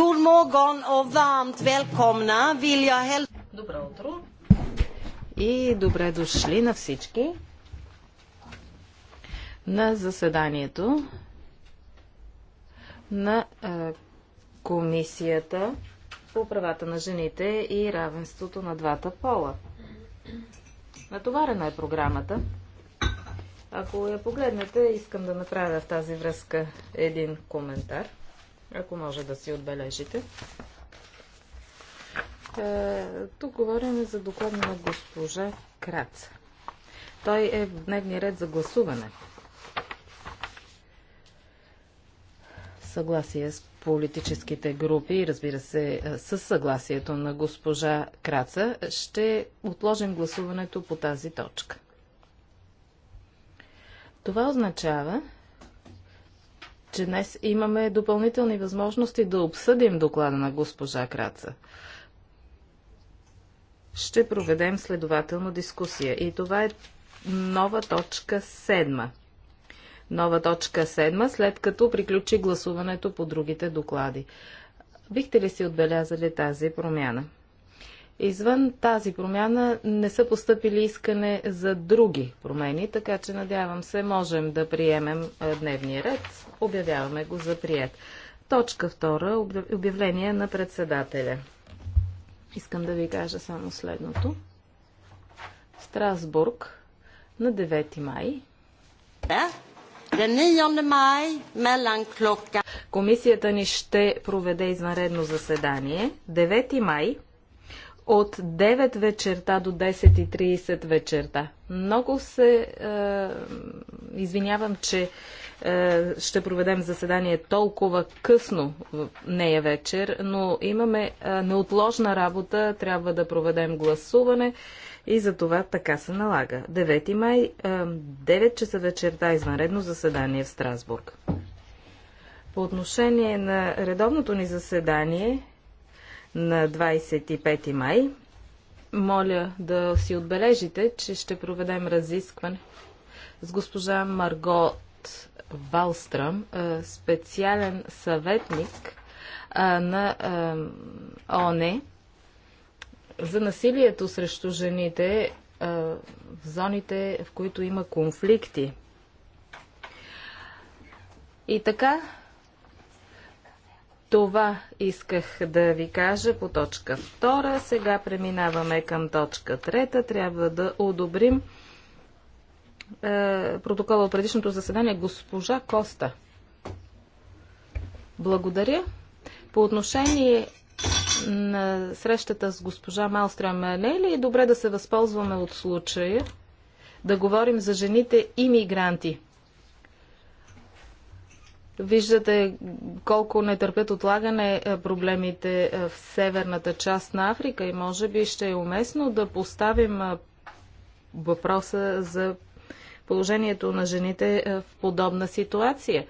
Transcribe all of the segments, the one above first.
God morgon och varmt välkomna vill jag hälsa... Добро утро! И добре дошли на всички на заседанието на Комисията по правата на жените и равенството на двата пола. Натоварена е програмата. Ако я погледнете, искам да направя в тази връзка един коментар – ако може да си отбележите. Е, тук говорим за доклада на госпожа Крац. Той е в дневния ред за гласуване. Съгласие с политическите групи и разбира се е, със съгласието на госпожа Краца ще отложим гласуването по тази точка. Това означава, че днес имаме допълнителни възможности да обсъдим доклада на госпожа Краца. Ще проведем следователно дискусия. И това е нова точка седма. Нова точка седма, след като приключи гласуването по другите доклади. Бихте ли си отбелязали тази промяна? Извън тази промяна не са поступили искане за други промени, така че надявам се можем да приемем е, дневния ред. Обявяваме го за прият. Точка втора – обявление на председателя. Искам да ви кажа само следното. Страсбург на 9 май. Да? Комисията ни ще проведе извънредно заседание. 9 май, от 9 вечерта до 10.30 вечерта. Много се е, извинявам, че е, ще проведем заседание толкова късно в нея вечер, но имаме е, неотложна работа, трябва да проведем гласуване и за това така се налага. 9 май, е, 9 часа вечерта, извънредно заседание в Страсбург. По отношение на редовното ни заседание, на 25 май. Моля да си отбележите, че ще проведем разискване с госпожа Маргот Валстрам, специален съветник на ОНЕ за насилието срещу жените в зоните, в които има конфликти. И така, това исках да ви кажа по точка 2. Сега преминаваме към точка 3. Трябва да одобрим е, протокола от предишното заседание. Госпожа Коста. Благодаря. По отношение на срещата с госпожа Малстрем, не е ли добре да се възползваме от случая да говорим за жените и мигранти? Виждате колко не търпят отлагане е, проблемите е, в северната част на Африка и може би ще е уместно да поставим е, въпроса за положението на жените в подобна ситуация.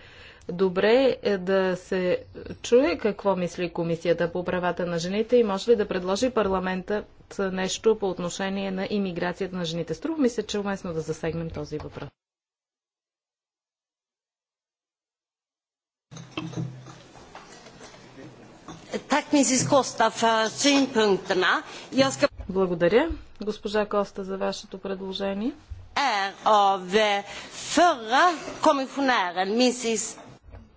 Добре е да се чуе какво мисли Комисията по правата на жените и може ли да предложи парламента нещо по отношение на имиграцията на жените. Струва ми се, че уместно да засегнем този въпрос. Благодаря, госпожа Коста, за вашето предложение. Eh,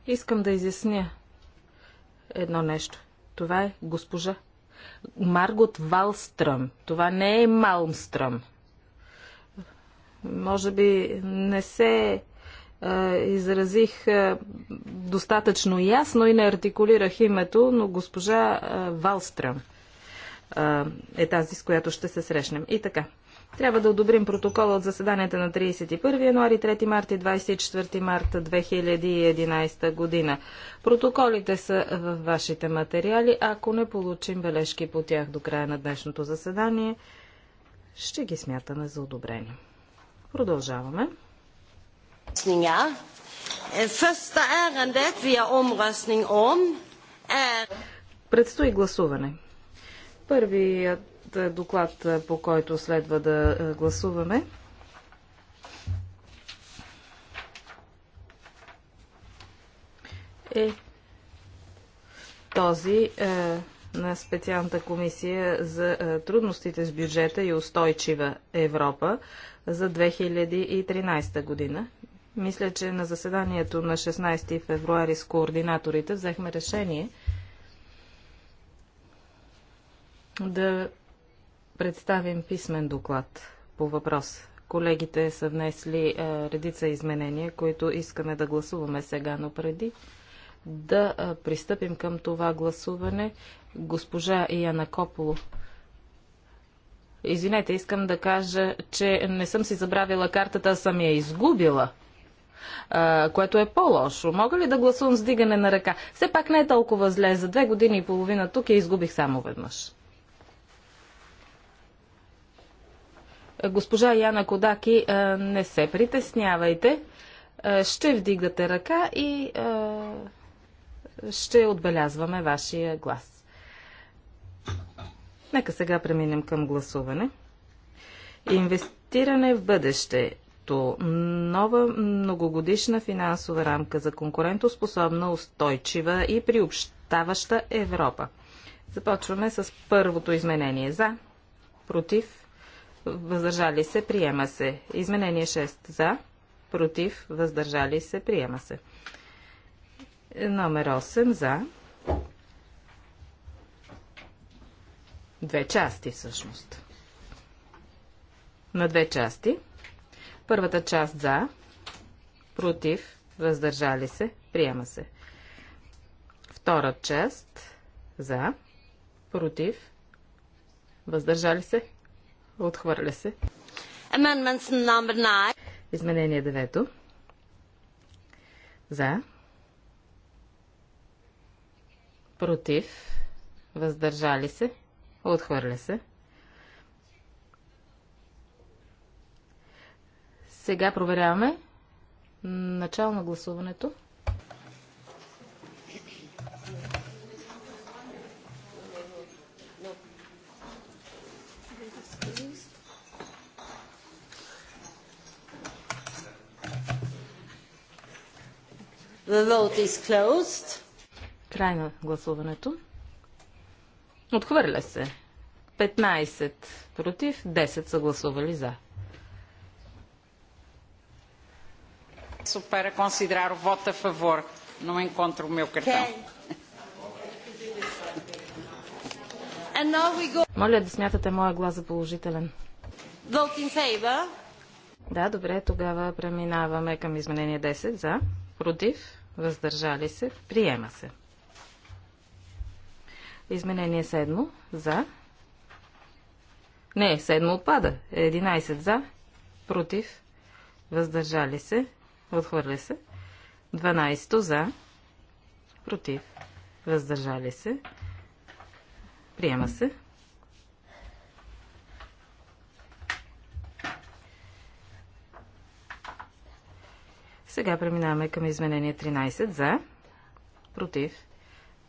Искам да изясня едно нещо. Това е госпожа Маргот Валстръм. Това не е Малмстръм. Може би не се изразих достатъчно ясно и не артикулирах името, но госпожа Валстръм е тази, с която ще се срещнем. И така. Трябва да одобрим протокола от заседанията на 31 януари, 3 марта и 24 марта 2011 година. Протоколите са в вашите материали. Ако не получим бележки по тях до края на днешното заседание, ще ги смятаме за одобрени. Продължаваме. Eh, Предстои гласуване. Първият е, доклад, е, по който следва да е, гласуваме, е този е, на специалната комисия за е, трудностите с бюджета и устойчива Европа за 2013 година. Мисля, че на заседанието на 16 февруари с координаторите взехме решение да представим писмен доклад по въпрос. Колегите са внесли а, е, редица изменения, които искаме да гласуваме сега, но преди да а, е, пристъпим към това гласуване, госпожа Яна Кополо. Извинете, искам да кажа, че не съм си забравила картата, а съм я изгубила което е по-лошо. Мога ли да гласувам с дигане на ръка? Все пак не е толкова зле. За две години и половина тук я изгубих само веднъж. Госпожа Яна Кодаки, не се притеснявайте. Ще вдигате ръка и ще отбелязваме вашия глас. Нека сега преминем към гласуване. Инвестиране в бъдеще като нова многогодишна финансова рамка за конкурентоспособна, устойчива и приобщаваща Европа. Започваме с първото изменение. За, против, въздържали се, приема се. Изменение 6. За, против, въздържали се, приема се. Номер 8. За. Две части всъщност. На две части. Първата част за, против, въздържали се, приема се. Втора част за, против, въздържали се, отхвърля се. Изменение девето. За. Против. Въздържали се. Отхвърля се. Сега проверяваме. Начало на гласуването. The vote is closed. Край на гласуването. Отхвърля се. 15 против, 10 са гласували за. Peço para considerar o voto a favor. Não encontro o meu cartão. Моля да смятате моя глас за положителен. Да, добре, тогава преминаваме към изменение 10 за, против, въздържали се, приема се. Изменение 7 за. Не, 7 отпада. 11 за, против, въздържали се, Отхвърля се. 12 за. Против. Въздържали се. Приема се. Сега преминаваме към изменение 13 за. Против.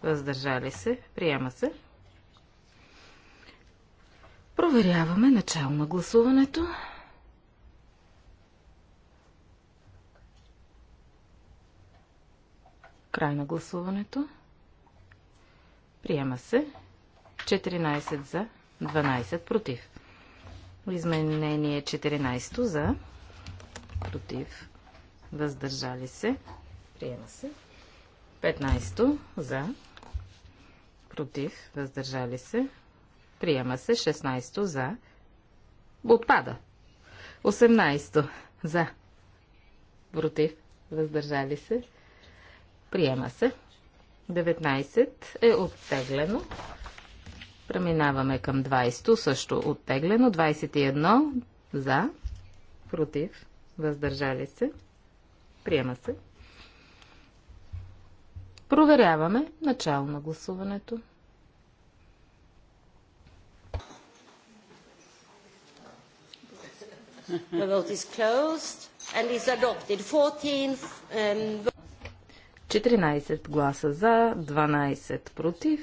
Въздържали се. Приема се. Проверяваме начало на гласуването. Край на гласуването. Приема се. 14 за, 12 против. Изменение 14 за, против, въздържали се. Приема се. 15 за, против, въздържали се. Приема се. 16 за, отпада. 18 за, против, въздържали се. Приема се. 19 е оттеглено. Преминаваме към 20, също оттеглено. 21 за, против, въздържали се. Приема се. Проверяваме начало на гласуването. The vote is closed and is adopted 14 um, 14 гласа за, 12 против.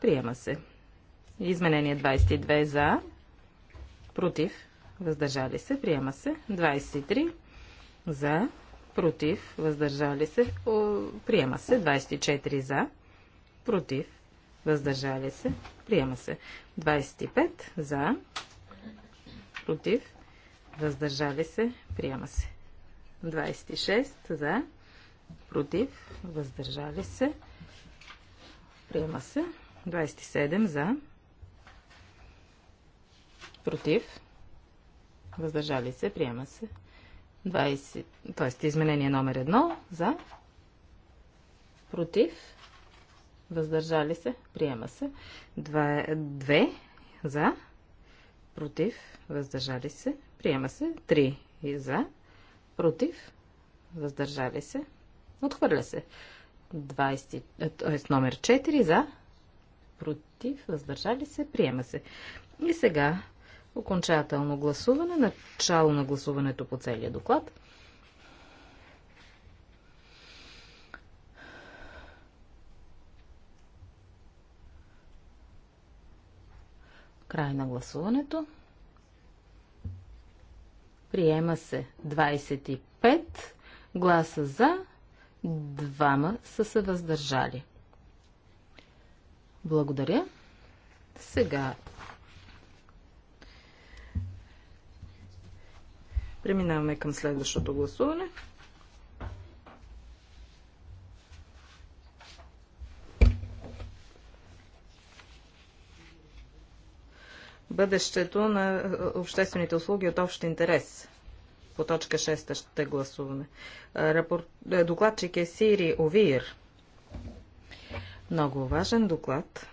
Приема се. Изменение 22 за, против, въздържали се. Приема се. 23 за, против, въздържали се. Приема се. 24 за, против, въздържали се. Приема се. 25 за, против, въздържали се. Приема се. 26 за, против, против, въздържали се, приема се. 27 за, против, въздържали се, приема се. 20, т.е. изменение номер 1 за, против, въздържали се, приема се. 2, 2 за, против, въздържали се, приема се. 3 за, против, въздържали се, Отхвърля се. 20, е, т.е. номер 4 за, против, въздържали се, приема се. И сега окончателно гласуване, начало на гласуването по целия доклад. Край на гласуването. Приема се 25 гласа за, Двама са се въздържали. Благодаря. Сега преминаваме към следващото гласуване. бъдещето на е, обществените услуги от общ интерес. По точка 6 ще гласуваме. Е, докладчик е Сири Овир. Много важен доклад.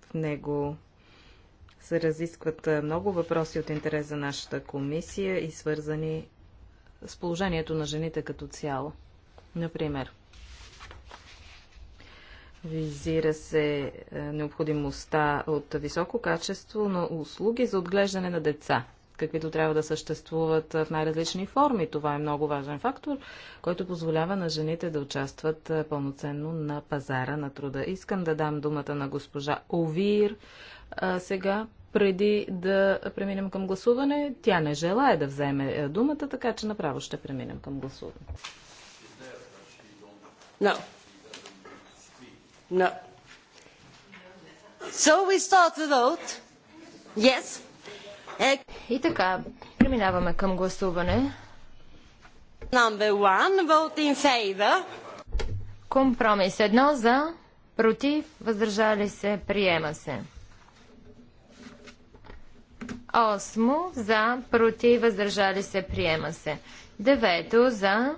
В него се разискват е, много въпроси от интерес за нашата комисия и свързани с положението на жените като цяло. Например, Визира се е, необходимостта от високо качество на услуги за отглеждане на деца – каквито трябва да съществуват в най-различни форми. Това е много важен фактор, който позволява на жените да участват пълноценно на пазара на труда. Искам да дам думата на госпожа Овир а, сега, преди да преминем към гласуване. Тя не желая да вземе думата, така че направо ще преминем към гласуване. No. No. So we start the vote. Yes. И така, преминаваме към гласуване. Number one, vote in favor. Компромис едно за, против, въздържали се, приема се. Осмо за, против, въздържали се, приема се. Девето за,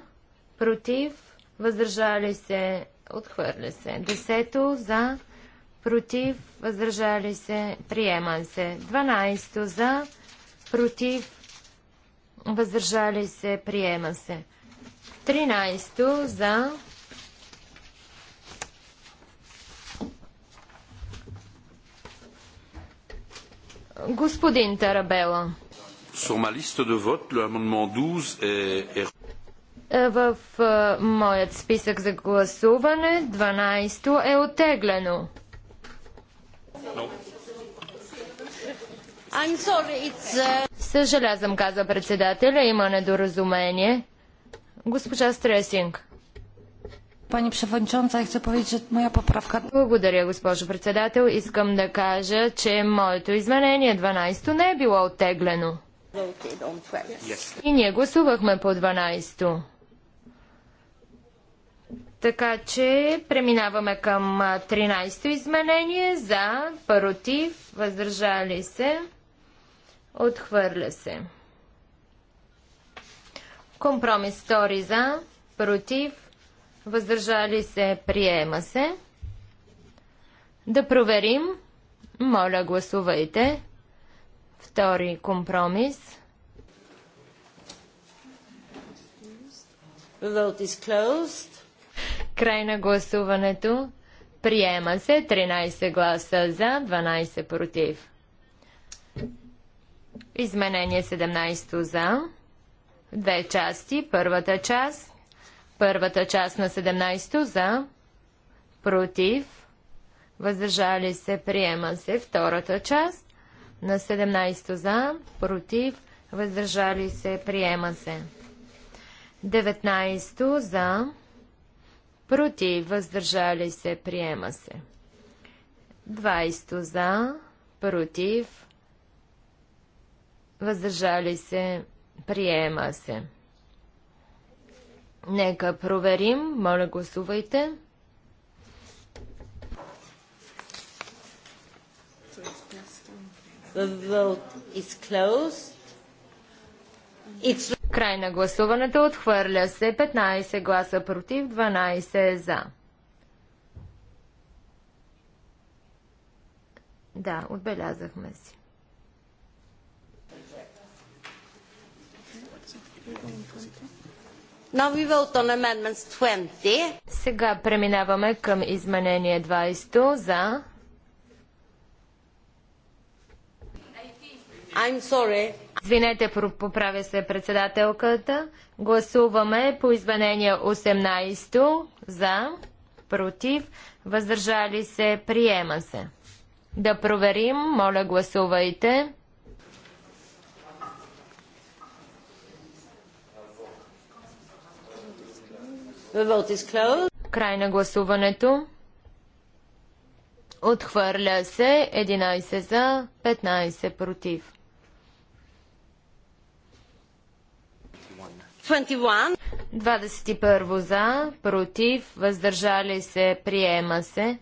против, въздържали се, отхвърля се. Десето за, против, против, въздържали се, приема се. 12 за, против, въздържали се, приема се. 13 за, господин Тарабела. Sur ma liste de vote, 12 est... В е, моят списък за гласуване 12 е оттеглено. No. I'm sorry, it's... Uh... Съжалявам, каза председателя, има недоразумение. Госпожа Стресинг. Пани Przewodnicząca, chcę повече, че моя поправка... Благодаря, госпожо председател. Искам да кажа, че моето изменение 12 то не е било оттеглено. Yes. И ние гласувахме по 12. то така че преминаваме към 13-то изменение за, против, въздържали се, отхвърля се. Компромис втори за, против, въздържали се, приема се. Да проверим. Моля, гласувайте. Втори компромис. The vote is closed. Край на гласуването. Приема се 13 гласа за, 12 против. Изменение 17 за. Две части. Първата част. Първата част на 17 за. Против. Въздържали се. Приема се. Втората част. На 17 за. Против. Въздържали се. Приема се. 19 за против, въздържали се, приема се. 20 за, против, въздържали се, приема се. Нека проверим. Моля, гласувайте. The vote is closed. Край на гласуването отхвърля се 15 гласа против, 12 за. Да, отбелязахме си. Сега преминаваме към изменение 20 за. I'm sorry. Извинете, поправя се председателката. Гласуваме по изменение 18 за, против, въздържали се, приема се. Да проверим, моля гласувайте. Край на гласуването. Отхвърля се 11 за, 15 против. 21. за, против, въздържали се, приема се.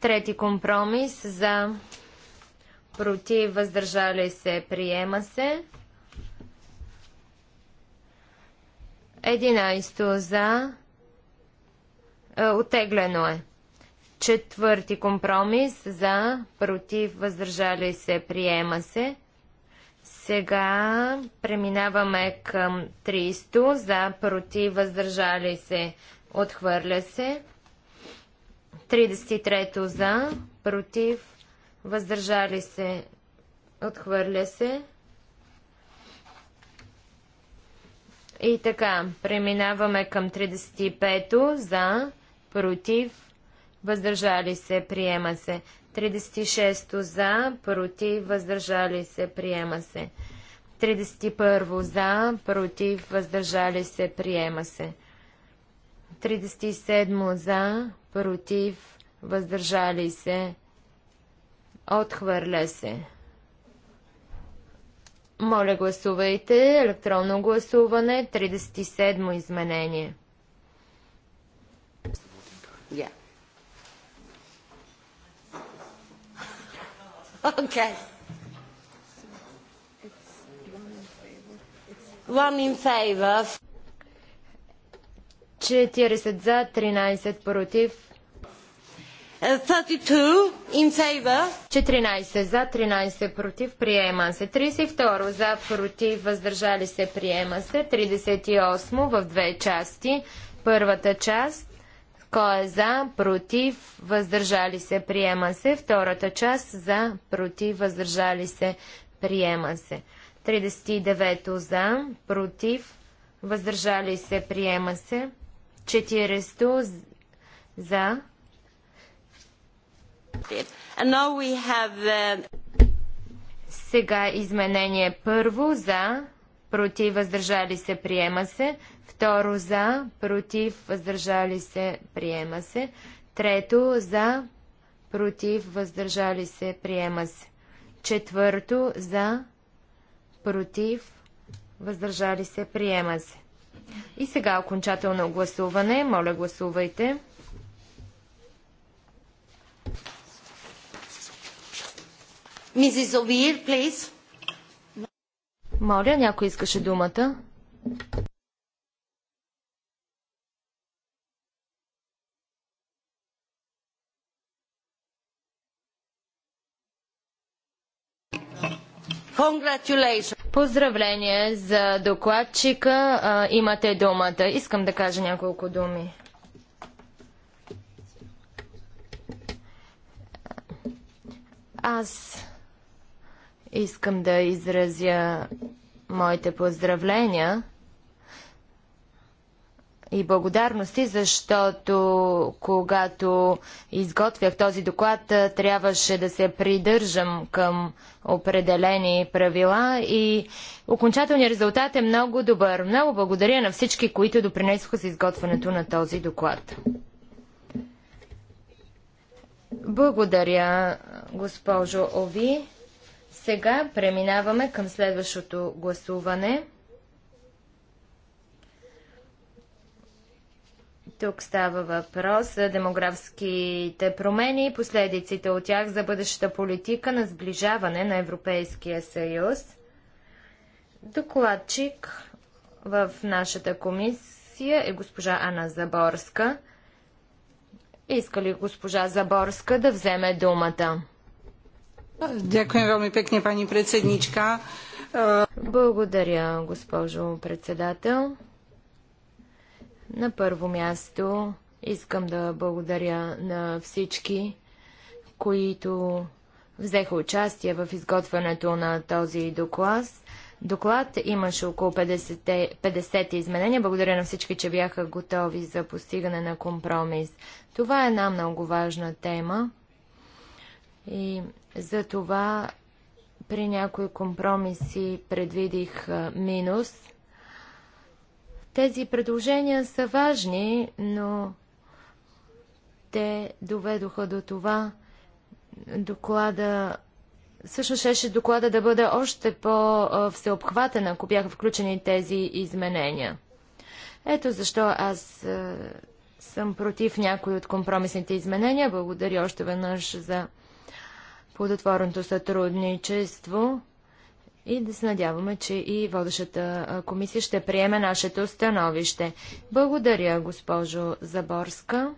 Трети компромис за, против, въздържали се, приема се. 11 за, е, отеглено е. Четвърти компромис за, против, въздържали се, приема се. Сега преминаваме към 300 за против въздържали се отхвърля се. 33 за против въздържали се отхвърля се. И така, преминаваме към 35-то за, против, въздържали се, приема се. 36 за, против, въздържали се, приема се. 31 за, против, въздържали се, приема се. 37 за, против, въздържали се, отхвърля се. Моля гласувайте електронно гласуване 37 изменение. Yeah. Okay. One in favor. 40 за, 13 против. 32 uh, in favor. 14 за, 13 против, приема се. 32 за, против, въздържали се, приема се. 38 в две части. Първата част кой е за, против, въздържали се, приема се. Втората част за, против, въздържали се, приема се. 39 за, против, въздържали се, приема се. 40 за. Have... Uh, Сега изменение първо за, против, въздържали се, приема се. Второ за, против, въздържали се, приема се. Трето за, против, въздържали се, приема се. Четвърто за, против, въздържали се, приема се. И сега окончателно гласуване. Моля, гласувайте. Мисис Овир, плиз. Моля, някой искаше думата. Поздравление за докладчика. имате думата. Искам да кажа няколко думи. Аз искам да изразя моите поздравления и благодарности, защото когато изготвях този доклад, трябваше да се придържам към определени правила и окончателният резултат е много добър. Много благодаря на всички, които допринесоха за изготвянето на този доклад. Благодаря, госпожо Ови. Сега преминаваме към следващото гласуване. Тук става въпрос за демографските промени и последиците от тях за бъдещата политика на сближаване на Европейския съюз. Докладчик в нашата комисия е госпожа Ана Заборска. Иска ли госпожа Заборска да вземе думата? Дякуем пани председничка. Благодаря, госпожо председател. На първо място искам да благодаря на всички, които взеха участие в изготвянето на този доклад. Доклад имаше около 50, 50 изменения. Благодаря на всички, че бяха готови за постигане на компромис. Това е една много важна тема и за това при някои компромиси предвидих минус – тези предложения са важни, но те доведоха до това доклада Всъщност щеше доклада да бъде още по-всеобхватен, ако бяха включени тези изменения. Ето защо аз е, съм против някои от компромисните изменения. Благодаря още веднъж за плодотворното сътрудничество и да се надяваме, че и водещата комисия ще приеме нашето становище. Благодаря, госпожо Заборска.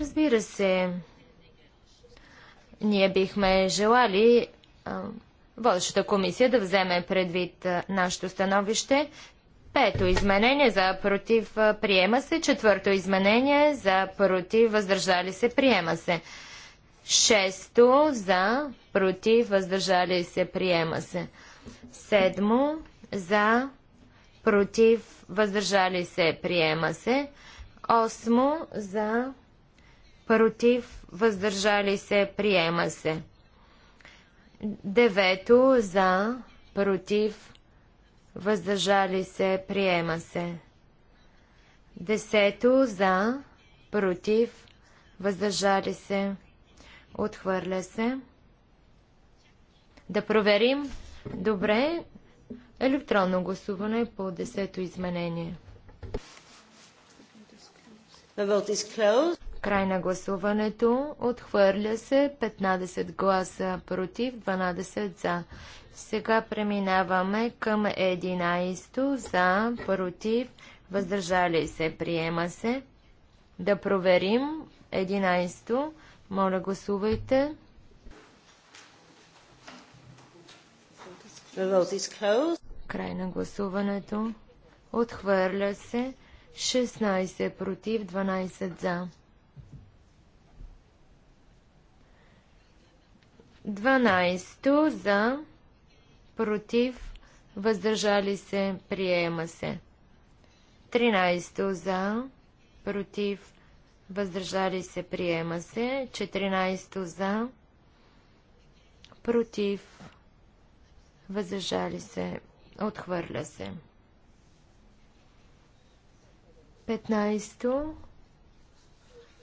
Разбира се, ние бихме желали водещата комисия да вземе предвид нашето становище, Пето изменение за против приема се. Четвърто изменение за против въздържали се приема се. Шесто за против въздържали се приема се. Седмо за против въздържали се приема се. Осмо за против въздържали се приема се. Девето за против въздържали се, приема се. Десето за, против, въздържали се, отхвърля се. Да проверим. Добре. Електронно гласуване по десето изменение. The vote is closed. Край на гласуването. Отхвърля се 15 гласа против, 12 за. Сега преминаваме към 11 за, против, въздържали се, приема се. Да проверим 11. Моля, гласувайте. Край на гласуването. Отхвърля се 16 против, 12 за. 12 за, против, въздържали се, приема се. 13 за, против, въздържали се, приема се. 14 за, против, въздържали се, отхвърля се. 15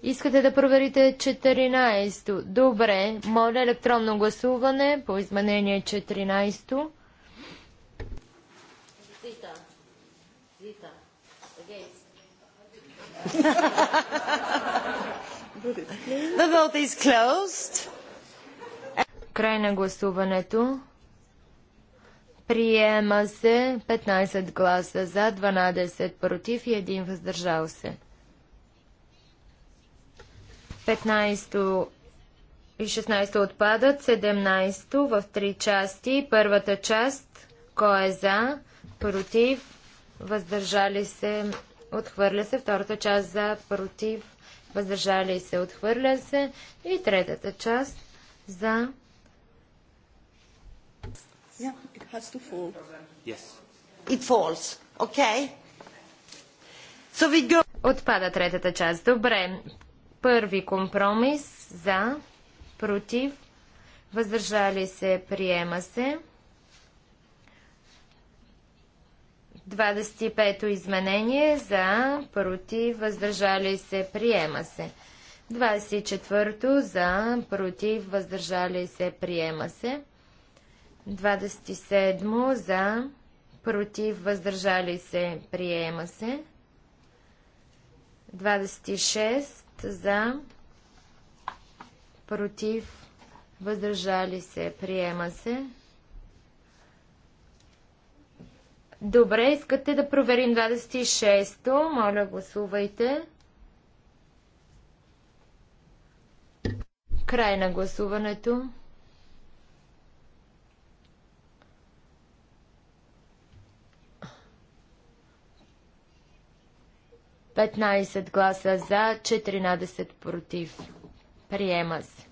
Искате да проверите 14-то. Добре, моля електронно гласуване по изменение 14-то. The vote is closed. Край на гласуването. Приема се 15 гласа за, 12 против и 1 въздържал се. 15 и 16 отпадат, 17 в три части. Първата част, кой е за, против, въздържали се, отхвърля се. Втората част за, против, въздържали се, отхвърля се. И третата част за. Yeah, it has to fall. Yes. It falls. Okay. So we go... Отпада третата част. Добре. Първи компромис за, против, въздържали се, приема се. 25-то изменение за, против, въздържали се, приема се. 24-то за, против, въздържали се, приема се. 27 за, против, въздържали се, приема се. 26 за, против, въздържали се, приема се. Добре, искате да проверим 26-то. Моля, гласувайте. Край на гласуването. 15 гласа за, 14 против. Приема се.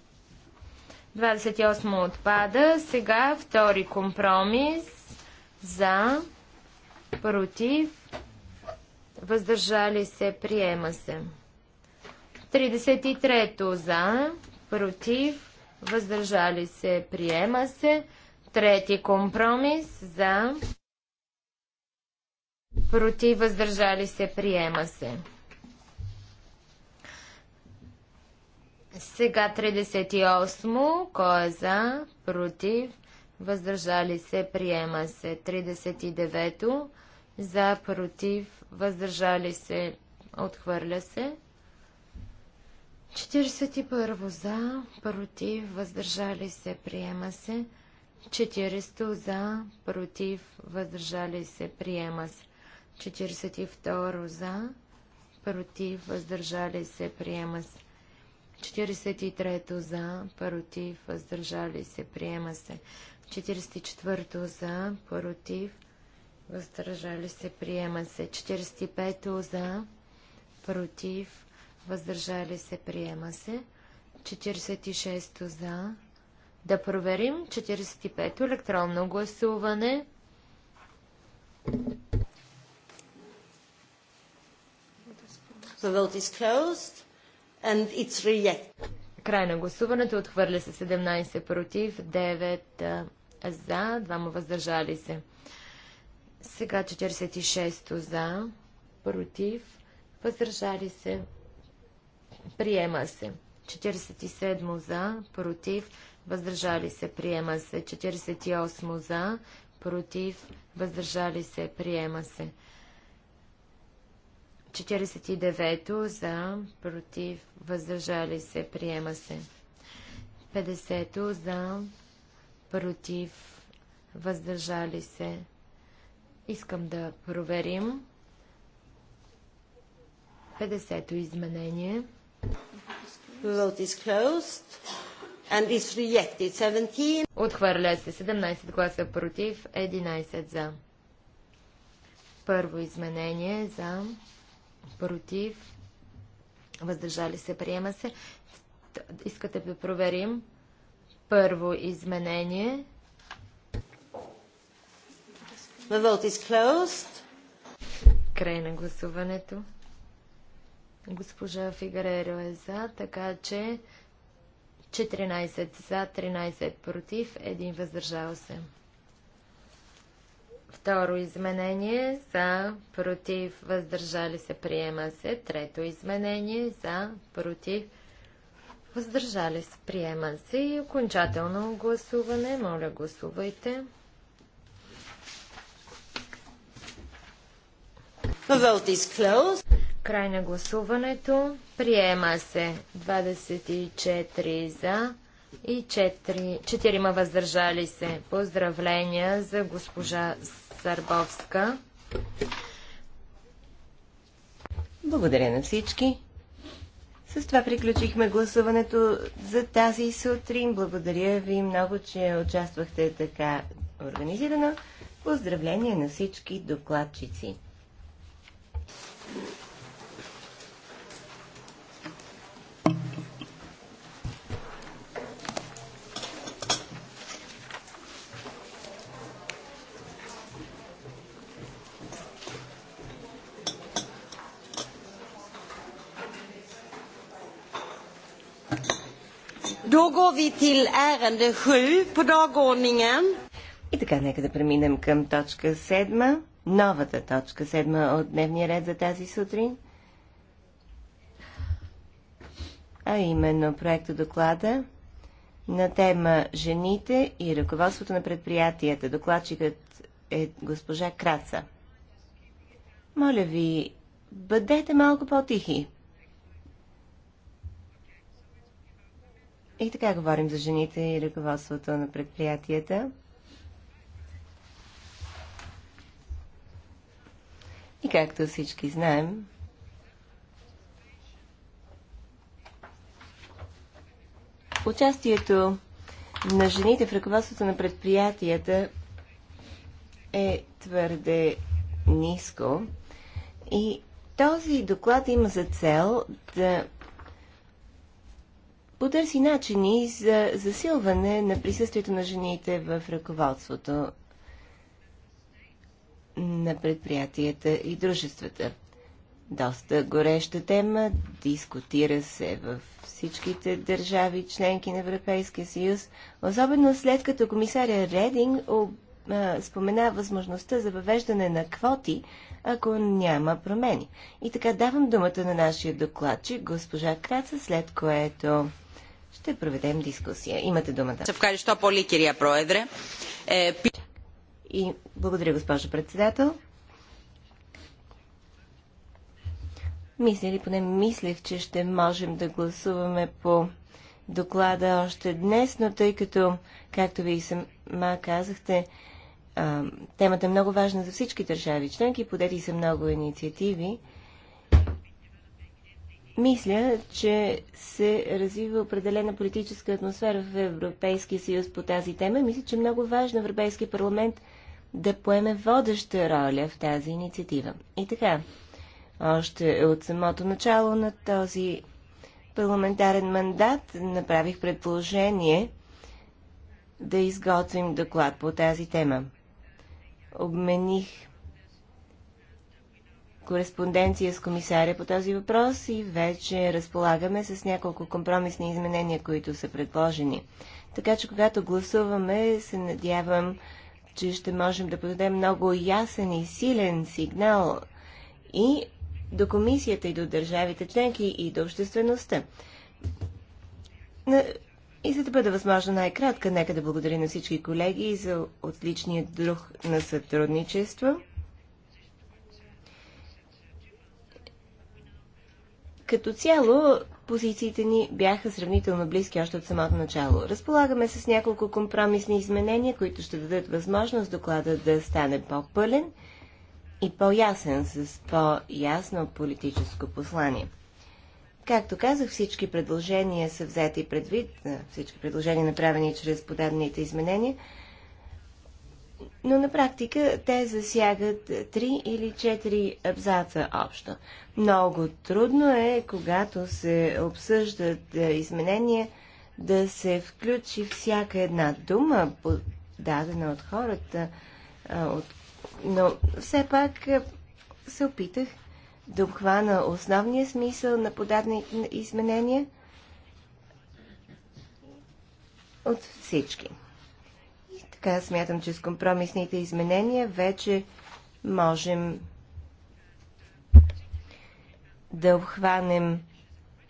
28 отпада. Сега втори компромис. За, против, въздържали се, приема се. 33-то за, против, въздържали се, приема се. Трети компромис за, Против, въздържали се, приема се. Сега 38. Кой е за? Против. Въздържали се. Приема се. 39. За. Против. Въздържали се. Отхвърля се. 41. За. Против. Въздържали се. Приема се. 400 За. Против. Въздържали се. Приема се. 42 за, против, въздържали се, приема се. 43 за, против, въздържали се, приема се. 44 за, против, въздържали се, приема се. 45 за, против, въздържали се, приема се. 46 за. Да проверим 45 електронно гласуване. Thank you. The vote is closed and it's rejected. Край на гласуването отхвърля се 17 против, 9 за, 2 въздържали се. Сега 46 за, против, въздържали се. Приема се. 47 за, против, въздържали се, приема се. 48 за, против, въздържали се, приема се. 49 за, против, въздържали се, приема се. 50 за, против, въздържали се. Искам да проверим. 50-то изменение. Отхвърля се 17 гласа против, 11 за. Първо изменение за против, въздържали се, приема се. Искате да проверим първо изменение. The vote is closed. Край на гласуването. Госпожа Фигареро е за, така че 14 за, 13 против, един въздържал се. Второ изменение за, против, въздържали се, приема се. Трето изменение за, против, въздържали се, приема се. И окончателно гласуване. Моля, гласувайте. Край на гласуването. Приема се 24 за и 4, 4 въздържали се. Поздравления за госпожа Сърбовска. Благодаря на всички. С това приключихме гласуването за тази сутрин. Благодаря ви много, че участвахте така организирано. Поздравления на всички докладчици. Då går vi till ärende 7 på dagordningen. И така, нека да преминем към точка 7, новата точка 7 от дневния ред за тази сутрин. А именно проекта доклада на тема Жените и ръководството на предприятията. Докладчикът е госпожа Краца. Моля ви, бъдете малко по-тихи. И така говорим за жените и ръководството на предприятията. И както всички знаем, участието на жените в ръководството на предприятията е твърде ниско. И този доклад има за цел да потърси начини за засилване на присъствието на жените в ръководството на предприятията и дружествата. Доста гореща тема, дискутира се в всичките държави, членки на Европейския съюз, особено след като комисаря Рединг спомена възможността за въвеждане на квоти, ако няма промени. И така давам думата на нашия докладчик, госпожа Краца, след което ще проведем дискусия. Имате думата. Съвкарищо поли, кирия проедре. Е, и благодаря, госпожо председател. Мисля ли, поне мислех, че ще можем да гласуваме по доклада още днес, но тъй като, както ви и сама казахте, темата е много важна за всички държави членки, подети са много инициативи. Мисля, че се развива определена политическа атмосфера в Европейския съюз по тази тема. Мисля, че е много важно Европейския парламент да поеме водеща роля в тази инициатива. И така, още от самото начало на този парламентарен мандат направих предположение да изготвим доклад по тази тема. Обмених кореспонденция с комисаря по този въпрос и вече разполагаме с няколко компромисни изменения, които са предложени. Така че когато гласуваме, се надявам, че ще можем да подадем много ясен и силен сигнал и до комисията, и до държавите членки, и до обществеността. И за да бъде възможно най-кратка, нека да благодаря на всички колеги за отличния друг на сътрудничество. Като цяло, позициите ни бяха сравнително близки още от самото начало. Разполагаме с няколко компромисни изменения, които ще дадат възможност доклада да стане по-пълен и по-ясен, с по-ясно политическо послание. Както казах, всички предложения са взети предвид, всички предложения направени чрез подадените изменения – но на практика те засягат три или четири абзаца общо. Много трудно е, когато се обсъждат е, изменения, да се включи всяка една дума, дадена от хората. От... Но все пак е, се опитах да обхвана основния смисъл на подадени изменения от всички. Така смятам, че с компромисните изменения вече можем да обхванем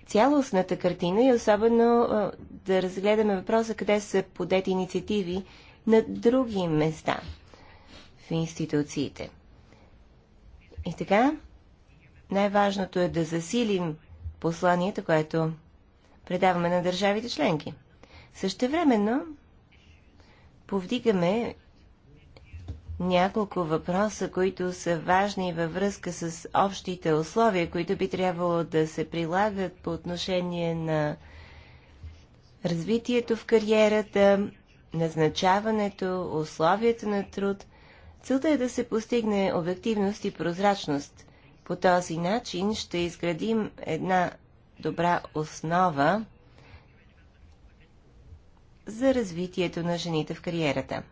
цялостната картина и особено да разгледаме въпроса къде са подети инициативи на други места в институциите. И така, най-важното е да засилим посланието, което предаваме на държавите членки. Същевременно, повдигаме няколко въпроса, които са важни във връзка с общите условия, които би трябвало да се прилагат по отношение на развитието в кариерата, назначаването, условията на труд. Целта е да се постигне обективност и прозрачност. По този начин ще изградим една добра основа за развитието на жените в кариерата.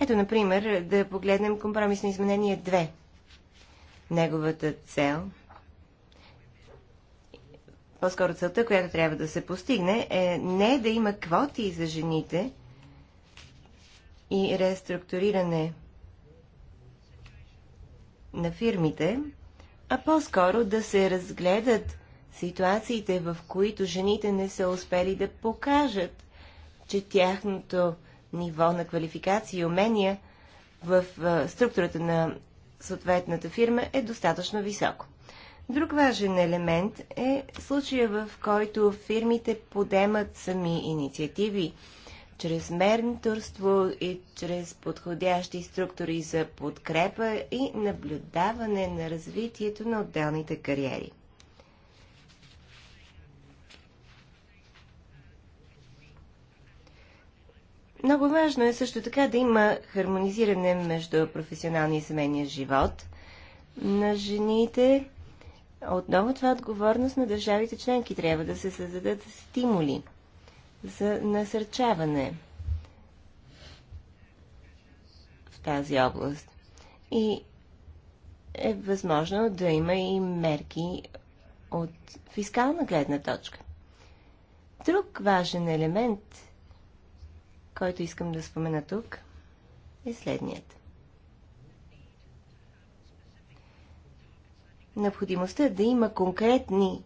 Ето, например, да погледнем компромисно изменение 2. Неговата цел, по-скоро целта, която трябва да се постигне, е не да има квоти за жените и реструктуриране на фирмите, а по-скоро да се разгледат ситуациите, в които жените не са успели да покажат, че тяхното ниво на квалификация и умения в структурата на съответната фирма е достатъчно високо. Друг важен елемент е случая, в който фирмите подемат сами инициативи чрез менторство и чрез подходящи структури за подкрепа и наблюдаване на развитието на отделните кариери. Много важно е също така да има хармонизиране между професионалния и семейния живот на жените. Отново това е отговорност на държавите членки. Трябва да се създадат стимули за насърчаване в тази област. И е възможно да има и мерки от фискална гледна точка. Друг важен елемент – който искам да спомена тук, е следният. Необходимостта да има конкретни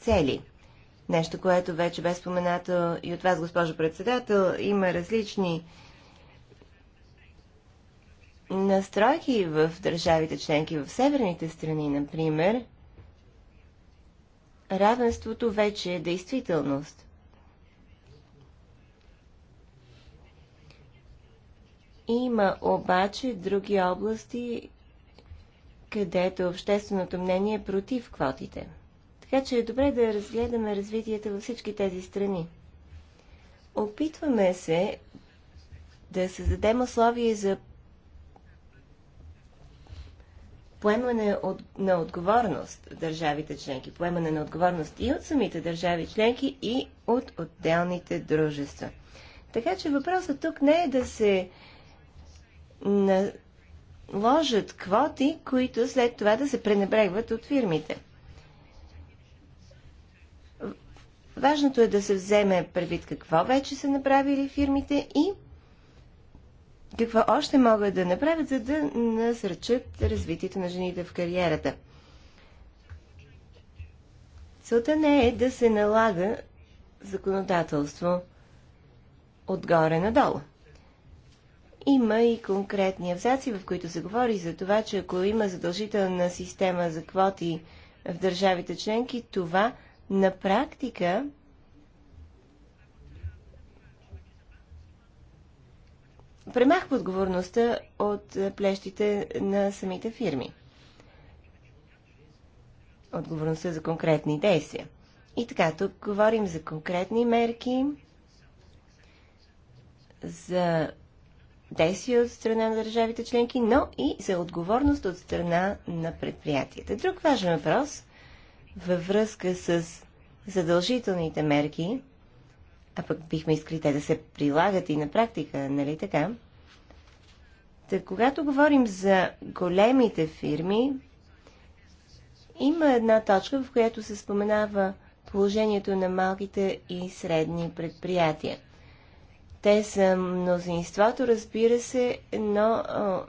цели. Нещо, което вече бе споменато и от вас, госпожо председател, има различни настройки в държавите членки, в северните страни, например, равенството вече е действителност. Има обаче други области, където общественото мнение е против квотите. Така че е добре да разгледаме развитието във всички тези страни. Опитваме се да създадем условия за поемане от, на отговорност от държавите членки, поемане на отговорност и от самите държави членки, и от отделните дружества. Така че въпросът тук не е да се наложат квоти, които след това да се пренебрегват от фирмите. Важното е да се вземе предвид какво вече са направили фирмите и какво още могат да направят, за да насръчат развитието на жените в кариерата. Целта не е да се налага законодателство отгоре надолу. Има и конкретни абзаци, в които се говори за това, че ако има задължителна система за квоти в държавите членки, това на практика премахва отговорността от плещите на самите фирми. Отговорността за конкретни действия. И така, тук говорим за конкретни мерки, за действия от страна на държавите членки, но и за отговорност от страна на предприятията. Друг важен въпрос във връзка с задължителните мерки, а пък бихме искали те да се прилагат и на практика, нали така? Та, когато говорим за големите фирми, има една точка, в която се споменава положението на малките и средни предприятия. Те са мнозинството, разбира се, но а,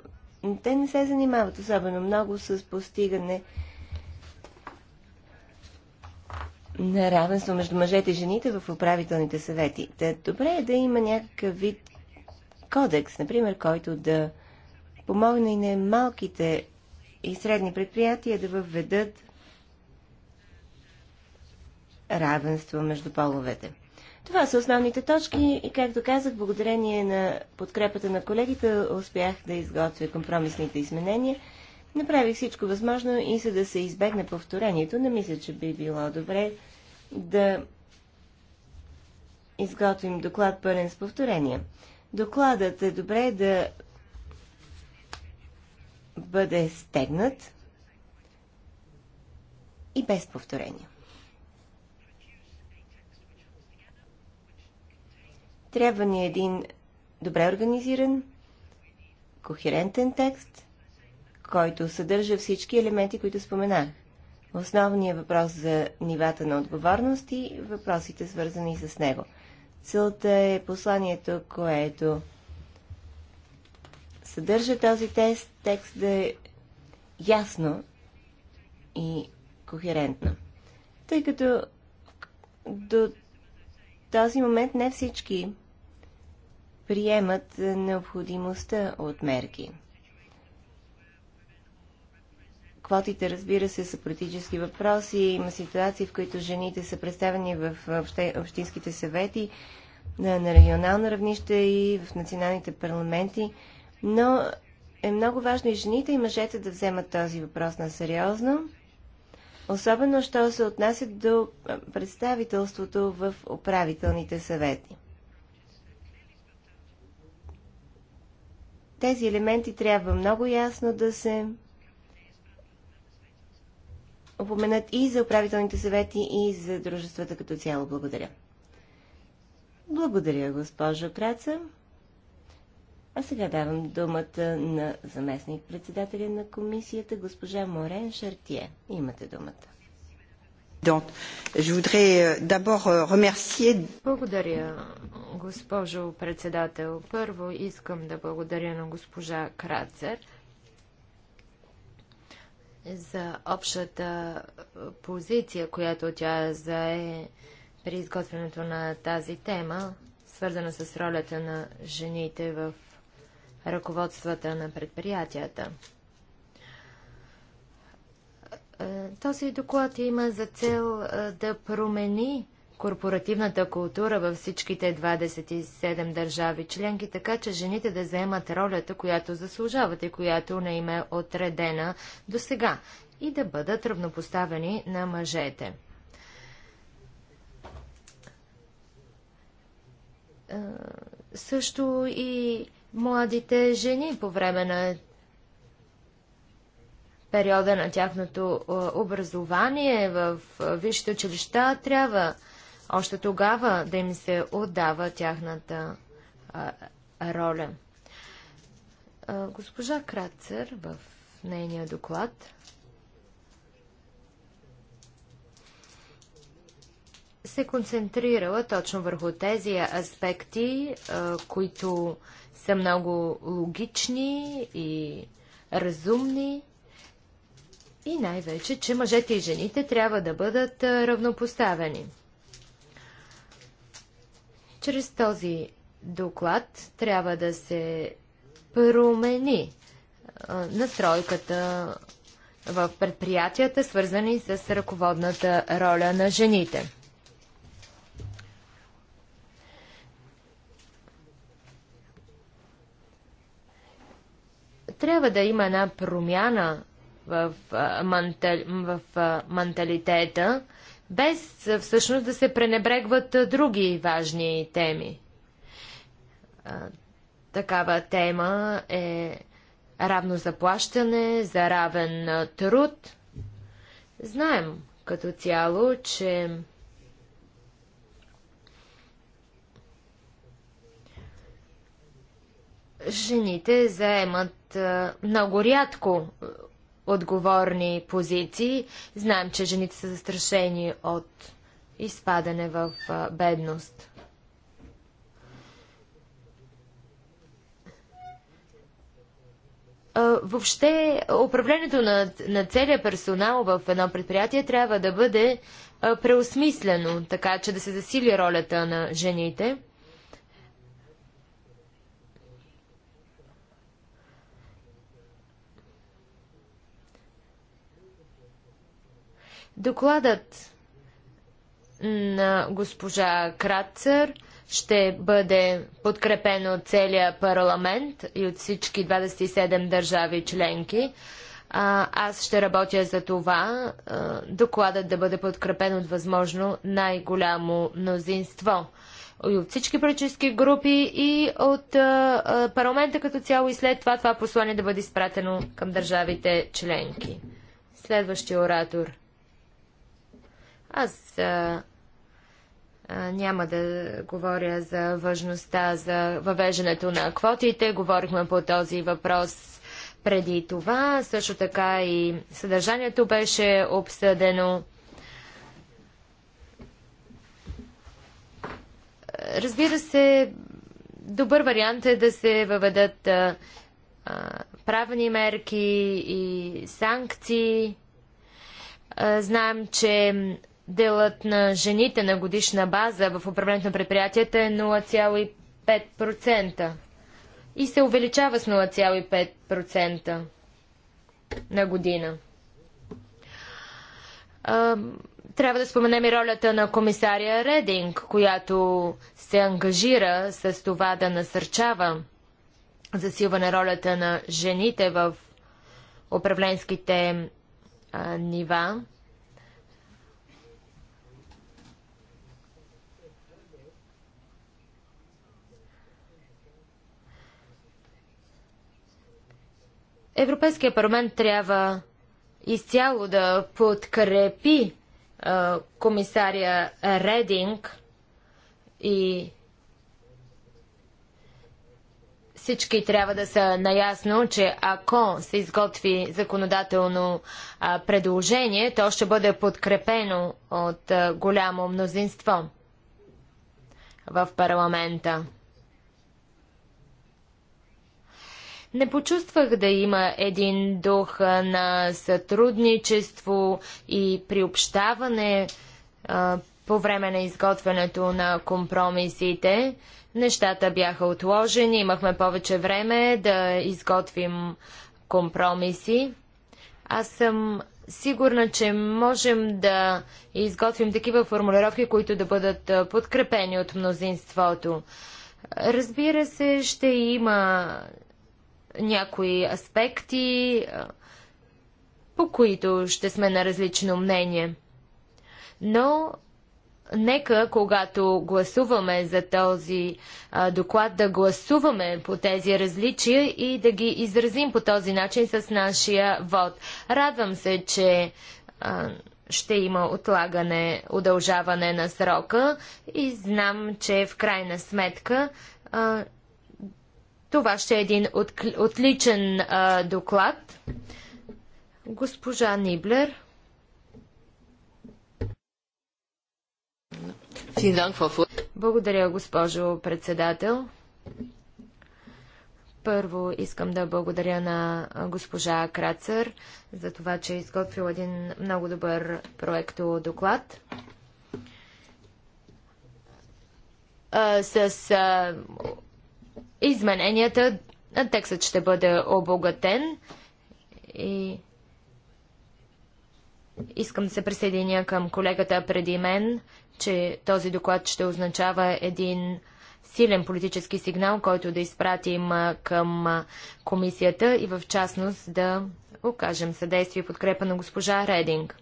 те не се занимават особено много с постигане на равенство между мъжете и жените в управителните съвети. Та, добре е да има някакъв вид кодекс, например, който да помогне и на малките и средни предприятия да въведат равенство между половете. Това са основните точки и, както казах, благодарение на подкрепата на колегите успях да изготвя компромисните изменения. Направих всичко възможно и за да се избегне повторението. Не мисля, че би било добре да изготвим доклад пълен с повторения. Докладът е добре да бъде стегнат и без повторения. Трябва ни един добре организиран, кохерентен текст, който съдържа всички елементи, които споменах. Основният въпрос за нивата на отговорност и въпросите свързани с него. Целта е посланието, което съдържа този тест, текст да е ясно и кохерентно. Тъй като до този момент не всички приемат необходимостта от мерки. Квотите, разбира се, са политически въпроси. Има ситуации, в които жените са представени в общинските съвети на регионално равнище и в националните парламенти. Но е много важно и жените и мъжете да вземат този въпрос на сериозно, особено що се отнасят до представителството в управителните съвети. Тези елементи трябва много ясно да се упоменат и за управителните съвети, и за дружествата като цяло. Благодаря. Благодаря, госпожо Краца. А сега давам думата на заместник председателя на комисията, госпожа Морен Шартие. Имате думата présidente. Je voudrais euh, d'abord euh, remercier. Благодаря, госпожо председател. Първо искам да благодаря на госпожа Крацер за общата позиция, която тя зае при изготвянето на тази тема, свързана с ролята на жените в ръководствата на предприятията. Е, този доклад има за цел е, да промени корпоративната култура във всичките 27 държави членки, така че жените да заемат ролята, която заслужават и която не им е отредена до сега и да бъдат равнопоставени на мъжете. Е, също и младите жени по време на периода на тяхното образование в висшите училища, трябва още тогава да им се отдава тяхната роля. госпожа Крацер в нейния доклад се концентрирала точно върху тези аспекти, които са много логични и разумни и най-вече, че мъжете и жените трябва да бъдат равнопоставени. Чрез този доклад трябва да се промени настройката в предприятията, свързани с ръководната роля на жените. Трябва да има една промяна в, мантал, в менталитета, без всъщност да се пренебрегват други важни теми. Такава тема е равно заплащане за равен труд. Знаем като цяло, че жените заемат много рядко отговорни позиции. Знаем, че жените са застрашени от изпадане в бедност. Въобще, управлението на, на целия персонал в едно предприятие трябва да бъде преосмислено, така че да се засили ролята на жените. Докладът на госпожа Крацър ще бъде подкрепен от целия парламент и от всички 27 държави членки. А, аз ще работя за това а, докладът да бъде подкрепен от възможно най-голямо мнозинство. И от всички политически групи и от а, парламента като цяло и след това това послание да бъде изпратено към държавите членки. Следващия оратор – аз а, а, няма да говоря за важността за въвеждането на квотите. Говорихме по този въпрос преди това. Също така и съдържанието беше обсъдено. Разбира се, добър вариант е да се въведат а, правни мерки и санкции. Знаем, че Делът на жените на годишна база в управлението на предприятията е 0,5% и се увеличава с 0,5% на година. Трябва да споменем и ролята на комисария Рединг, която се ангажира с това да насърчава засилване ролята на жените в управленските а, нива. Европейския парламент трябва изцяло да подкрепи а, комисаря Рединг и всички трябва да са наясно, че ако се изготви законодателно а, предложение, то ще бъде подкрепено от а, голямо мнозинство в парламента. Не почувствах да има един дух на сътрудничество и приобщаване а, по време на изготвянето на компромисите. Нещата бяха отложени, имахме повече време да изготвим компромиси. Аз съм сигурна, че можем да изготвим такива формулировки, които да бъдат подкрепени от мнозинството. Разбира се, ще има някои аспекти, по които ще сме на различно мнение. Но нека, когато гласуваме за този а, доклад, да гласуваме по тези различия и да ги изразим по този начин с нашия вод. Радвам се, че а, ще има отлагане, удължаване на срока и знам, че в крайна сметка а, това ще е един от, отличен а, доклад. Госпожа Ниблер. Благодаря, госпожо председател. Първо искам да благодаря на госпожа Крацър за това, че е изготвил един много добър проекто доклад. С измененията, текстът ще бъде обогатен и искам да се присъединя към колегата преди мен, че този доклад ще означава един силен политически сигнал, който да изпратим към комисията и в частност да окажем съдействие и подкрепа на госпожа Рединг.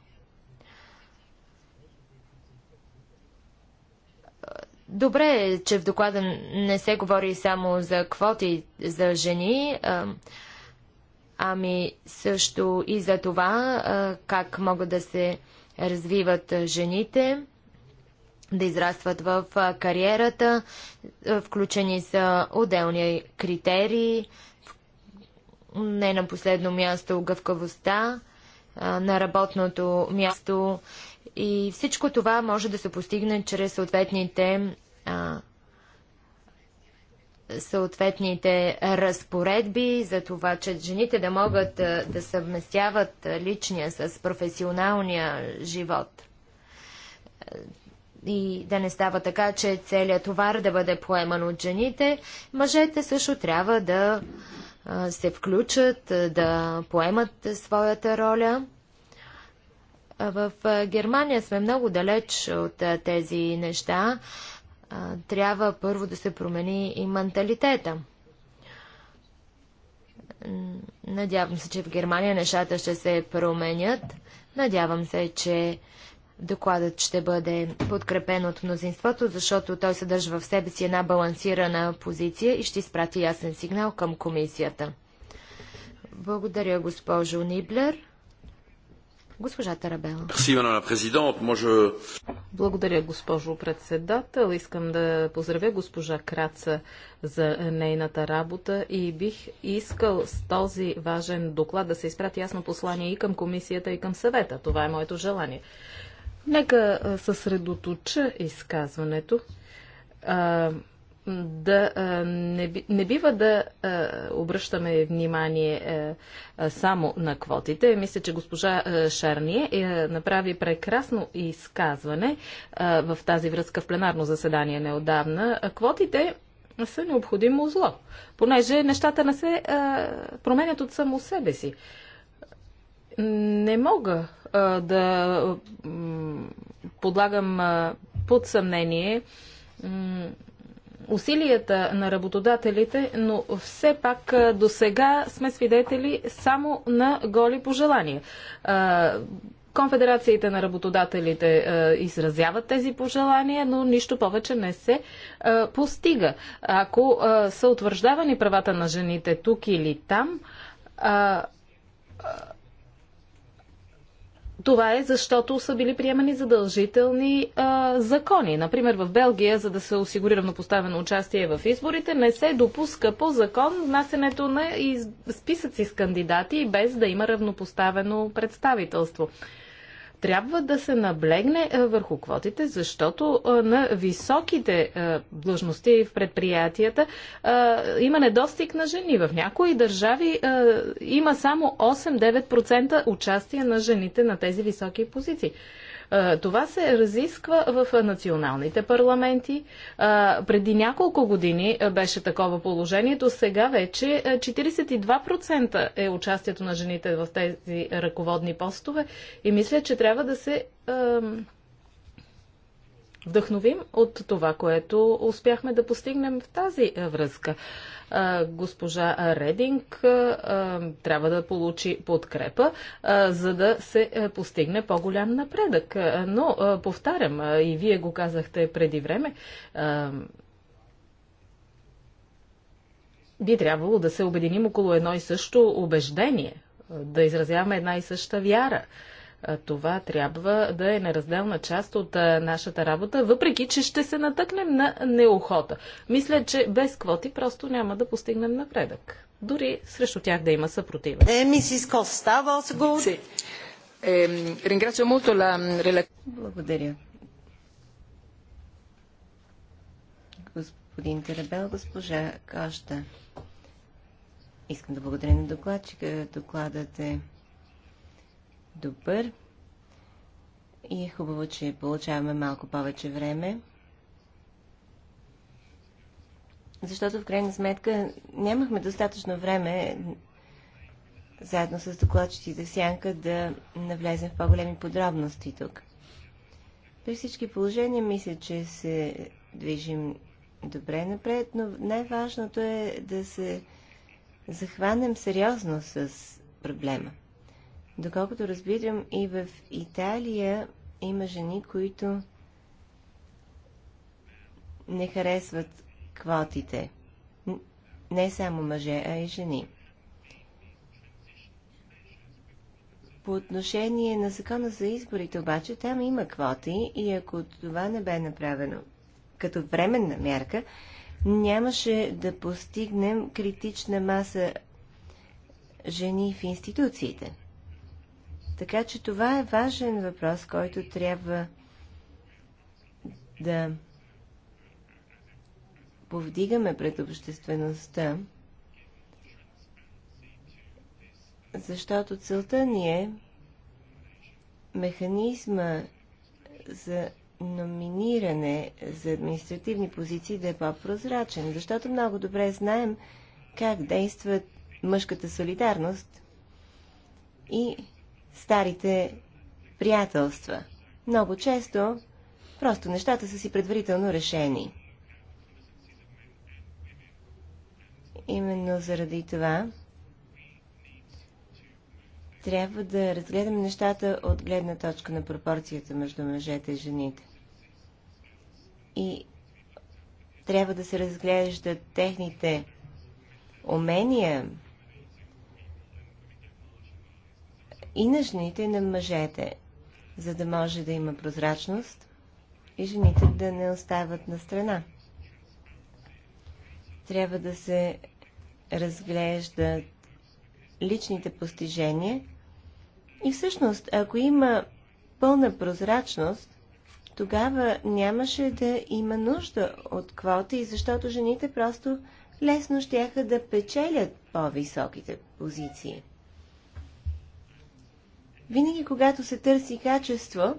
Добре е, че в доклада не се говори само за квоти за жени, ами също и за това как могат да се развиват жените, да израстват в кариерата. Включени са отделни критерии, не на последно място гъвкавостта на работното място и всичко това може да се постигне чрез съответните а, съответните разпоредби за това, че жените да могат да съвместяват личния с професионалния живот. И да не става така, че целият товар да бъде поеман от жените. Мъжете също трябва да се включат, да поемат своята роля. В Германия сме много далеч от тези неща. Трябва първо да се промени и менталитета. Надявам се, че в Германия нещата ще се променят. Надявам се, че докладът ще бъде подкрепен от мнозинството, защото той съдържа в себе си една балансирана позиция и ще изпрати ясен сигнал към комисията. Благодаря, госпожо Ниблер. Госпожа Тарабела. Благодаря, госпожо председател. Искам да поздравя госпожа Краца за нейната работа и бих искал с този важен доклад да се изпрати ясно послание и към комисията, и към съвета. Това е моето желание. Нека съсредоточа изказването да не, не бива да обръщаме внимание само на квотите. Мисля, че госпожа Шарние е, направи прекрасно изказване в тази връзка в пленарно заседание неодавна. Квотите са необходимо зло, понеже нещата не се променят от само себе си. Не мога да подлагам под съмнение усилията на работодателите, но все пак до сега сме свидетели само на голи пожелания. Конфедерациите на работодателите е, изразяват тези пожелания, но нищо повече не се е, постига. Ако е, са утвърждавани правата на жените тук или там, това е защото са били приемани задължителни а, закони. Например, в Белгия, за да се осигури равнопоставено участие в изборите, не се допуска по закон внасенето на из... списъци с кандидати без да има равнопоставено представителство трябва да се наблегне е, върху квотите, защото е, на високите е, длъжности в предприятията има недостиг на жени. В някои държави има само 8-9% участие на жените на тези високи позиции. Това се разисква в националните парламенти. Преди няколко години беше такова положението. Сега вече 42% е участието на жените в тези ръководни постове и мисля, че трябва да се вдъхновим от това, което успяхме да постигнем в тази е, връзка. Госпожа Рединг трябва да получи подкрепа, за да се е, постигне по-голям напредък. Но, повтарям, и вие го казахте преди време, би трябвало да се обединим около едно и също убеждение, да изразяваме една и съща вяра. Това трябва да е неразделна част от нашата работа, въпреки че ще се натъкнем на неохота. Мисля, че без квоти просто няма да постигнем напредък. Дори срещу тях да има съпротива. Е, мисис Коста, ehm, Благодаря. Господин Теребел, госпожа Каща. Искам да благодаря на докладчика. Докладът е добър и е хубаво, че получаваме малко повече време. Защото в крайна сметка нямахме достатъчно време заедно с докладчиците Сянка да навлезем в по-големи подробности тук. При всички положения мисля, че се движим добре напред, но най-важното е да се захванем сериозно с проблема. Доколкото разбирам, и в Италия има жени, които не харесват квотите. Не само мъже, а и жени. По отношение на закона за изборите обаче, там има квоти и ако това не бе направено като временна мярка, нямаше да постигнем критична маса жени в институциите. Така че това е важен въпрос, който трябва да повдигаме пред обществеността, защото целта ни е механизма за номиниране за административни позиции да е по-прозрачен, защото много добре знаем как действа мъжката солидарност и старите приятелства. Много често просто нещата са си предварително решени. Именно заради това трябва да разгледаме нещата от гледна точка на пропорцията между мъжете и жените. И трябва да се разглеждат техните умения, и на жените, и на мъжете, за да може да има прозрачност и жените да не остават на страна. Трябва да се разглеждат личните постижения и всъщност, ако има пълна прозрачност, тогава нямаше да има нужда от квоти, защото жените просто лесно щяха да печелят по-високите позиции. Винаги, когато се търси качество,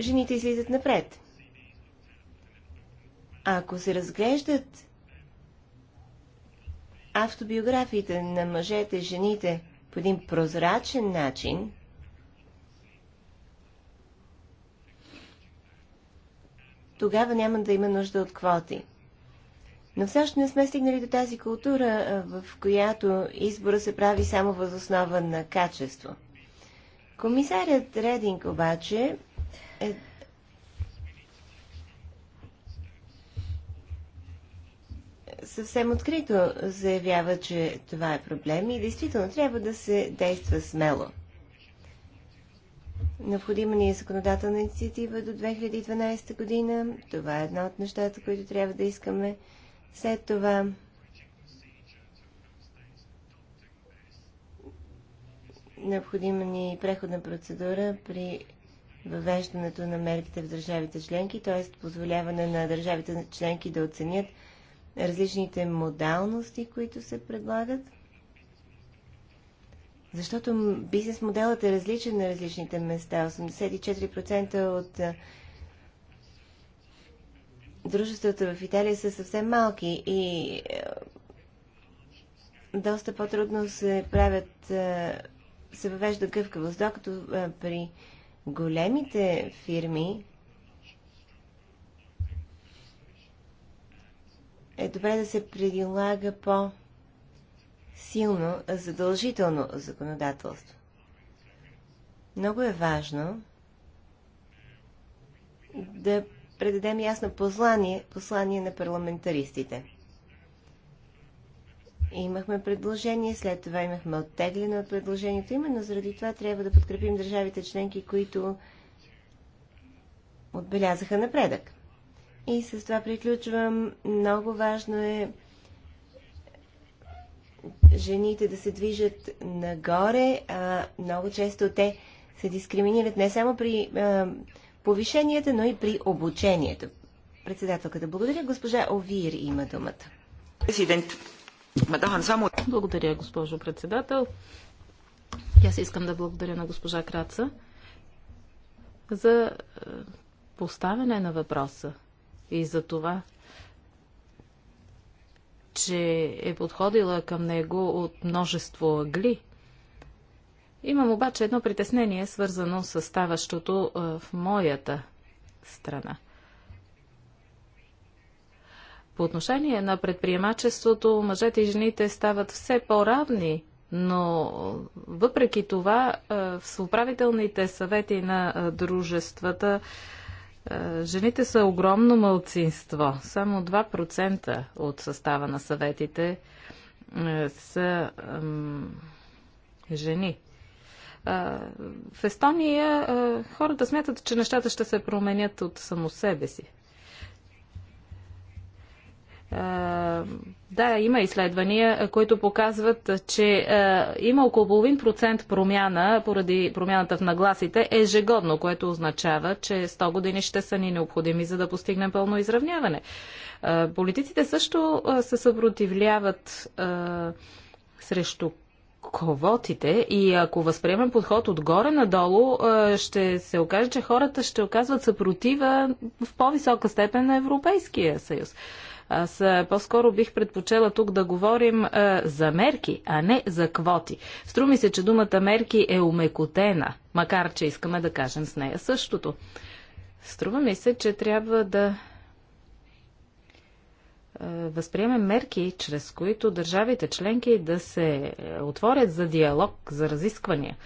жените излизат напред. А ако се разглеждат автобиографиите на мъжете и жените по един прозрачен начин, тогава няма да има нужда от квоти. Но все още не сме стигнали до тази култура, в която избора се прави само възоснова на качество – Комисарят Рединг обаче е съвсем открито заявява, че това е проблем и действително трябва да се действа смело. Необходима ни е законодателна инициатива до 2012 година. Това е една от нещата, които трябва да искаме. След това Необходима ни преходна процедура при въвеждането на мерките в държавите членки, т.е. позволяване на държавите членки да оценят различните модалности, които се предлагат. Защото бизнес моделът е различен на различните места. 84% от дружествата в Италия са съвсем малки и доста по-трудно се правят се въвежда гъвкавост, докато при големите фирми е добре да се прилага по-силно задължително законодателство. Много е важно да предадем ясно послание, послание на парламентаристите. Имахме предложение, след това имахме оттегляне от предложението. Именно заради това трябва да подкрепим държавите членки, които отбелязаха напредък. И с това приключвам. Много важно е жените да се движат нагоре, а много често те се дискриминират не само при а, повишенията, но и при обучението. Председателката, благодаря. Госпожа Овир има думата. Президент. Благодаря, госпожо председател. Аз искам да благодаря на госпожа Краца за е, поставяне на въпроса и за това, че е подходила към него от множество агли. Имам обаче едно притеснение, свързано с ставащото е, в моята страна – по отношение на предприемачеството, мъжете и жените стават все по-равни, но въпреки това в управителните съвети на дружествата жените са огромно мълцинство. Само 2% от състава на съветите са жени. В Естония хората смятат, че нещата ще се променят от само себе си. Да, има изследвания, които показват, че има около половин процент промяна поради промяната в нагласите ежегодно, което означава, че 100 години ще са ни необходими, за да постигнем пълно изравняване. Политиците също се съпротивляват срещу ковотите, и ако възприемем подход отгоре надолу, ще се окаже, че хората ще оказват съпротива в по-висока степен на Европейския съюз. Аз по-скоро бих предпочела тук да говорим а, за мерки, а не за квоти. Струми се, че думата мерки е умекотена, макар че искаме да кажем с нея същото. Струва ми се, че трябва да възприемем мерки, чрез които държавите членки да се отворят за диалог, за разисквания.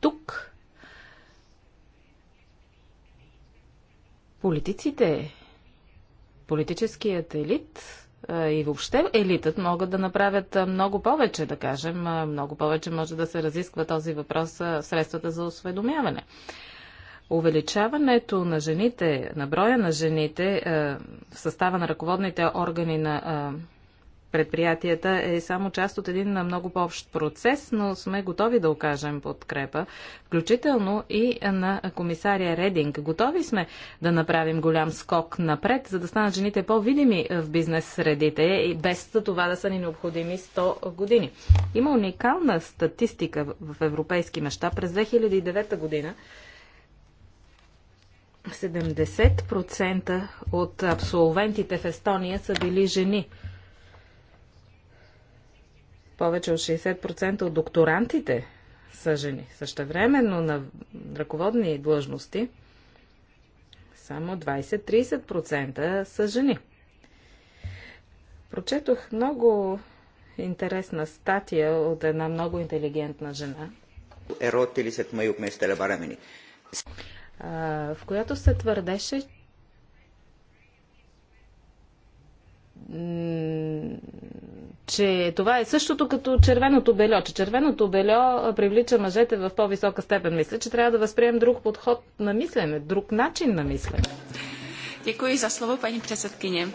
Тук политиците политическият елит и въобще елитът могат да направят много повече, да кажем. Много повече може да се разисква този въпрос в средствата за осведомяване. Увеличаването на жените, на броя на жените в състава на ръководните органи на предприятията е само част от един на много по-общ процес, но сме готови да окажем подкрепа, включително и на комисария Рединг. Готови сме да направим голям скок напред, за да станат жените по-видими в бизнес средите и без за това да са ни необходими 100 години. Има уникална статистика в европейски мащаб през 2009 година. 70% от абсолвентите в Естония са били жени. Повече от 60% от докторантите са жени. Същевременно на ръководни длъжности само 20-30% са жени. Прочетох много интересна статия от една много интелигентна жена. Еротили се лебарамени. В която се твърдеше, че това е същото като червеното бельо, че червеното бельо привлича мъжете в по-висока степен. Мисля, че трябва да възприем друг подход на мислене, друг начин на мислене. Děkuji за slovo, paní předsedkyně.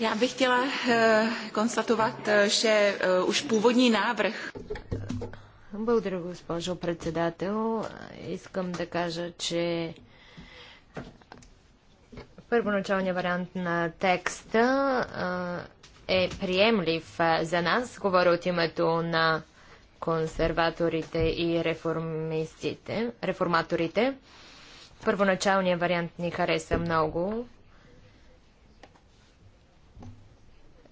Já bych chtěla uh, konstatovat, eh, že uh, už původní návrh. Благодаря, госпожо председател. Искам да кажа, че Първоначалният вариант на текста е приемлив за нас. Говоря от името на консерваторите и реформистите, реформаторите. Първоначалният вариант ни хареса много.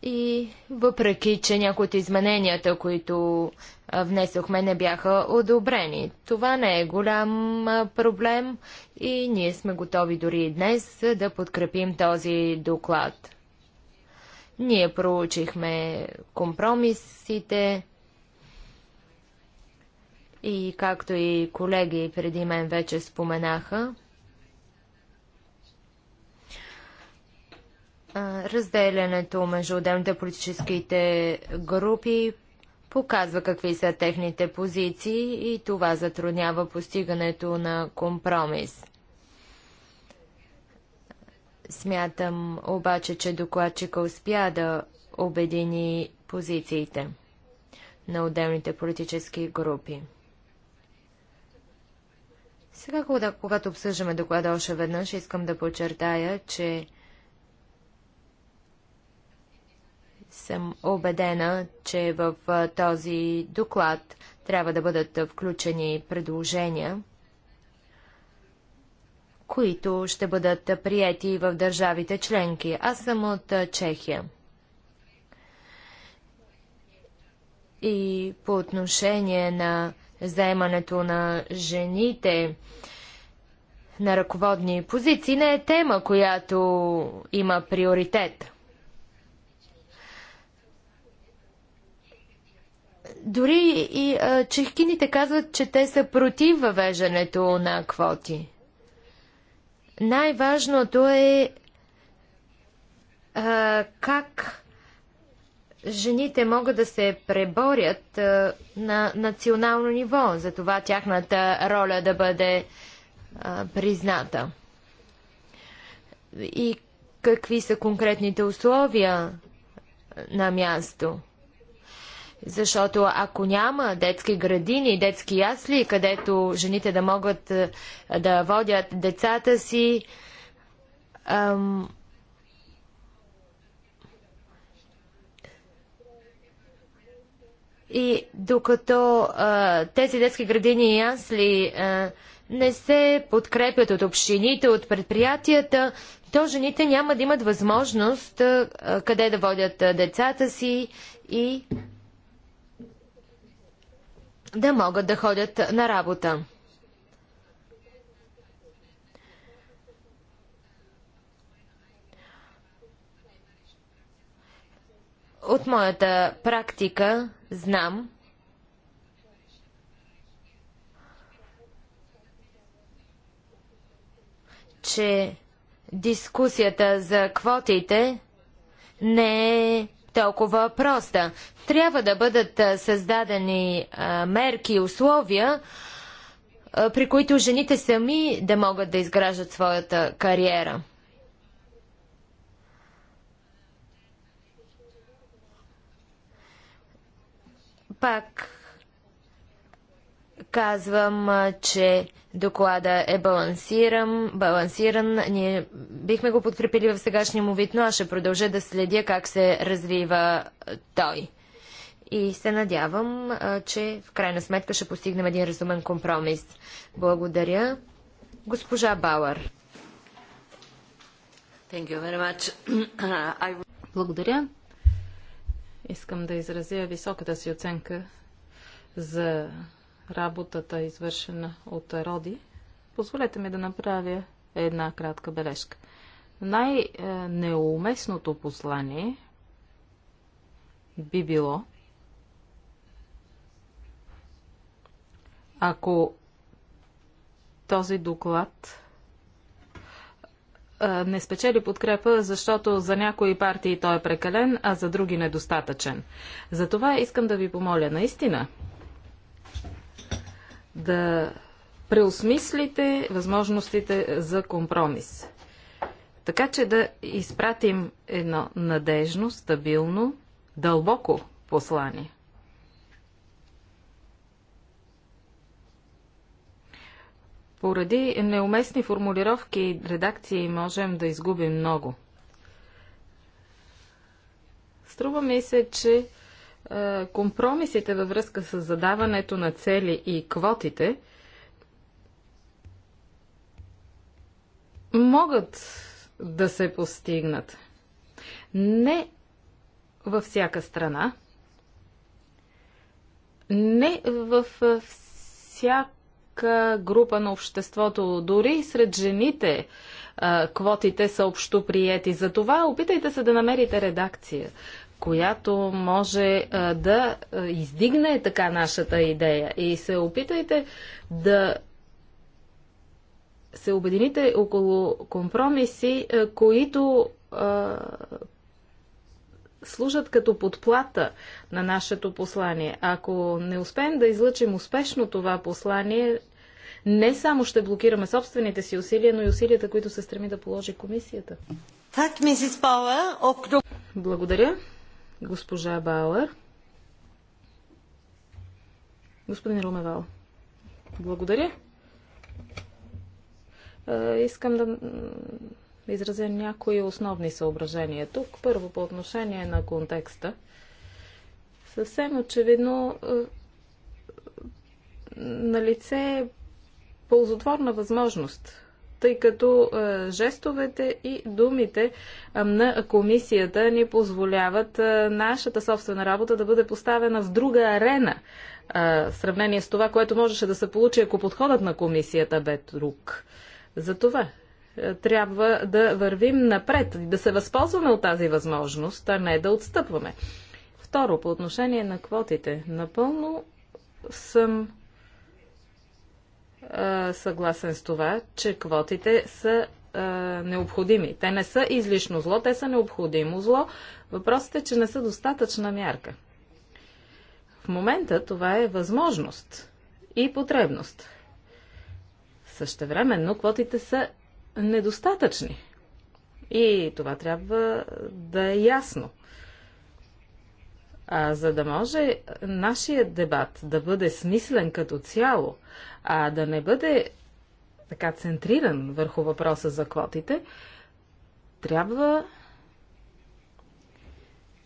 И въпреки, че някои от измененията, които внесохме, не бяха одобрени. Това не е голям проблем и ние сме готови дори и днес да подкрепим този доклад. Ние проучихме компромисите и както и колеги преди мен вече споменаха, Разделянето между отделните политическите групи показва какви са техните позиции и това затруднява постигането на компромис. Смятам обаче, че докладчика успя да обедини позициите на отделните политически групи. Сега, когато обсъждаме доклада още веднъж, искам да подчертая, че съм убедена, че в този доклад трябва да бъдат включени предложения, които ще бъдат приети в държавите членки. Аз съм от Чехия. И по отношение на заемането на жените на ръководни позиции не е тема, която има приоритет. Дори и чехкините казват, че те са против въвеждането на квоти. Най-важното е а, как жените могат да се преборят а, на национално ниво, за това тяхната роля да бъде а, призната. И какви са конкретните условия на място? Защото ако няма детски градини, детски ясли, където жените да могат е, да водят децата си, ам, И докато а, е, тези детски градини и ясли а, е, не се подкрепят от общините, от предприятията, то жените няма да имат възможност а, къде да водят децата си и да могат да ходят на работа. От моята практика знам, че дискусията за квотите не е толкова проста. Трябва да бъдат създадени мерки и условия, при които жените сами да могат да изграждат своята кариера. Пак Казвам, че доклада е балансиран, балансиран. Ние бихме го подкрепили в сегашния му вид, но аз ще продължа да следя как се развива той. И се надявам, че в крайна сметка ще постигнем един разумен компромис. Благодаря. Госпожа Бауър. Благодаря. Искам да изразя високата си оценка за работата, извършена от Роди, позволете ми да направя една кратка бележка. Най-неуместното послание би било, ако този доклад не спечели подкрепа, защото за някои партии той е прекален, а за други недостатъчен. Затова искам да ви помоля наистина да преосмислите възможностите за компромис. Така че да изпратим едно надежно, стабилно, дълбоко послание. Поради неуместни формулировки и редакции можем да изгубим много. Струва ми се, че компромисите във връзка с задаването на цели и квотите могат да се постигнат. Не във всяка страна, не във всяка група на обществото, дори сред жените квотите са общо приети. Затова опитайте се да намерите редакция, която може да издигне така нашата идея. И се опитайте да се обедините около компромиси, които а, служат като подплата на нашето послание. Ако не успеем да излъчим успешно това послание, не само ще блокираме собствените си усилия, но и усилията, които се стреми да положи комисията. Благодаря госпожа Бауър. Господин Румевал, благодаря. Е, искам да изразя някои основни съображения тук. Първо по отношение на контекста. Съвсем очевидно е, на лице е ползотворна възможност тъй като е, жестовете и думите е, на комисията ни позволяват е, нашата собствена работа да бъде поставена в друга арена в сравнение с това, което можеше да се получи, ако подходът на комисията бе друг. Затова трябва да вървим напред и да се възползваме от тази възможност, а не да отстъпваме. Второ, по отношение на квотите. Напълно съм съгласен с това, че квотите са а, необходими. Те не са излишно зло, те са необходимо зло. Въпросът е, че не са достатъчна мярка. В момента това е възможност и потребност. Същевременно квотите са недостатъчни. И това трябва да е ясно. А, за да може нашият дебат да бъде смислен като цяло, а да не бъде така центриран върху въпроса за квотите, трябва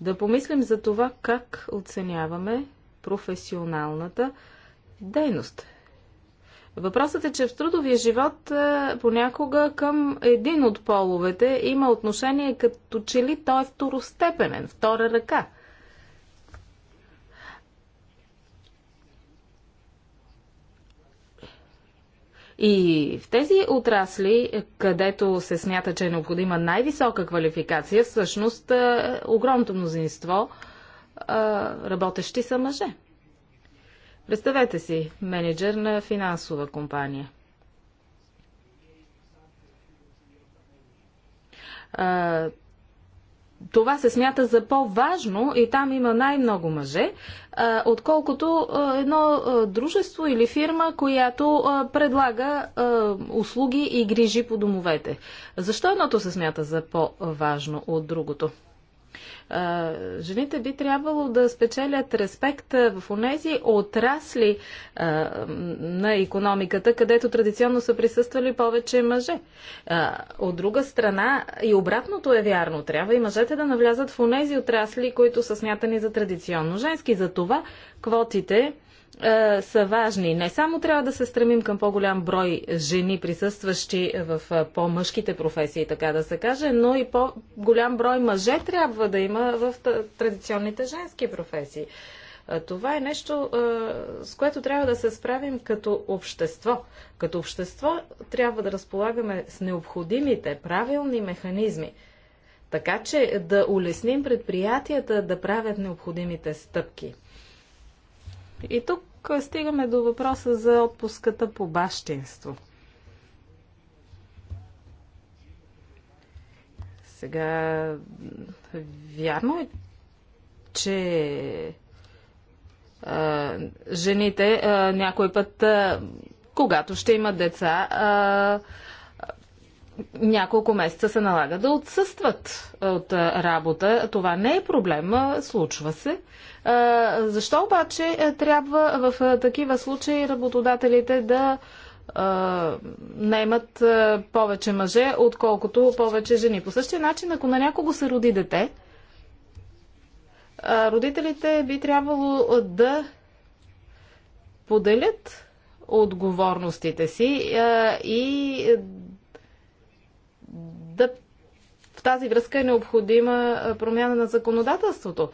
да помислим за това как оценяваме професионалната дейност. Въпросът е, че в трудовия живот е, понякога към един от половете има отношение като че ли той е второстепенен, втора ръка – И в тези отрасли, където се смята, че е необходима най-висока квалификация, всъщност е, огромното мнозинство е, работещи са мъже. Представете си менеджер на финансова компания. Е, това се смята за по-важно и там има най-много мъже, отколкото едно дружество или фирма, която предлага услуги и грижи по домовете. Защо едното се смята за по-важно от другото? жените би трябвало да спечелят респект в онези отрасли на економиката, където традиционно са присъствали повече мъже. От друга страна, и обратното е вярно. Трябва и мъжете да навлязат в онези отрасли, които са смятани за традиционно женски. За това квотите е, са важни. Не само трябва да се стремим към по-голям брой жени, присъстващи в е, по-мъжките професии, така да се каже, но и по-голям брой мъже трябва да има в традиционните женски професии. Е, това е нещо, е, с което трябва да се справим като общество. Като общество трябва да разполагаме с необходимите правилни механизми, така че да улесним предприятията да правят необходимите стъпки – и тук стигаме до въпроса за отпуската по бащинство. Сега, вярно е, че а, жените а, някой път, а, когато ще имат деца, а, няколко месеца се налага да отсъстват от работа. Това не е проблем, случва се. Защо обаче трябва в такива случаи работодателите да наймат повече мъже, отколкото повече жени? По същия начин, ако на някого се роди дете, родителите би трябвало да поделят отговорностите си а, и в тази връзка е необходима промяна на законодателството.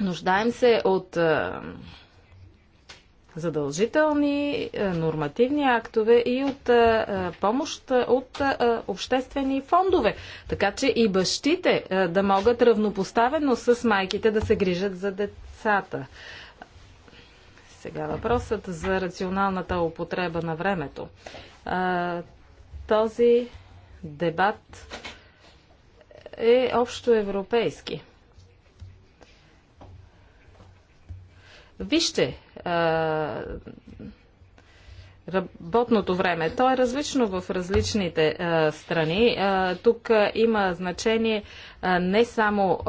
Нуждаем се от задължителни нормативни актове и от помощ от обществени фондове. Така че и бащите да могат равнопоставено с майките да се грижат за децата. Сега въпросът за рационалната употреба на времето. Този дебат е общо европейски. Вижте, работното време. То е различно в различните страни. тук има значение не само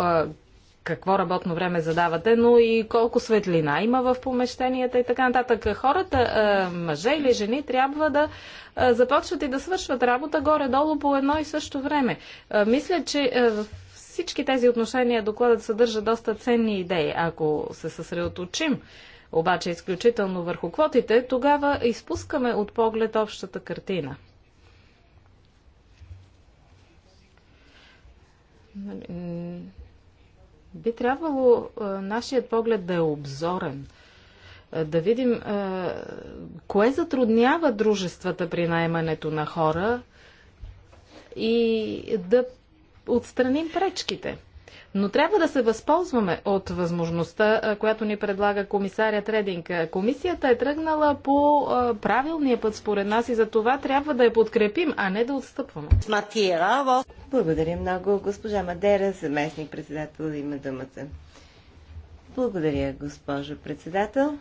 какво работно време задавате, но и колко светлина има в помещенията и така нататък. Хората, е, мъже или жени, трябва да е, започват и да свършват работа горе-долу по едно и също време. Е, мисля, че всички тези отношения докладът съдържа доста ценни идеи. Ако се съсредоточим обаче изключително върху квотите, тогава изпускаме от поглед общата картина. Нали, би трябвало а, е, нашият поглед да е обзорен, а, е, да видим а, е, кое затруднява дружествата при найемането на хора и да отстраним пречките. Но трябва да се възползваме от възможността, която ни предлага комисарят Рединг. Комисията е тръгнала по правилния път според нас и за това трябва да я подкрепим, а не да отстъпваме. Благодаря много. Госпожа Мадера, заместник председател, има думата. Благодаря, госпожо председател.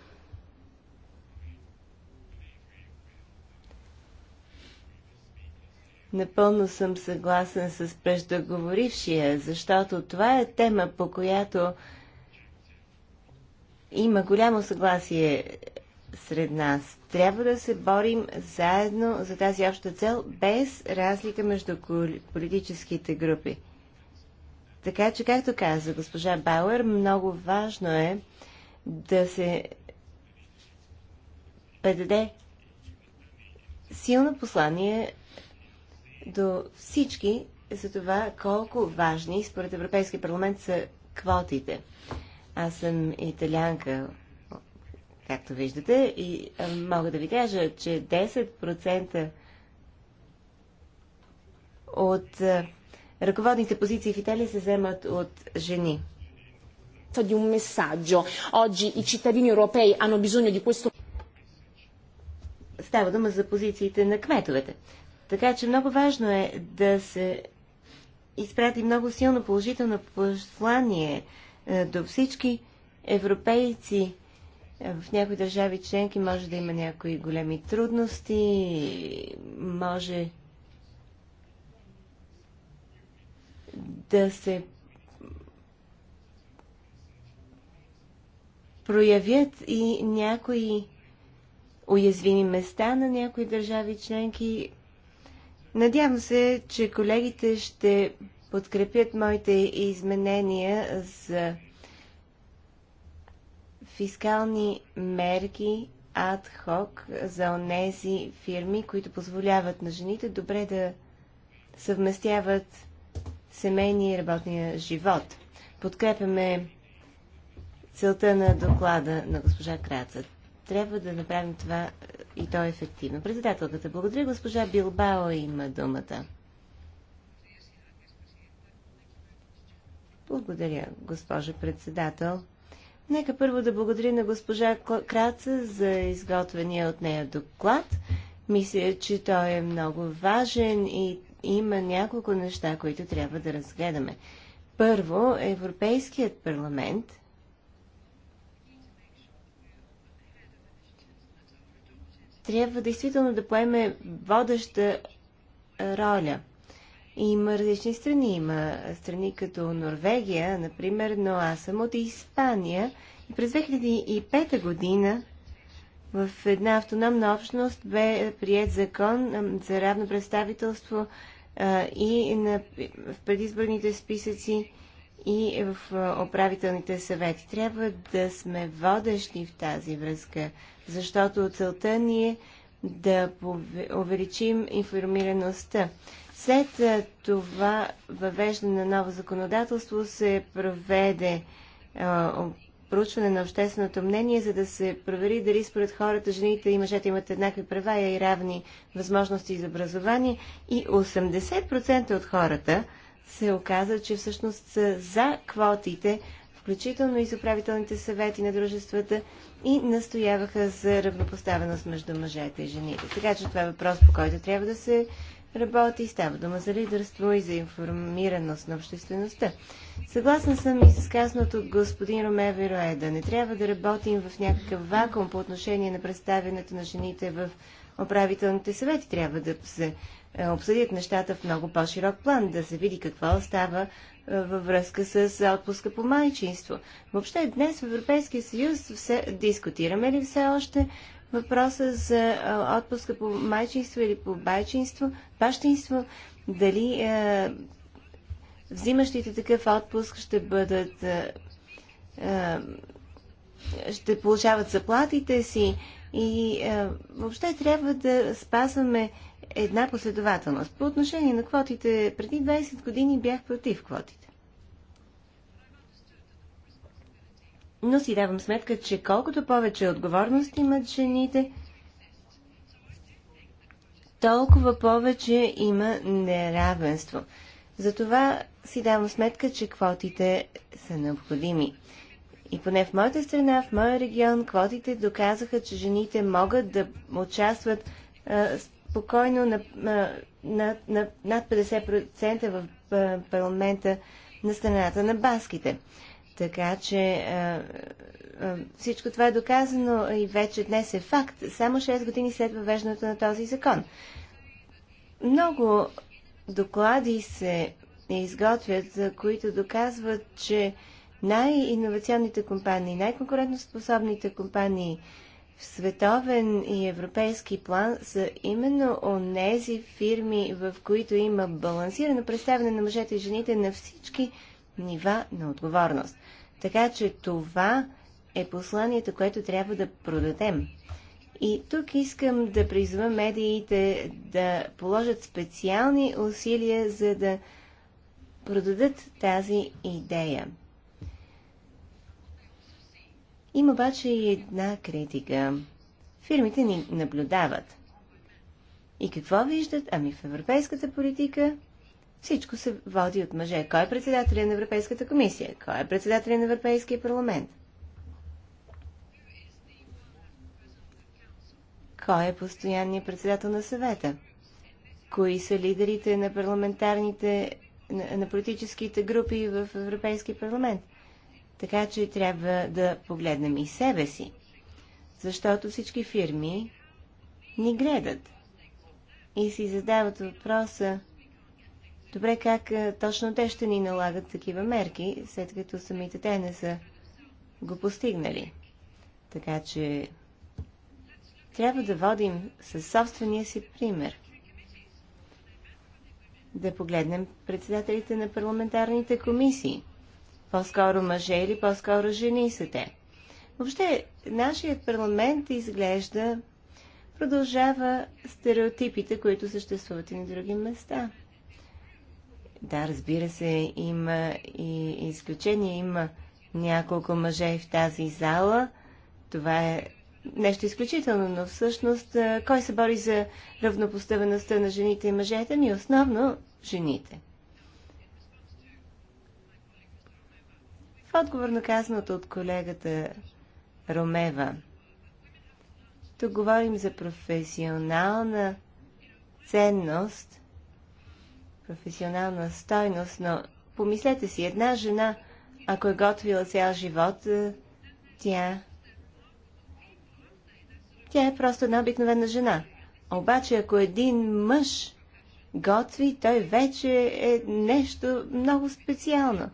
Напълно съм съгласен с преждоговорившия, защото това е тема, по която има голямо съгласие сред нас. Трябва да се борим заедно за тази обща цел, без разлика между политическите групи. Така че, както каза госпожа Бауер, много важно е да се предаде силно послание до всички за това колко важни според Европейския парламент са квотите. Аз съм италянка, както виждате, и мога да ви кажа, че 10% от ръководните позиции в Италия се вземат от жени. Di un messaggio. Oggi i cittadini europei hanno bisogno di questo. Става дума за позициите на кметовете. Така че много важно е да се изпрати много силно положително послание е, до всички европейци. В някои държави членки може да има някои големи трудности, може да се проявят и някои уязвими места на някои държави членки, Надявам се, че колегите ще подкрепят моите изменения за фискални мерки ад ад-хок за онези фирми, които позволяват на жените добре да съвместяват семейния и работния живот. Подкрепяме целта на доклада на госпожа Краца. Трябва да направим това и то е ефективно. Председателката, благодаря. Госпожа Билбао има думата. Благодаря, госпожа председател. Нека първо да благодаря на госпожа Краца за изготвения от нея доклад. Мисля, че той е много важен и има няколко неща, които трябва да разгледаме. Първо, Европейският парламент трябва действително да поеме водеща роля. Има различни страни. Има страни като Норвегия, например, но аз съм от Испания. И през 2005 година в една автономна общност бе прият закон за равно представителство и в предизборните списъци и в управителните съвети. Трябва да сме водещи в тази връзка защото целта ни е да увеличим информираността. След това въвеждане на ново законодателство се проведе проучване на общественото мнение, за да се провери дали според хората жените и мъжете имат еднакви права и равни възможности за образование. И 80% от хората се оказа, че всъщност са за квотите, включително и за управителните съвети на дружествата и настояваха за равнопоставеност между мъжете и жените. Така че това е въпрос, по който трябва да се работи. Става дума за лидерство и за информираност на обществеността. Съгласна съм и с казаното от господин Роме Вероеда. Не трябва да работим в някакъв вакуум по отношение на представянето на жените в управителните съвети. Трябва да се е, обсъдят нещата в много по-широк план, да се види какво става във връзка с отпуска по майчинство. Въобще днес в Европейския съюз все, дискутираме ли все още въпроса за отпуска по майчинство или по байчинство, бащинство, дали е, взимащите такъв отпуск ще бъдат е, ще получават заплатите си и е, въобще трябва да спазваме една последователност. По отношение на квотите, преди 20 години бях против квотите. но си давам сметка, че колкото повече отговорност имат жените, толкова повече има неравенство. Затова си давам сметка, че квотите са необходими. И поне в моята страна, в моя регион, квотите доказаха, че жените могат да участват а, спокойно на, а, на, на, над 50% в а, парламента на страната на баските. Така че всичко това е доказано и вече днес е факт, само 6 години след въвеждането на този закон. Много доклади се изготвят, които доказват, че най-инновационните компании, най-конкурентоспособните компании в световен и европейски план са именно онези фирми, в които има балансирано представяне на мъжете и жените на всички нива на отговорност. Така че това е посланието, което трябва да продадем. И тук искам да призва медиите да положат специални усилия, за да продадат тази идея. Има обаче и една критика. Фирмите ни наблюдават. И какво виждат? Ами в европейската политика всичко се води от мъже. Кой е председателя на Европейската комисия? Кой е председателя на Европейския парламент? Кой е постоянният председател на съвета? Кои са лидерите на парламентарните, на, на политическите групи в Европейския парламент? Така че трябва да погледнем и себе си, защото всички фирми ни гледат и си задават въпроса Добре, как е, точно те ще ни налагат такива мерки, след като самите те не са го постигнали. Така че трябва да водим със собствения си пример. Да погледнем председателите на парламентарните комисии. По-скоро мъже или по-скоро жени са те. Въобще, нашият парламент изглежда продължава стереотипите, които съществуват и на други места. Да, разбира се, има и изключение Има няколко мъже в тази зала. Това е нещо изключително, но всъщност кой се бори за равнопоставеността на жените и мъжете? Ми основно жените. В отговор на казаното от колегата Ромева, тук говорим за професионална ценност – професионална стойност, но помислете си, една жена, ако е готвила цял живот, е, тя... Тя е просто една обикновена жена. Обаче, ако един мъж готви, той вече е нещо много специално.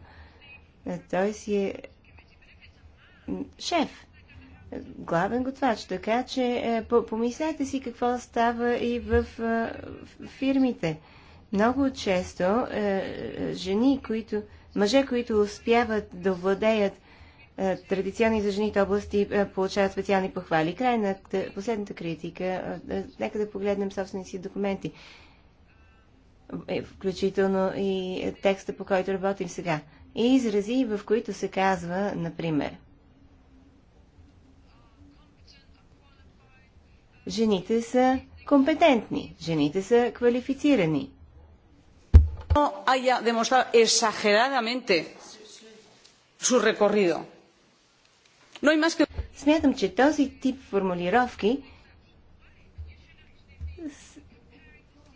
Той си е шеф, главен готвач, така че е, помислете си какво става и в е, фирмите. Много често е, е, жени, които, мъже, които успяват да владеят е, традиционни за жените области получават специални похвали. Край на последната критика. Нека да погледнем собствените си документи. Включително и текста, по който работим сега. И изрази, в които се казва, например, Жените са компетентни, жените са квалифицирани, no haya demostrado exageradamente su recorrido. No hay más que... Смятам, че този тип формулировки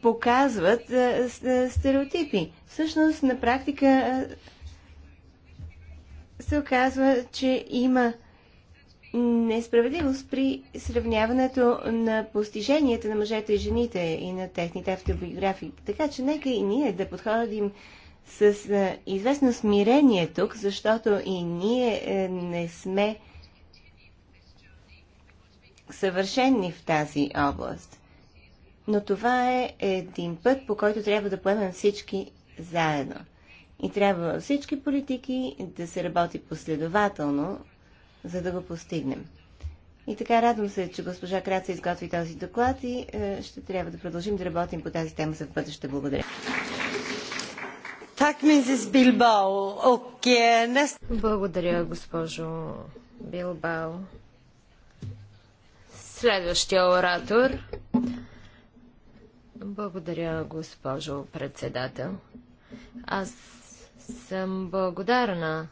показват стереотипи. Всъщност, на практика се оказва, че има несправедливост при сравняването на постиженията на мъжете и жените и на техните автобиографии. Така че нека и ние да подходим с е, известно смирение тук, защото и ние е, не сме съвършенни в тази област. Но това е един път, по който трябва да поемем всички заедно. И трябва всички политики да се работи последователно за да го постигнем. И така радвам се, че госпожа Краца изготви този доклад и е, ще трябва да продължим да работим по тази тема за бъдеще. Благодаря. Билбао. Е, Благодаря, госпожо Билбао. Следващия оратор. Благодаря, госпожо председател. Аз съм благодарна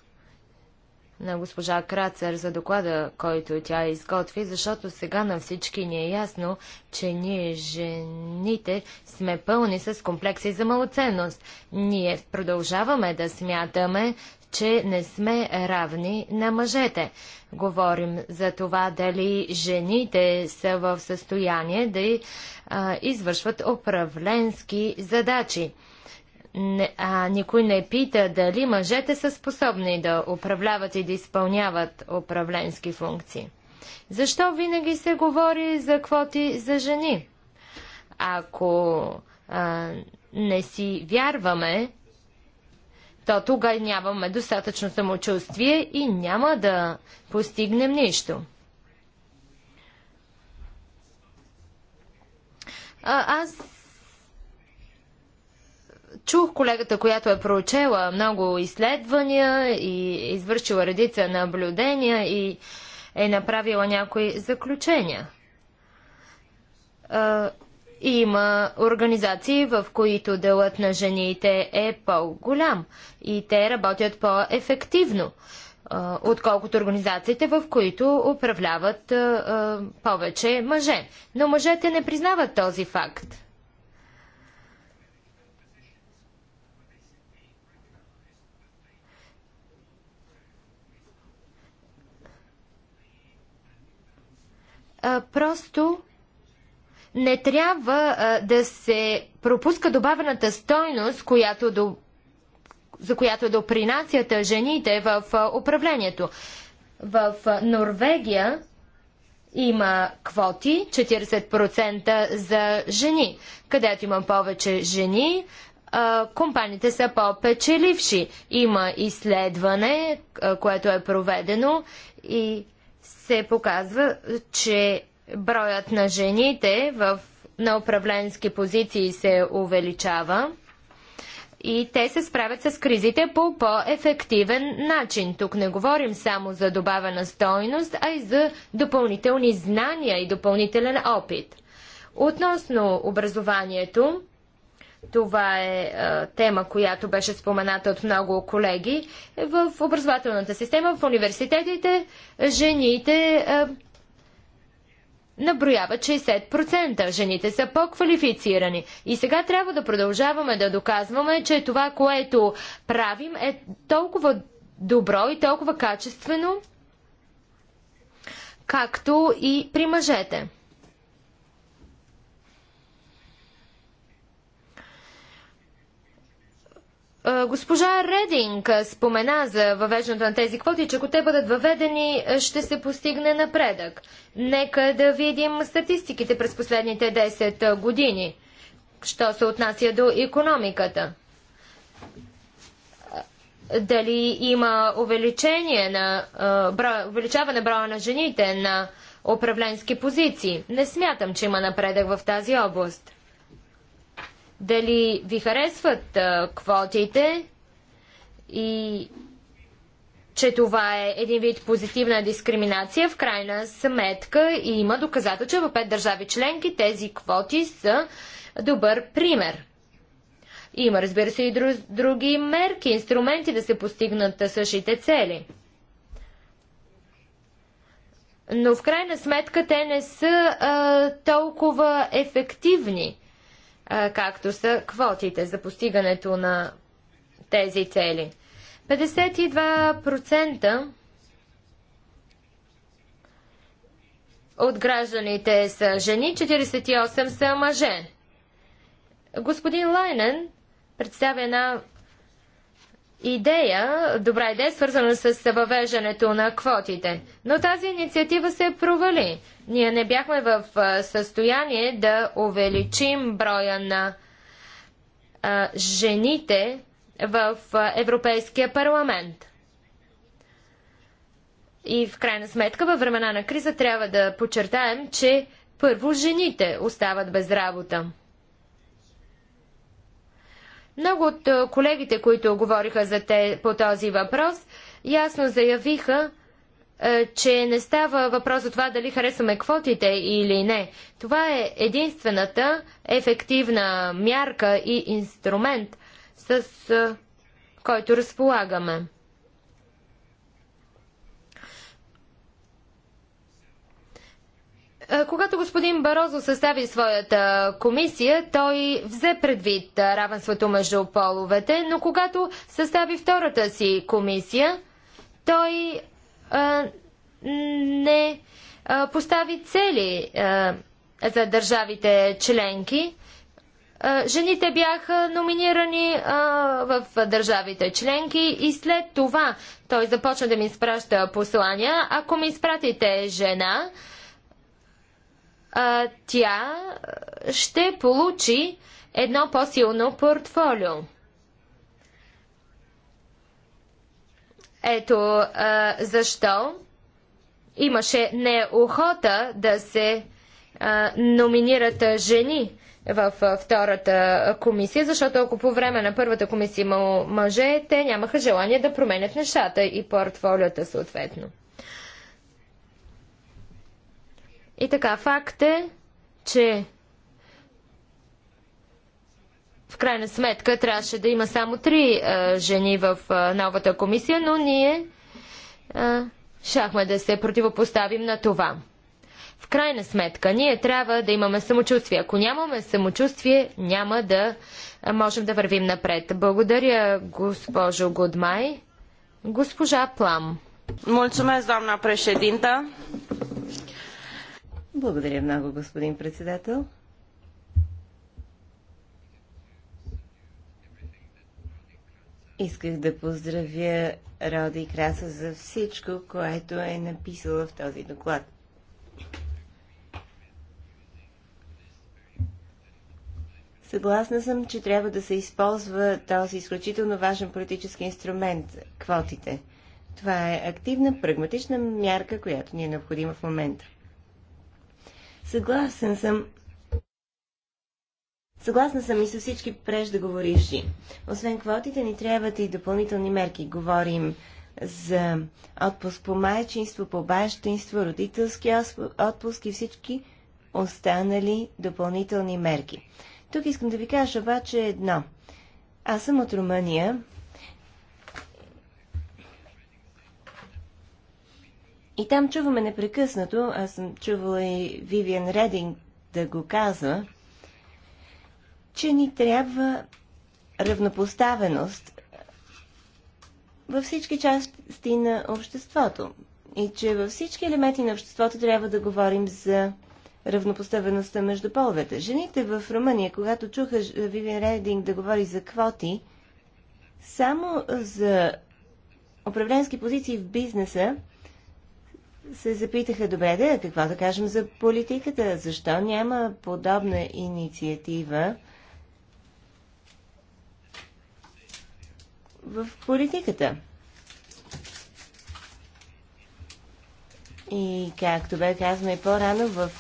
на госпожа Крацер за доклада, който тя изготви, защото сега на всички ни е ясно, че ние жените сме пълни с комплекси за малоценност. Ние продължаваме да смятаме, че не сме равни на мъжете. Говорим за това дали жените са в състояние да а, извършват управленски задачи а никой не пита дали мъжете са способни да управляват и да изпълняват управленски функции. Защо винаги се говори за квоти за жени? Ако а, не си вярваме, то тогава нямаме достатъчно самочувствие и няма да постигнем нищо. А, аз Чух колегата, която е проучела много изследвания и извършила редица наблюдения и е направила някои заключения. има организации, в които делът на жените е по-голям и те работят по-ефективно, отколкото организациите, в които управляват повече мъже. Но мъжете не признават този факт. а, просто не трябва а, да се пропуска добавената стойност, която до, за която е допринасят жените в а, управлението. В а, Норвегия има квоти 40% за жени. Където има повече жени, компаниите са по-печеливши. Има изследване, което е проведено и се показва, че броят на жените в, на управленски позиции се увеличава и те се справят с кризите по по-ефективен начин. Тук не говорим само за добавена стойност, а и за допълнителни знания и допълнителен опит. Относно образованието, това е тема, която беше спомената от много колеги. В образователната система, в университетите, жените наброяват 60%. Жените са по-квалифицирани. И сега трябва да продължаваме да доказваме, че това, което правим, е толкова добро и толкова качествено, както и при мъжете. Госпожа Рединг спомена за въвеждането на тези квоти, че ако те бъдат въведени, ще се постигне напредък. Нека да видим статистиките през последните 10 години, що се отнася до економиката. Дали има увеличение на, увеличаване броя на жените на управленски позиции? Не смятам, че има напредък в тази област дали ви харесват а, квотите и че това е един вид позитивна дискриминация. В крайна сметка и има доказателство, че в пет държави членки тези квоти са добър пример. Има, разбира се, и други мерки, инструменти да се постигнат същите цели. Но в крайна сметка те не са а, толкова ефективни както са квотите за постигането на тези цели. 52% от гражданите са жени, 48% са мъже. Господин Лайнен представя една идея, добра идея, свързана с въвеждането на квотите. Но тази инициатива се провали. Ние не бяхме в състояние да увеличим броя на а, жените в Европейския парламент. И в крайна сметка, във времена на криза трябва да подчертаем, че първо жените остават без работа. Много от е, колегите, които говориха за те, по този въпрос, ясно заявиха, е, че не става въпрос за това дали харесваме квотите или не. Това е единствената ефективна мярка и инструмент, с е, който разполагаме. Е, когато господин Барозо състави своята комисия, той взе предвид равенството между половете, но когато състави втората си комисия, той а, е, не а, е, постави цели а, за държавите членки. А, жените бяха номинирани а, в държавите членки и след това той започна да ми изпраща послания. Ако ми изпратите жена, а, тя ще получи едно по-силно портфолио. Ето а, защо имаше неохота да се а, номинират жени в втората комисия, защото ако по време на първата комисия имало мъже, те нямаха желание да променят нещата и портфолиота съответно. И така, факт е, че в крайна сметка трябваше да има само три а, е, жени в а, е, новата комисия, но ние а, е, шахме да се противопоставим на това. В крайна сметка, ние трябва да имаме самочувствие. Ако нямаме самочувствие, няма да можем да вървим напред. Благодаря, госпожо Годмай. Госпожа Плам. Mulțumesc, doamna președintă. Благодаря много, господин председател. Исках да поздравя Роди Краса за всичко, което е написала в този доклад. Съгласна съм, че трябва да се използва този изключително важен политически инструмент – квотите. Това е активна, прагматична мярка, която ни е необходима в момента. Съгласен съм. Съгласна съм и с всички преждеговоривши. Освен квотите ни трябват и допълнителни мерки. Говорим за отпуск по майчинство, по бащинство, родителски отпуск и всички останали допълнителни мерки. Тук искам да ви кажа обаче едно. Аз съм от Румъния И там чуваме непрекъснато, аз съм чувала и Вивиан Рединг да го казва, че ни трябва равнопоставеност във всички части на обществото. И че във всички елементи на обществото трябва да говорим за равнопоставеността между половете. Жените в Румъния, когато чуха Вивиан Рединг да говори за квоти, само за управленски позиции в бизнеса, се запитаха, добре, да, какво да кажем за политиката? Защо няма подобна инициатива в политиката? И както бе казано и по-рано, в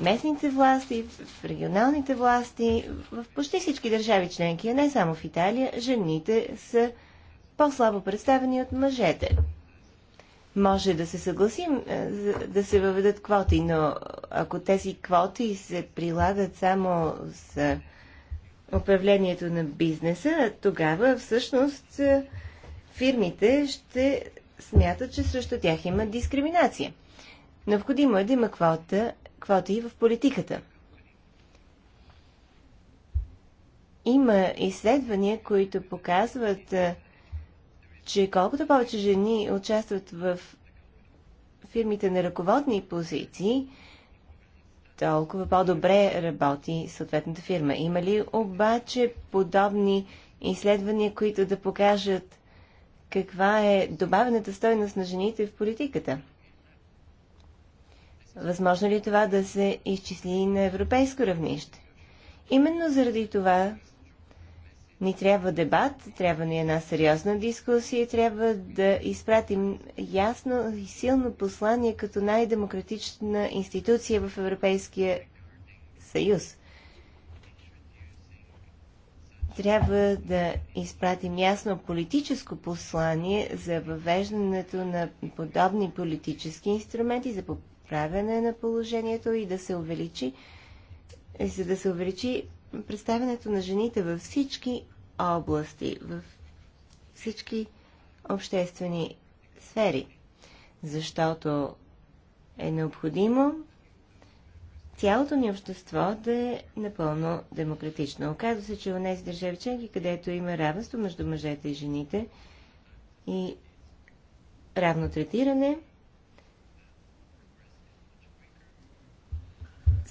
местните власти, в регионалните власти, в почти всички държави членки, а не само в Италия, жените са по-слабо представени от мъжете може да се съгласим е, да се въведат квоти, но ако тези квоти се прилагат само за управлението на бизнеса, тогава всъщност е, фирмите ще смятат, че срещу тях има дискриминация. Необходимо е да има квота, квоти и в политиката. Има изследвания, които показват, е, че колкото повече жени участват в фирмите на ръководни позиции, толкова по-добре работи съответната фирма. Има ли обаче подобни изследвания, които да покажат каква е добавената стойност на жените в политиката? Възможно ли е това да се изчисли на европейско равнище? Именно заради това ни трябва дебат, трябва ни една сериозна дискусия и трябва да изпратим ясно и силно послание като най-демократична институция в Европейския съюз. Трябва да изпратим ясно политическо послание за въвеждането на подобни политически инструменти за поправяне на положението и да се увеличи за да се увеличи представянето на жените във всички области, във всички обществени сфери, защото е необходимо цялото ни общество да е напълно демократично. Оказва се, че в тези държави членки, където има равенство между мъжете и жените и равно третиране,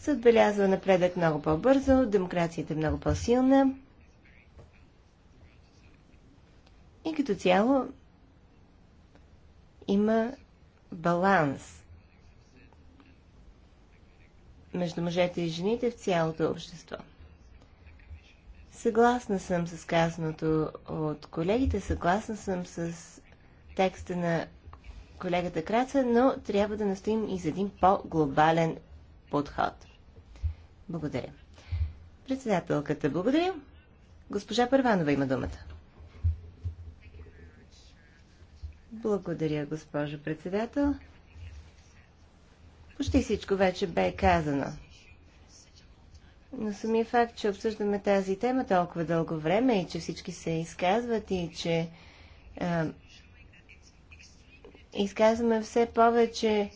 се отбелязва напредък много по-бързо, демокрацията е много по-силна. И като цяло има баланс между мъжете и жените в цялото общество. Съгласна съм с казаното от колегите, съгласна съм с текста на колегата Краца, но трябва да настоим и за един по-глобален подход. Благодаря. Председателката, благодаря. Госпожа Първанова има думата. Благодаря, госпожо председател. Почти всичко вече бе казано. Но самия факт, че обсъждаме тази тема толкова дълго време и че всички се изказват и че а, изказваме все повече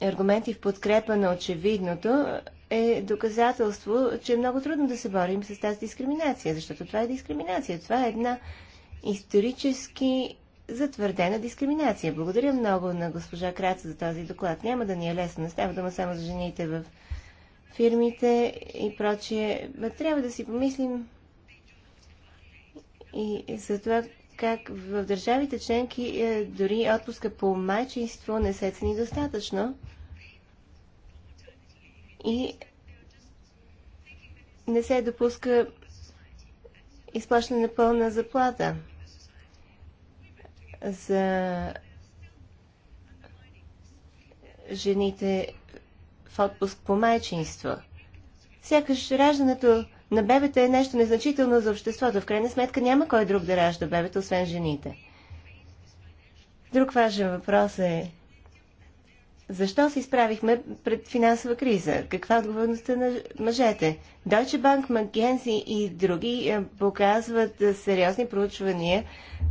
аргументи в подкрепа на очевидното, е доказателство, че е много трудно да се борим с тази дискриминация, защото това е дискриминация. Това е една исторически затвърдена дискриминация. Благодаря много на госпожа Краца за този доклад. Няма да ни е лесно. Не става дума само за жените в фирмите и прочие. Но трябва да си помислим и за това как в държавите членки е, дори отпуска по майчинство не се цени достатъчно и не се допуска изплащане на пълна заплата за жените в отпуск по майчинство. Сякаш раждането на бебета е нещо незначително за обществото. В крайна сметка няма кой друг да ражда бебета, освен жените. Друг важен въпрос е защо се изправихме пред финансова криза? Каква е отговорността на мъжете? Deutsche Bank, McKinsey и други е, показват е, сериозни проучвания,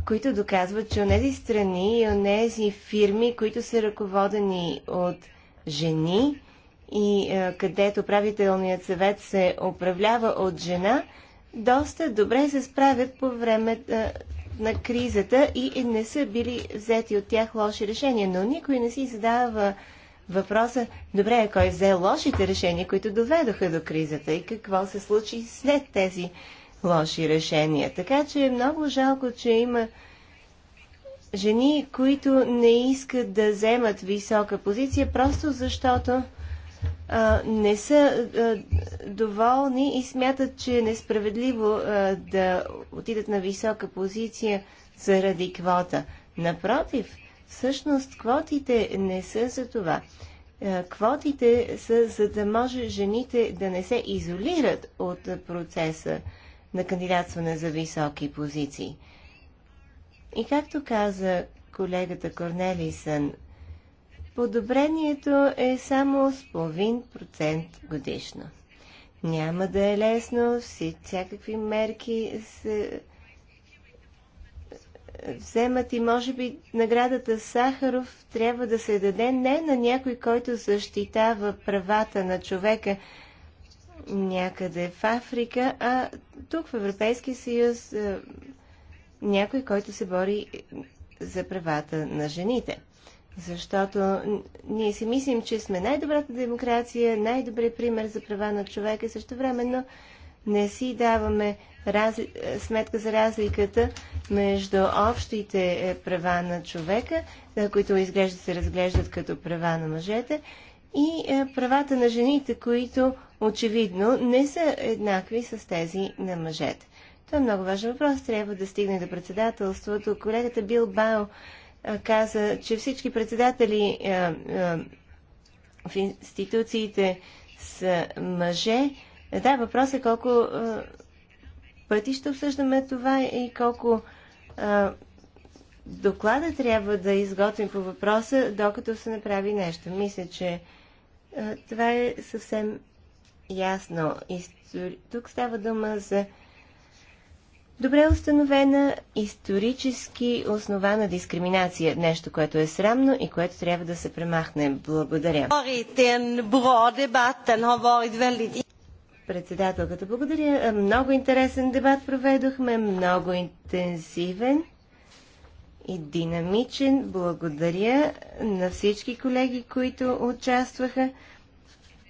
които доказват, че онези страни и онези фирми, които са ръководени от жени и е, където правителният съвет се управлява от жена, доста добре се справят по време на кризата и не са били взети от тях лоши решения. Но никой не си задава въпроса, е, добре, е, кой взе лошите решения, които доведоха до кризата и какво се случи след тези лоши решения. Така че е много жалко, че има жени, които не искат да вземат висока позиция, просто защото а, не са а, доволни и смятат, че е несправедливо а, да отидат на висока позиция заради квота. Напротив, Всъщност квотите не са за това. Е, квотите са за да може жените да не се изолират от процеса на кандидатстване за високи позиции. И както каза колегата Корнелисън, подобрението е само с половин процент годишно. Няма да е лесно, всякакви мерки се вземат и може би наградата Сахаров трябва да се даде не на някой, който защитава правата на човека някъде в Африка, а тук в Европейския съюз е, някой, който се бори за правата на жените. Защото ние си мислим, че сме най-добрата демокрация, най-добрият пример за права на човека също също времено не си даваме е, сметка за разликата между общите е, права на човека, е, които изглежда се разглеждат като права на мъжете, и правата на жените, които очевидно не са еднакви с тези на мъжете. Това е много важен въпрос. Трябва да стигне до председателството. Колегата Бил Бао каза, че всички председатели а, а, в институциите са мъже. Да, въпросът е колко а, пъти ще обсъждаме това и колко а, доклада трябва да изготвим по въпроса, докато се направи нещо. Мисля, че а, това е съвсем ясно. Истори... Тук става дума за добре установена исторически основана дискриминация. Нещо, което е срамно и което трябва да се премахне. Благодаря. Председателката, благодаря. Е, много интересен дебат проведохме, много интензивен и динамичен. Благодаря на всички колеги, които участваха.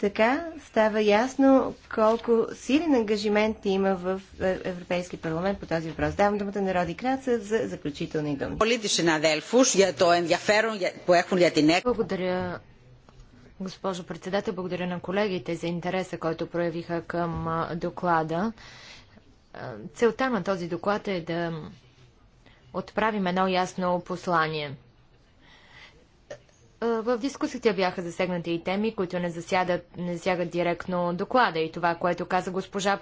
Така става ясно колко силен ангажимент има в е, Европейски парламент по този въпрос. Давам думата на Роди Краца за заключителни думи. Е благодаря Госпожо председател, благодаря на колегите за интереса, който проявиха към доклада. Целта на този доклад е да отправим едно ясно послание. В дискусията бяха засегнати и теми, които не, засядат, не засягат директно доклада и това, което каза госпожа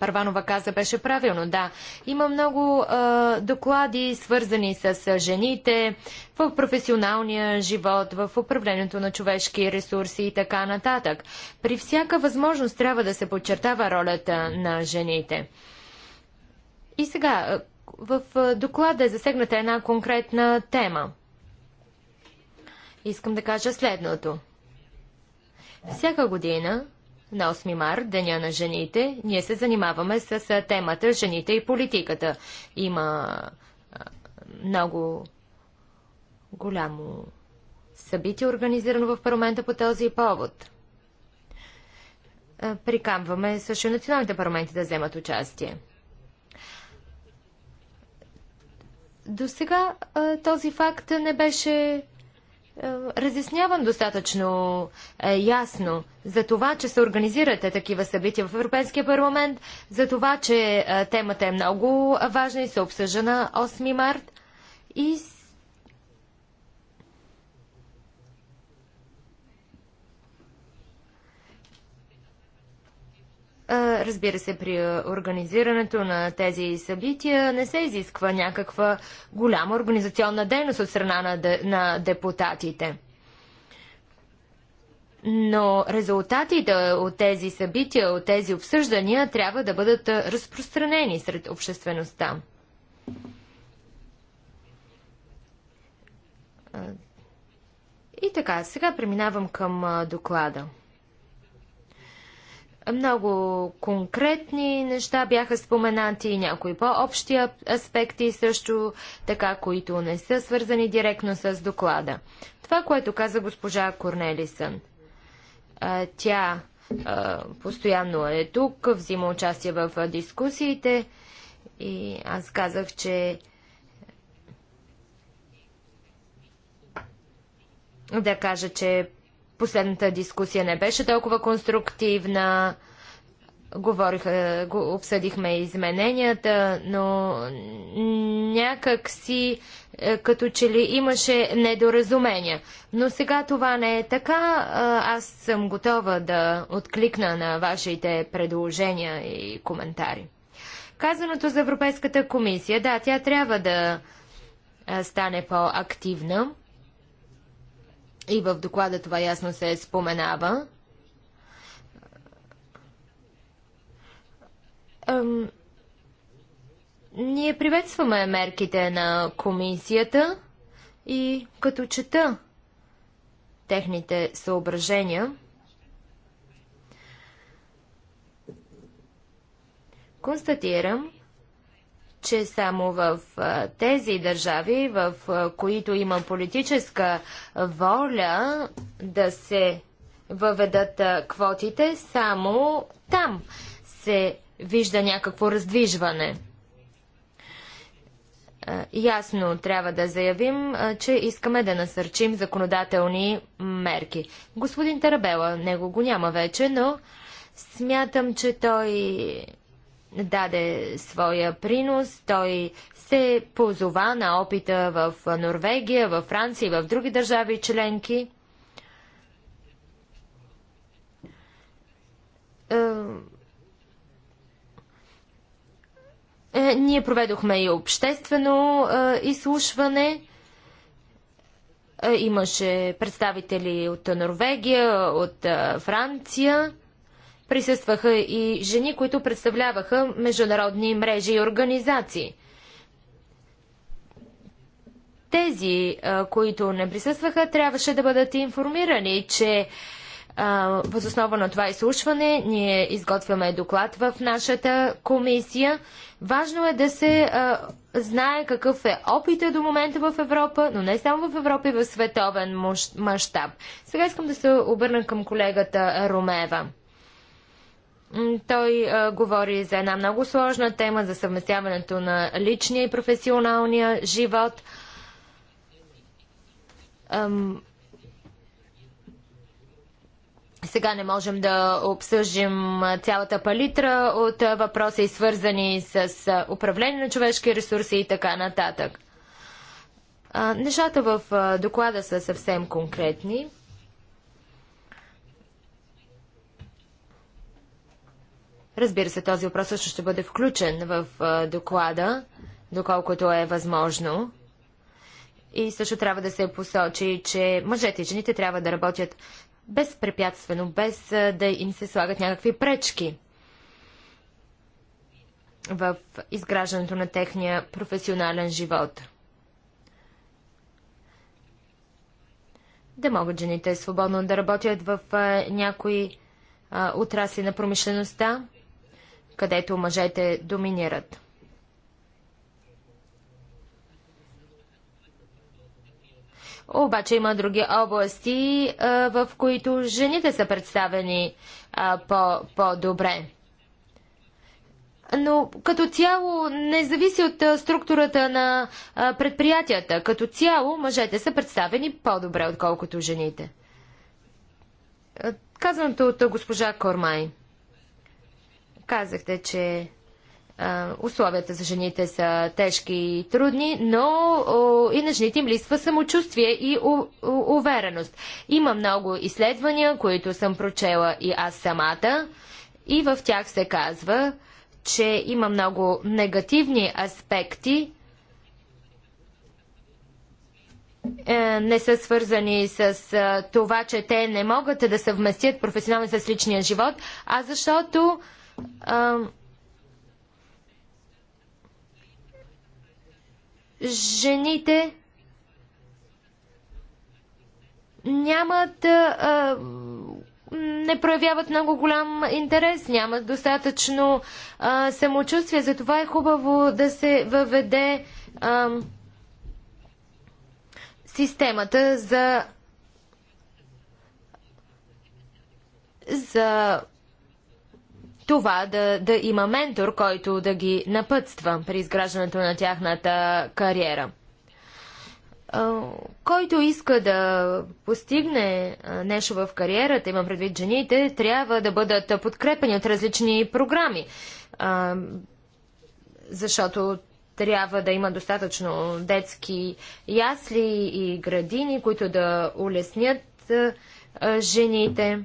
Първанова каза, беше правилно. Да, има много а, е, доклади, свързани с жените, в професионалния живот, в управлението на човешки ресурси и така нататък. При всяка възможност трябва да се подчертава ролята на жените. И сега, в доклада е засегната една конкретна тема Искам да кажа следното. Всяка година, на 8 март, Деня на жените, ние се занимаваме с темата жените и политиката. Има много голямо събитие, организирано в парламента по този повод. Прикамваме също националните парламенти да вземат участие. До сега този факт не беше е, разяснявам достатъчно е, ясно за това, че се организирате такива събития в Европейския парламент, за това, че е, темата е много важна и се обсъжда на 8 март и Разбира се, при организирането на тези събития не се изисква някаква голяма организационна дейност от страна на, депутатите. Но резултатите от тези събития, от тези обсъждания трябва да бъдат разпространени сред обществеността. И така, сега преминавам към доклада. Много конкретни неща бяха споменати и някои по-общи аспекти също така, които не са свързани директно с доклада. Това, което каза госпожа Корнелисън, тя постоянно е тук, взима участие в дискусиите и аз казах, че да кажа, че Последната дискусия не беше толкова конструктивна. Говорих, е, го обсъдихме измененията, но някак си е, като че ли имаше недоразумения. Но сега това не е така. Е, аз съм готова да откликна на вашите предложения и коментари. Казаното за Европейската комисия, да, тя трябва да стане по-активна. И в доклада това ясно се споменава. ние приветстваме мерките на комисията и като чета техните съображения, констатирам, че само в тези държави, в които има политическа воля да се въведат квотите, само там се вижда някакво раздвижване. Ясно трябва да заявим, че искаме да насърчим законодателни мерки. Господин Тарабела, него го няма вече, но смятам, че той даде своя принос. Той се позова на опита в Норвегия, в Франция и в други държави членки. Е, е, ние проведохме и обществено е, изслушване. имаше представители от Норвегия, от Франция присъстваха и жени, които представляваха международни мрежи и организации. Тези, които не присъстваха, трябваше да бъдат информирани, че въз основа на това изслушване ние изготвяме доклад в нашата комисия. Важно е да се знае какъв е опита до момента в Европа, но не само в Европа и в световен мащаб. Сега искам да се обърна към колегата Ромева. Той а, говори за една много сложна тема за съвместяването на личния и професионалния живот. Ам... Сега не можем да обсъжим цялата палитра от въпроси, свързани с управление на човешки ресурси и така нататък. А, нещата в доклада са съвсем конкретни. Разбира се, този въпрос също ще бъде включен в доклада, доколкото е възможно. И също трябва да се посочи, че мъжете и жените трябва да работят безпрепятствено, без да им се слагат някакви пречки в изграждането на техния професионален живот. Да могат жените свободно да работят в някои отрасли на промишлеността, където мъжете доминират. Обаче има други области, в които жените са представени по, добре Но като цяло не зависи от структурата на предприятията. Като цяло мъжете са представени по-добре, отколкото жените. Казаното от госпожа Кормай – Казахте, че а, условията за жените са тежки и трудни, но о, и на жените им листва самочувствие и у, у, увереност. Има много изследвания, които съм прочела и аз самата, и в тях се казва, че има много негативни аспекти, е, не са свързани с това, че те не могат да съвместят професионално с личния живот, а защото жените нямат а, не проявяват много голям интерес, нямат достатъчно а, самочувствие. Затова е хубаво да се въведе а, системата за за това да, да има ментор, който да ги напътства при изграждането на тяхната кариера. Който иска да постигне нещо в кариерата, има предвид жените, трябва да бъдат подкрепени от различни програми, защото трябва да има достатъчно детски ясли и градини, които да улеснят жените.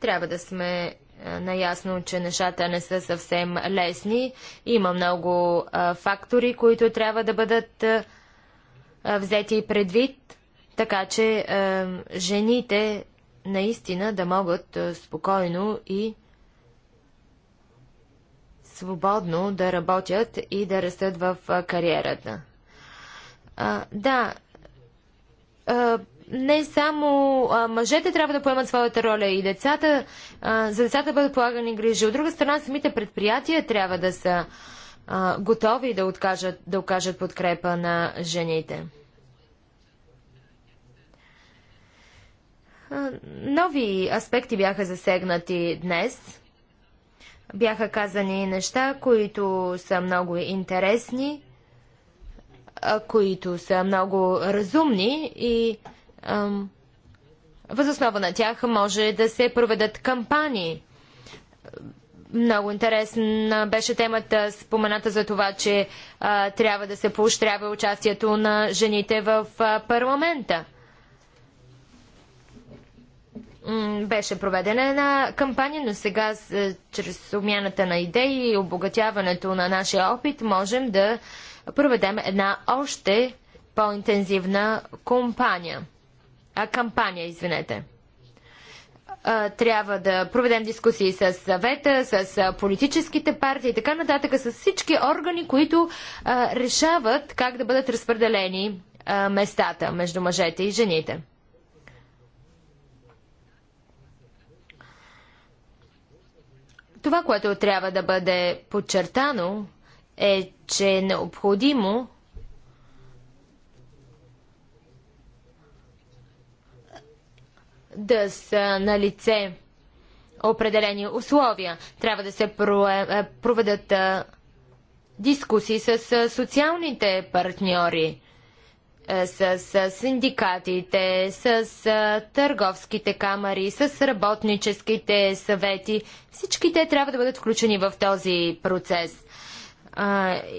Трябва да сме е, наясно, че нещата не са съвсем лесни. Има много е, фактори, които трябва да бъдат взети е, взети предвид, така че жените наистина да могат спокойно и свободно да работят и да растат в кариерата. Да, не само а, мъжете трябва да поемат своята роля и децата, а, за децата бъдат полагани грижи. От друга страна, самите предприятия трябва да са а, готови да, откажат, да окажат подкрепа на жените. А, нови аспекти бяха засегнати днес. Бяха казани неща, които са много интересни които са много разумни и Възоснова на тях може да се проведат кампании. Много интересна беше темата спомената за това, че а, трябва да се поощрява участието на жените в а, парламента. беше проведена една кампания, но сега чрез обмяната на идеи и обогатяването на нашия опит можем да проведем една още по-интензивна кампания а, кампания, извинете. А, трябва да проведем дискусии с съвета, с политическите партии и така нататък, с всички органи, които а, решават как да бъдат разпределени а, местата между мъжете и жените. Това, което трябва да бъде подчертано, е, че е необходимо да са на лице определени условия. Трябва да се е, проведат е, дискусии с е, социалните партньори, с синдикатите, с търговските камери, с работническите съвети. Всички те трябва да бъдат включени в този процес.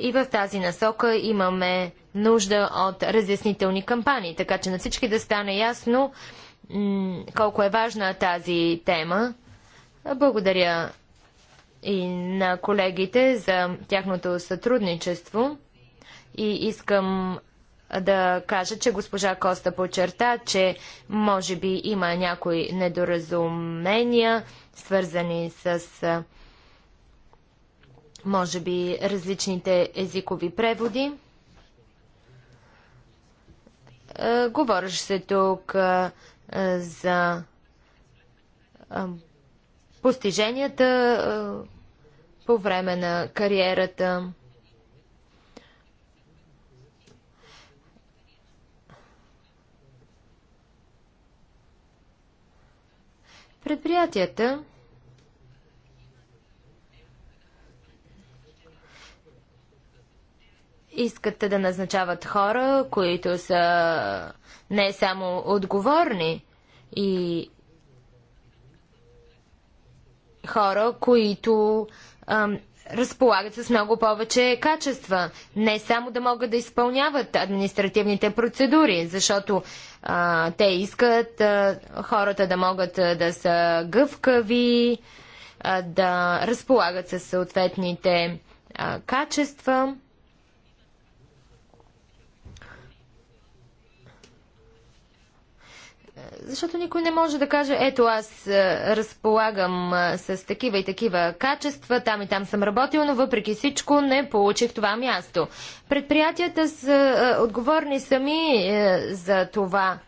И в тази насока имаме нужда от разяснителни кампании, така че на всички да стане ясно, колко е важна тази тема. Благодаря и на колегите за тяхното сътрудничество и искам да кажа, че госпожа Коста подчерта, че може би има някои недоразумения, свързани с може би различните езикови преводи. Говореше се тук е, за е, постиженията е, по време на кариерата. Предприятията искат да назначават хора, които са не само отговорни и хора, които ам, разполагат с много повече качества. Не само да могат да изпълняват административните процедури, защото а, те искат а, хората да могат да са гъвкави, а, да разполагат с съответните а, качества. Защото никой не може да каже, ето аз е, разполагам е, с такива и такива качества, там и там съм работил, но въпреки всичко не получих това място. Предприятията са е, отговорни сами за това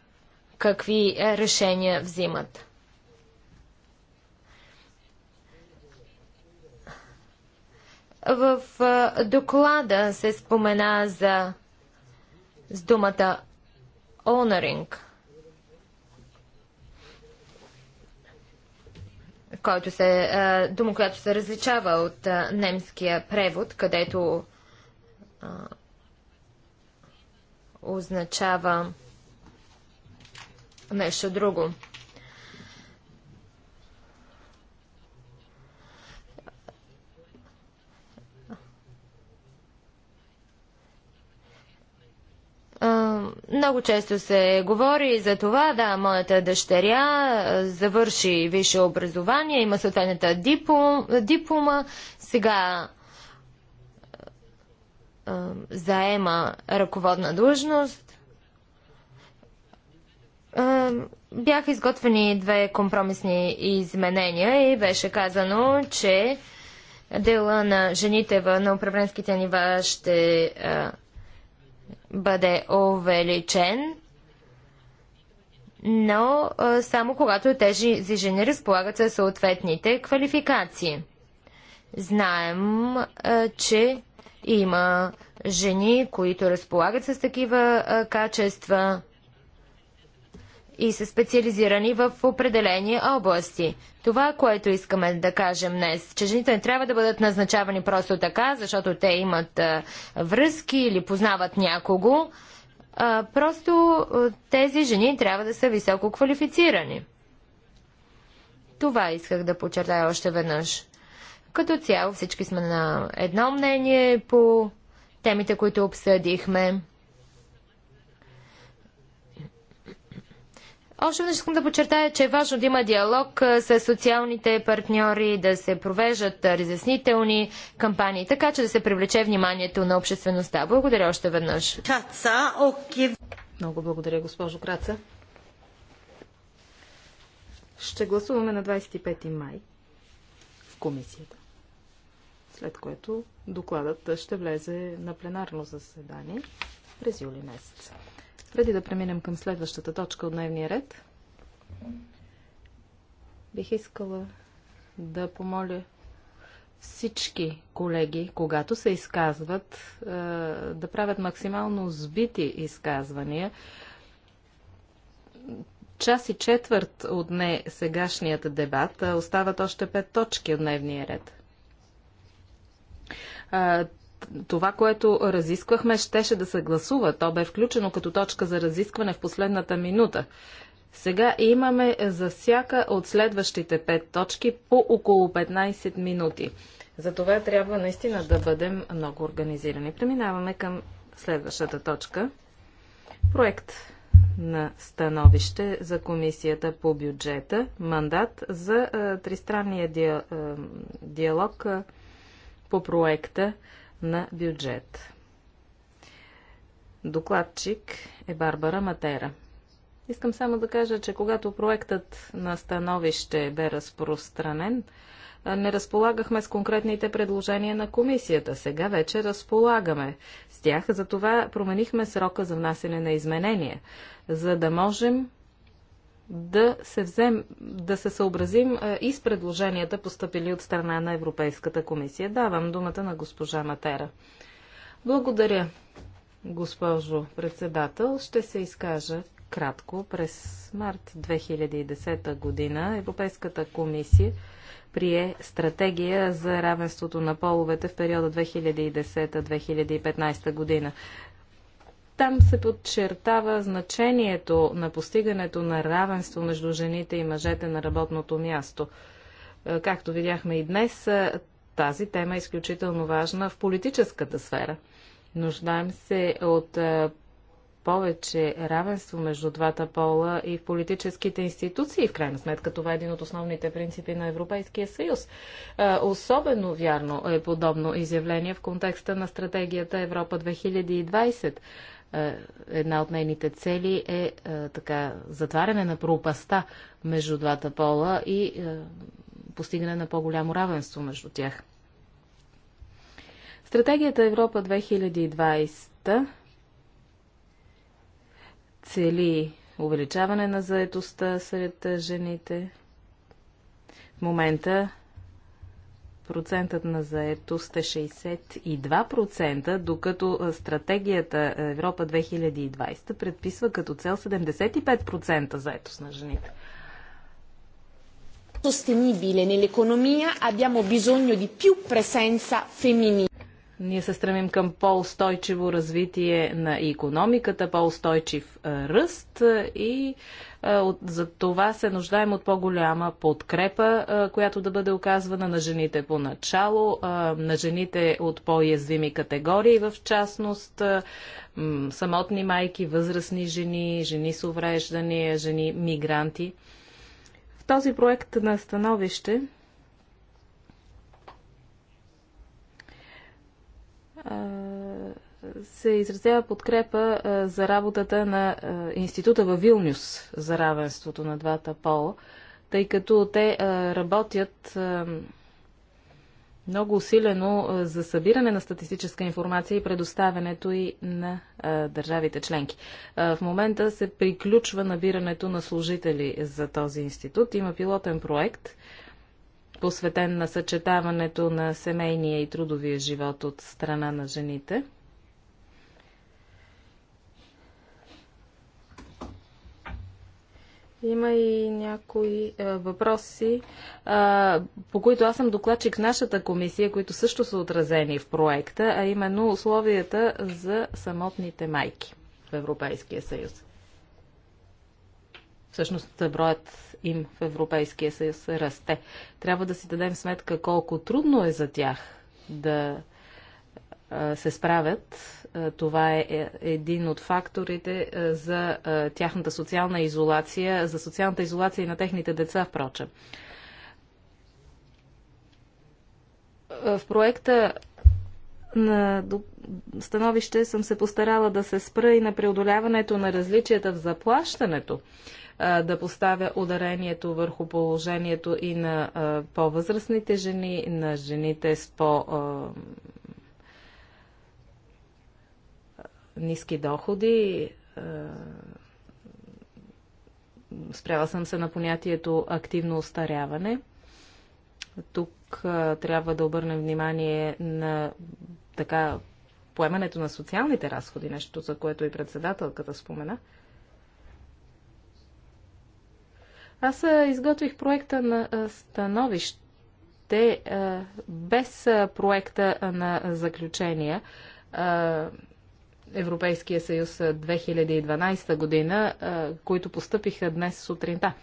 какви решения взимат. В доклада се спомена за с думата honoring – който се, е, дума, която се различава от е, немския превод, където а, е, означава нещо друго. Много често се говори за това, да, моята дъщеря завърши висше образование, има съответната диплом, диплома, сега заема ръководна длъжност. Бяха изготвени две компромисни изменения и беше казано, че дела на жените на управленските нива ще бъде увеличен, но само когато тези жени разполагат със съответните квалификации. Знаем, че има жени, които разполагат с такива качества и са специализирани в определени области. Това, което искаме да кажем днес, че жените не трябва да бъдат назначавани просто така, защото те имат връзки или познават някого. просто тези жени трябва да са високо квалифицирани. Това исках да подчертая още веднъж. Като цяло всички сме на едно мнение по темите, които обсъдихме. Още веднъж искам да подчертая, че е важно да има диалог с социалните партньори, да се провеждат разяснителни кампании, така че да се привлече вниманието на обществеността. Благодаря още веднъж. Е. Много благодаря, госпожо Краца. Ще гласуваме на 25 май в комисията, след което докладът ще влезе на пленарно заседание през юли месец. Преди да преминем към следващата точка от дневния ред, бих искала да помоля всички колеги, когато се изказват, е, да правят максимално сбити изказвания. Час и четвърт от не сегашният дебат остават още пет точки от дневния ред. Е, това, което разисквахме, щеше да се гласува. То бе включено като точка за разискване в последната минута. Сега имаме за всяка от следващите пет точки по около 15 минути. Затова трябва наистина да бъдем много организирани. Преминаваме към следващата точка. Проект на становище за Комисията по бюджета, мандат за а, тристранния диалог а, по проекта на бюджет. Докладчик е Барбара Матера. Искам само да кажа, че когато проектът на становище бе разпространен, не разполагахме с конкретните предложения на комисията. Сега вече разполагаме с тях, затова променихме срока за внасене на изменения, за да можем да се, взем, да се съобразим е, и с предложенията, поступили от страна на Европейската комисия. Давам думата на госпожа Матера. Благодаря, госпожо председател. Ще се изкажа кратко. През март 2010 година Европейската комисия прие стратегия за равенството на половете в периода 2010-2015 година. Там се подчертава значението на постигането на равенство между жените и мъжете на работното място. Е, както видяхме и днес, е, тази тема е изключително важна в политическата сфера. Нуждаем се от е, повече равенство между двата пола и в политическите институции. В крайна сметка това е един от основните принципи на Европейския съюз. Особено вярно е подобно изявление в контекста на стратегията Европа 2020. Е, една от нейните цели е, е така затваряне на пропаста между двата пола и е, постигане на по-голямо равенство между тях. Стратегията Европа 2020 цели увеличаване на заетостта сред жените. В момента процентът на заетост е 62%, докато стратегията Европа 2020 предписва като цел 75% заетост на жените. Sostenibile nell'economia abbiamo bisogno di più presenza femminile. Ние се стремим към по-устойчиво развитие на економиката, по-устойчив ръст и е, за това се нуждаем от по-голяма подкрепа, е, която да бъде оказвана на жените по начало, е, на жените от по-язвими категории, в частност самотни майки, възрастни жени, жени с увреждания, жени мигранти. В този проект на становище се изразява подкрепа за работата на института във Вилнюс за равенството на двата пола, тъй като те работят много усилено за събиране на статистическа информация и предоставянето и на държавите членки. в момента се приключва набирането на служители за този институт. Има пилотен проект, посветен на съчетаването на семейния и трудовия живот от страна на жените – Има и някои е, въпроси, е, по които аз съм докладчик в нашата комисия, които също са отразени в проекта, а именно условията за самотните майки в Европейския съюз. Всъщност броят им в Европейския съюз расте. Трябва да си дадем сметка колко трудно е за тях да се справят. Това е, е един от факторите за тяхната социална изолация, за социалната изолация и на техните деца, впрочем. В проекта на становище съм се постарала да се спра и на преодоляването на различията в заплащането, да поставя ударението върху положението и на по-възрастните жени, на жените с по- ниски доходи. Спряла съм се на понятието активно остаряване. Тук трябва да обърнем внимание на така поемането на социалните разходи, нещо за което и председателката спомена. Аз изготвих проекта на становище без проекта на заключения. Европейския съюз 2012 година, които постъпиха днес сутринта.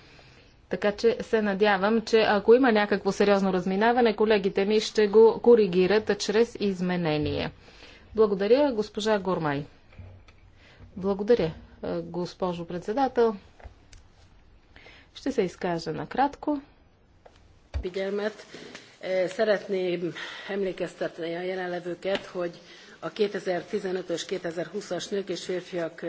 Така че се надявам, че ако има някакво сериозно разминаване, колегите ми ще го коригират чрез изменение. Благодаря, госпожа Гормай. Благодаря, госпожо председател. Ще се изкажа накратко. Figyelmet. Е, szeretném emlékeztetni a jelenlevőket, hogy a thousand and twenty as nők és férfiak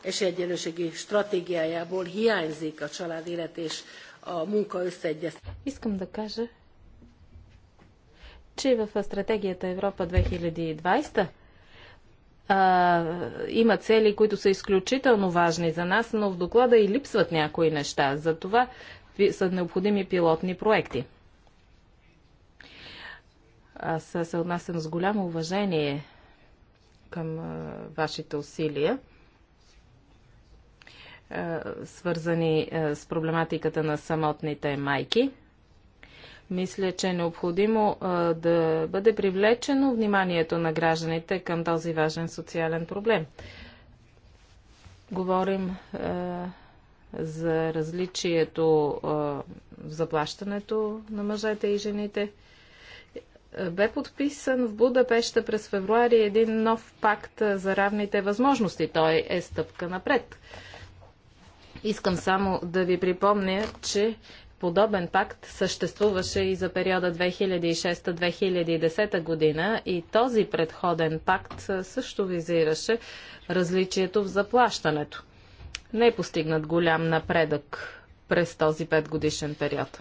esélyegyenlőségi stratégiájából hiányzik a családélet és a munka összeegyeztetés. Искам да кажа, че в стратегията Европа 2020 а, има цели, които са изключително важни за нас, но в доклада и липсват някои неща. За това са необходими пилотни проекти. Аз се отнасям с голямо уважение към вашите усилия, свързани с проблематиката на самотните майки. Мисля, че е необходимо да бъде привлечено вниманието на гражданите към този важен социален проблем. Говорим за различието в заплащането на мъжете и жените. Е, бе подписан в Будапеща през февруари един нов пакт е, за равните възможности. Той е стъпка напред. Искам само да ви припомня, че подобен пакт съществуваше и за периода 2006-2010 година и този предходен пакт е, също визираше различието в заплащането. Не е постигнат голям напредък през този петгодишен период.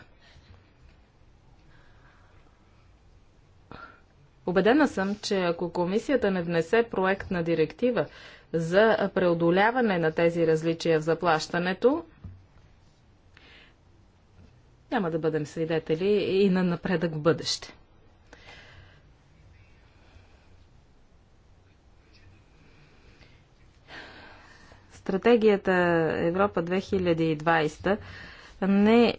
Обедена съм, че ако комисията не внесе проект на директива за преодоляване на тези различия в заплащането, няма да бъдем свидетели и на напредък в бъдеще. Стратегията Европа 2020 не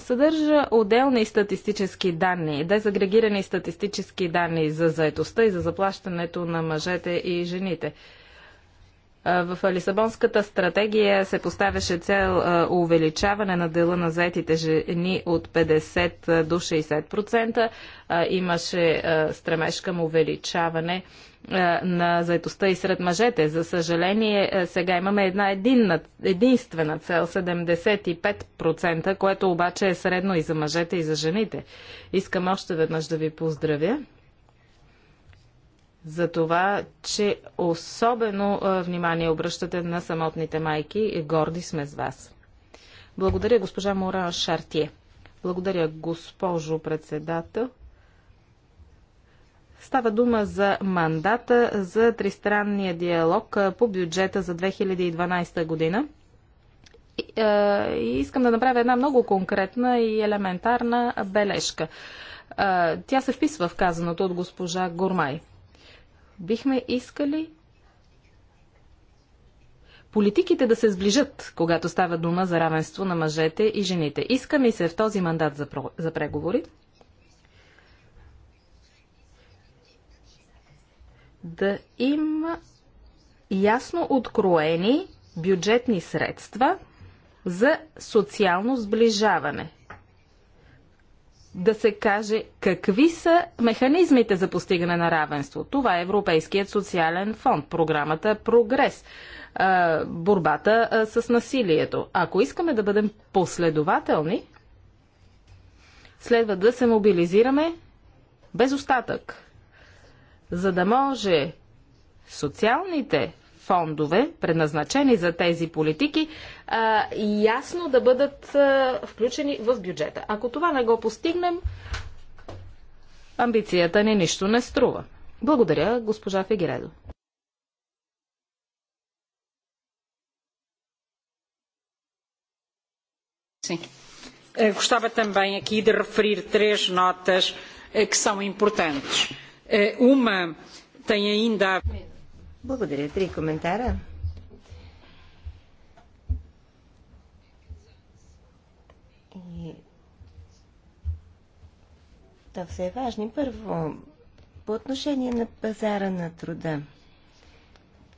съдържа отделни статистически данни, дезагрегирани статистически данни за заетостта и за заплащането на мъжете и жените. В Лисабонската стратегия се поставяше цел увеличаване на дела на заетите жени от 50 до 60%. Имаше стремеж към увеличаване на заетостта и сред мъжете. За съжаление, сега имаме една единна, единствена цел 75%, което обаче е средно и за мъжете, и за жените. Искам още веднъж да ви поздравя за това, че особено внимание обръщате на самотните майки. Горди сме с вас. Благодаря, госпожа Мора Шартие. Благодаря, госпожо председател. Става дума за мандата за тристранния диалог по бюджета за 2012 година. И, е, искам да направя една много конкретна и елементарна бележка. Е, тя се вписва в казаното от госпожа Гормай бихме искали политиките да се сближат, когато става дума за равенство на мъжете и жените. Искаме се в този мандат за, за преговори да има ясно откроени бюджетни средства за социално сближаване – да се каже какви са механизмите за постигане на равенство. Това е Европейският социален фонд, програмата Прогрес, борбата с насилието. Ако искаме да бъдем последователни, следва да се мобилизираме без остатък, за да може социалните фондове, предназначени за тези политики, ясно да бъдат включени в бюджета. Ако това не го постигнем, амбицията ни нищо не струва. Благодаря, госпожа Фегередо. Eh, gostava também aqui de referir três notas eh, que são importantes. Eh, uma tem ainda. Благодаря. Три коментара. И... То все е важно. Първо, по отношение на пазара на труда.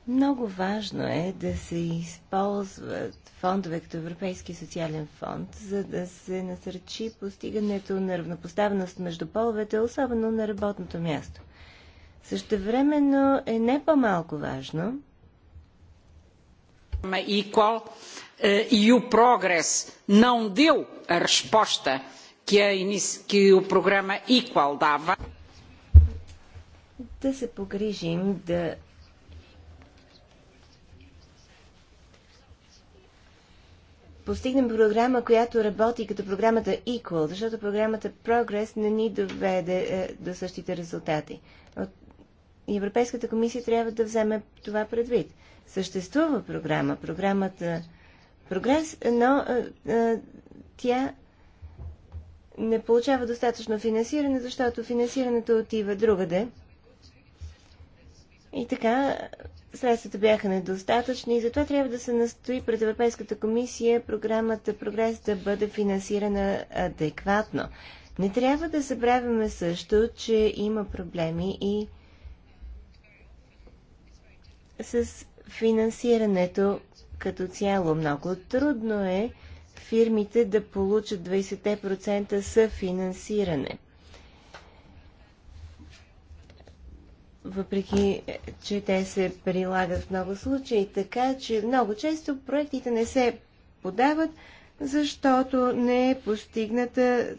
Много важно е да се използват фондове като Европейски социален фонд, за да се насърчи постигането на равнопоставеност между половете, особено на работното място – Същевременно е не по-малко важно equal е, и у progress não deu a resposta que, a equal дава. Да се погрижим да постигнем програма, която работи като програмата Equal, защото програмата Progress не ни доведе е, до същите резултати. От Европейската комисия трябва да вземе това предвид. Съществува програма, програмата Прогрес, но а, а, тя не получава достатъчно финансиране, защото финансирането отива другаде. И така, средствата бяха недостатъчни и затова трябва да се настои пред Европейската комисия програмата Прогрес да бъде финансирана адекватно. Не трябва да забравяме също, че има проблеми и с финансирането като цяло. Много трудно е фирмите да получат 20% съфинансиране. Въпреки, че те се прилагат в много случаи, така че много често проектите не се подават, защото не е постигната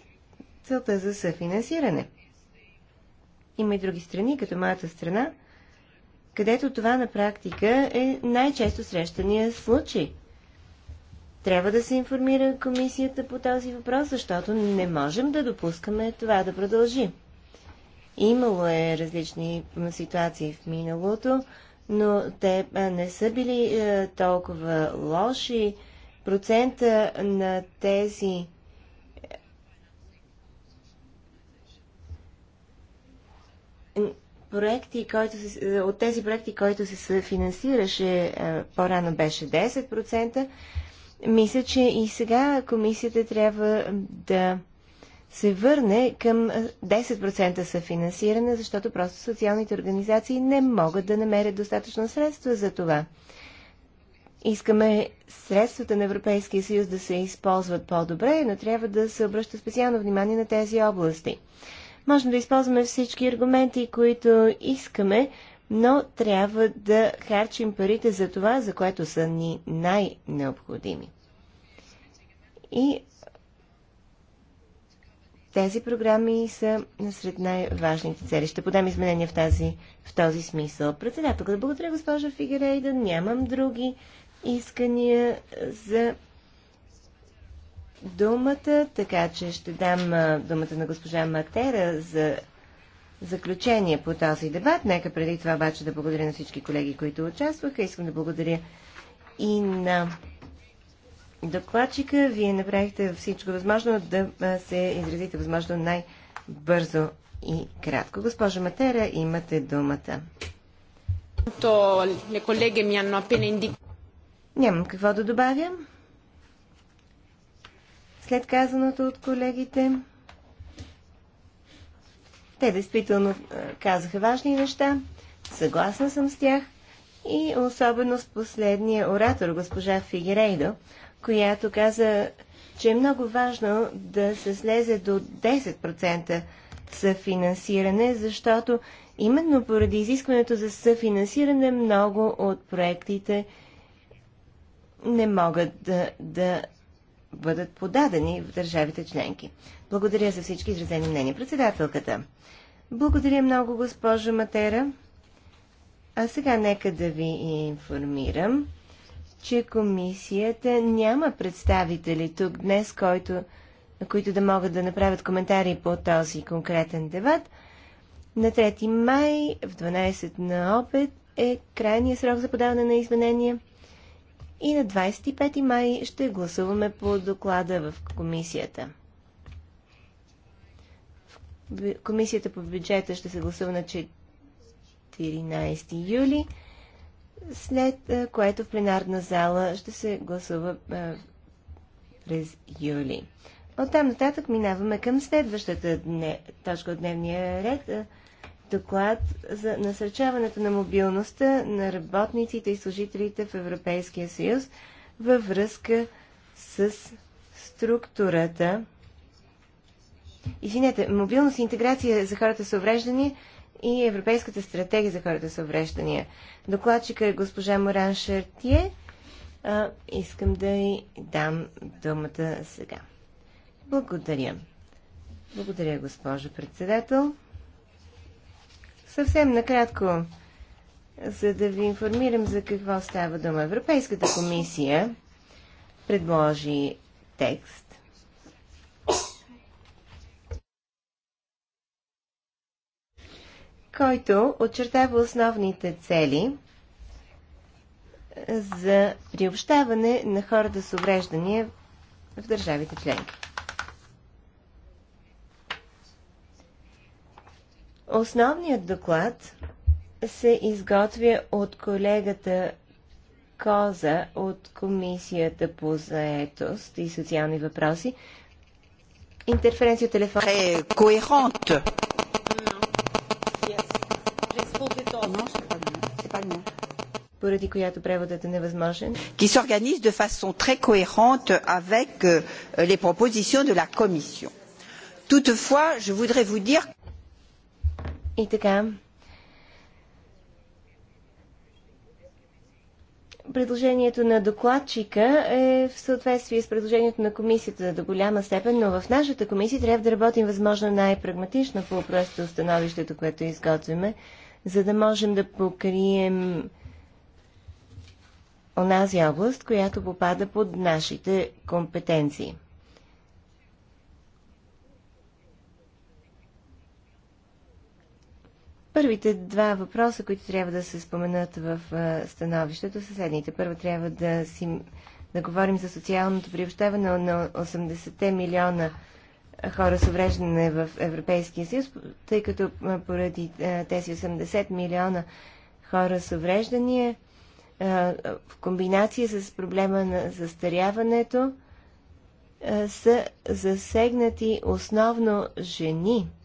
целта за съфинансиране. Има и други страни, като моята страна, където това на практика е най-често срещания случай. Трябва да се информира комисията по този въпрос, защото не можем да допускаме това да продължи. Имало е различни ситуации в миналото, но те не са били е, толкова лоши. Процента на тези е, проекти, който се, е, от тези проекти, който се финансираше е, по-рано беше 10%. Мисля, че и сега комисията трябва да се върне към 10% е, съфинансиране, защото просто социалните организации не могат да намерят достатъчно средства за това. Искаме средствата на Европейския съюз да се използват по-добре, но трябва да се обръща специално внимание на тези области. Можем да използваме всички аргументи, които искаме, но трябва да харчим парите за това, за което са ни най-необходими. И тези програми са сред най-важните цели. Ще подам изменения в, тази, в този смисъл. Председател, да благодаря госпожа Фигерейда. Нямам други искания за думата, така че ще дам думата на госпожа Матера за заключение по този дебат. Нека преди това обаче да благодаря на всички колеги, които участваха. Искам да благодаря и на докладчика. Вие направихте всичко възможно да се изразите възможно най-бързо и кратко. Госпожа Матера, имате думата. Нямам какво да добавям след казаното от колегите. Те действително е, казаха важни неща. Съгласна съм с тях. И особено с последния оратор, госпожа Фигерейдо, която каза, че е много важно да се слезе до 10% съфинансиране, защото именно поради изискването за съфинансиране много от проектите не могат да, да бъдат подадени в държавите членки. Благодаря за всички изразени мнения. Председателката. Благодаря много, госпожо Матера. А сега нека да ви информирам, че комисията няма представители тук днес, който, които да могат да направят коментари по този конкретен дебат. На 3 май в 12 на обед е крайният срок за подаване на изменения и на 25 май ще гласуваме по доклада в комисията. В комисията по бюджета ще се гласува на 14 юли, след което в пленарна зала ще се гласува през юли. Оттам нататък минаваме към следващата точка от дневния ред доклад за насърчаването на мобилността на работниците и служителите в Европейския съюз във връзка с структурата. Извинете, мобилност и интеграция за хората с увреждания и Европейската стратегия за хората с увреждания. Докладчика е госпожа Моран Шартие. А, искам да й дам думата сега. Благодаря. Благодаря, госпожо председател. Съвсем накратко, за да ви информирам за какво става дума. Европейската комисия предложи текст, който очертава основните цели за приобщаване на хората с увреждания в държавите членки. Основният доклад се изготвя от колегата Коза от Комисията по заетост и социални въпроси. Интерференция телефон. Е поради която преводът е невъзможен. Qui s'organise de façon très cohérente avec euh, les propositions de la Commission. Toutefois, je voudrais vous dire и така, предложението на докладчика е в съответствие с предложението на комисията до голяма степен, но в нашата комисия трябва да работим възможно най-прагматично по просто становището, което изготвяме, за да можем да покрием онази област, която попада под нашите компетенции. Първите два въпроса, които трябва да се споменат в становището, са следните. Първо трябва да, си, да говорим за социалното приобщаване на 80-те милиона хора с увреждане в Европейския съюз, тъй като поради тези 80 милиона хора с увреждания в комбинация с проблема на застаряването са засегнати основно жени –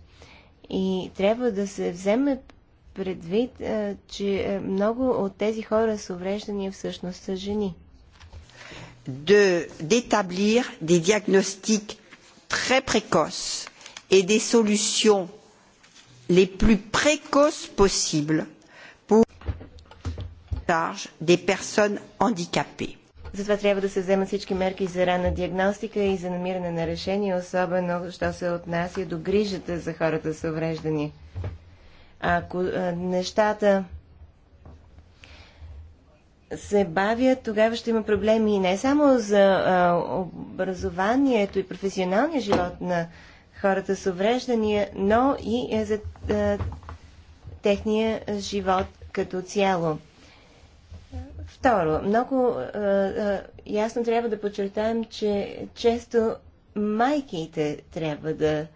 и трябва да се вземе предвид, че много от тези хора с увреждания всъщност са жени. D'établir de, des diagnostics très précoces et des solutions les plus précoces possibles pour la charge des personnes handicapées. Затова трябва да се вземат всички мерки за ранна диагностика и за намиране на решение, особено, що се отнася до грижата за хората с увреждани. Ако нещата се бавят, тогава ще има проблеми не само за а, образованието и професионалния живот на хората с увреждания, но и за а, техния живот като цяло. Второ, много а, е, а, е, ясно трябва да подчертаем, че често майките трябва да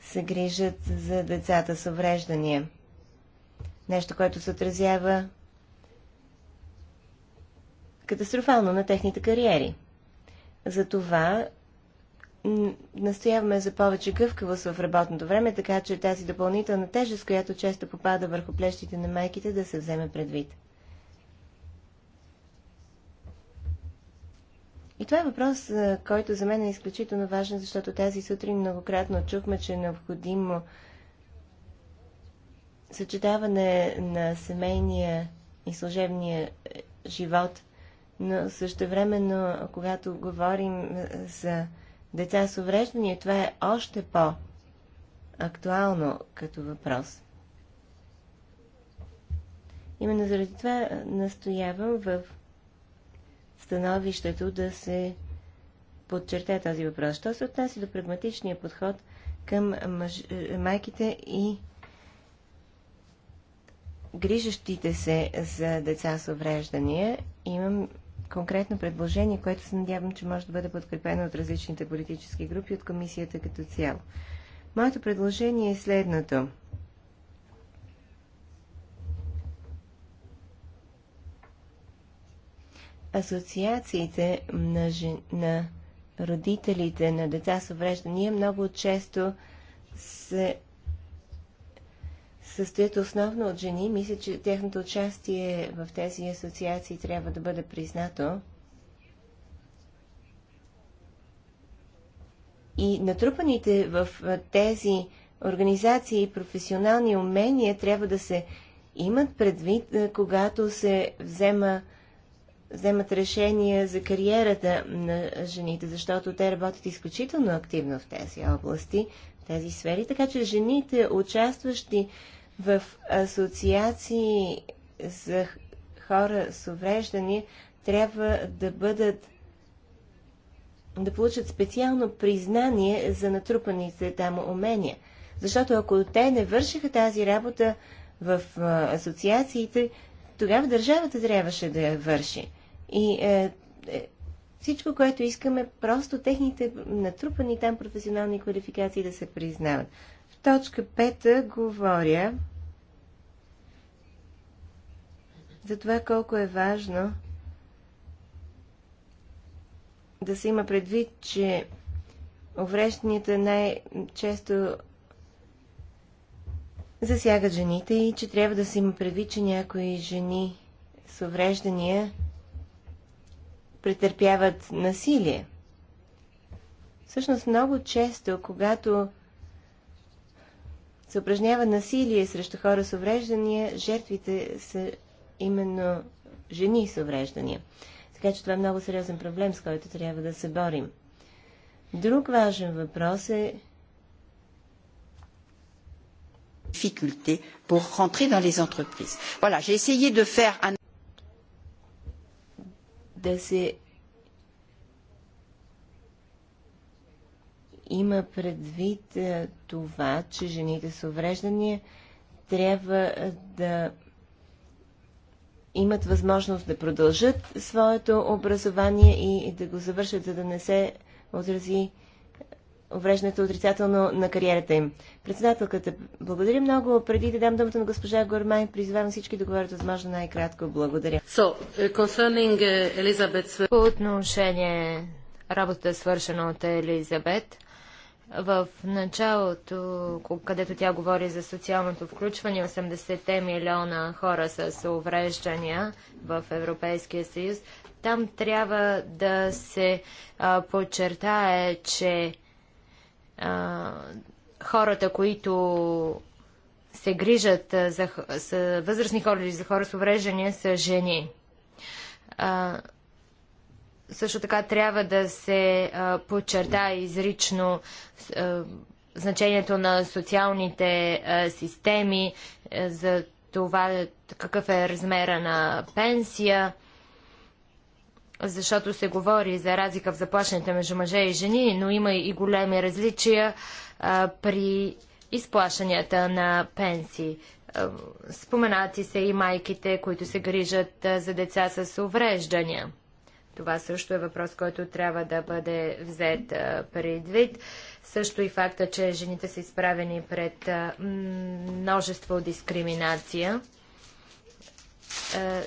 се грижат за децата с увреждания. Нещо, което се отразява катастрофално на техните кариери. Затова настояваме за повече гъвкавост в работното време, така че тази допълнителна тежест, която често попада върху плещите на майките, да се вземе предвид. И това е въпрос, който за мен е изключително важен, защото тази сутрин многократно чухме, че е необходимо съчетаване на семейния и служебния е, живот, но също времено, когато говорим за деца с увреждания, това е още по-актуално като въпрос. Именно заради това настоявам в становището да се подчертая този въпрос. Що се отнася до прагматичния подход към мъж... майките и грижащите се за деца с увреждания, имам конкретно предложение, което се надявам, че може да бъде подкрепено от различните политически групи, от комисията като цяло. Моето предложение е следното. Асоциациите на, жен... на родителите на деца с увреждания много често се състоят основно от жени. Мисля, че тяхното участие в тези асоциации трябва да бъде признато. И натрупаните в тези организации и професионални умения трябва да се имат предвид, когато се взема, вземат решения за кариерата на жените, защото те работят изключително активно в тези области, в тези сфери, така че жените, участващи в асоциации за хора с увреждания трябва да бъдат да получат специално признание за натрупаните там умения. Защото ако те не вършиха тази работа в асоциациите, тогава държавата трябваше да я върши. И е, е, всичко, което искаме, просто техните натрупани там професионални квалификации да се признават. В точка 5 говоря за това колко е важно да се има предвид, че увреждането най-често засягат жените и че трябва да се има предвид, че някои жени с увреждания претърпяват насилие. Всъщност много често, когато се упражнява насилие срещу хора с увреждания, жертвите са именно жени с увреждания. Така че това е много сериозен проблем, с който трябва да се борим. Друг важен въпрос е difficulté pour rentrer dans les entreprises. Voilà, j'ai essayé de faire un да се има предвид е, това, че жените с увреждания трябва е, да имат възможност да продължат своето образование и да го завършат, за да не се отрази увреждането отрицателно на кариерата им. Председателката, благодаря много. Преди да дам думата на госпожа Гормай, призвавам всички да говорят възможно най-кратко. Благодаря. So, uh, concerning uh, Elizabeth... Uh, По отношение работата, е свършена от Елизабет, в началото, където тя говори за социалното включване, 80-те милиона хора с увреждания в Европейския съюз, там трябва да се а, подчертае, че а, хората, които се грижат за, за възрастни хора или за хора с увреждания, са жени. А, също така трябва да се подчерта изрично значението на социалните системи, за това какъв е размера на пенсия, защото се говори за разлика в заплащането между мъже и жени, но има и големи различия при изплащанията на пенсии. Споменати се и майките, които се грижат за деца с увреждания. Това също е въпрос, който трябва да бъде взет предвид. Също и факта, че жените са изправени пред множество дискриминация.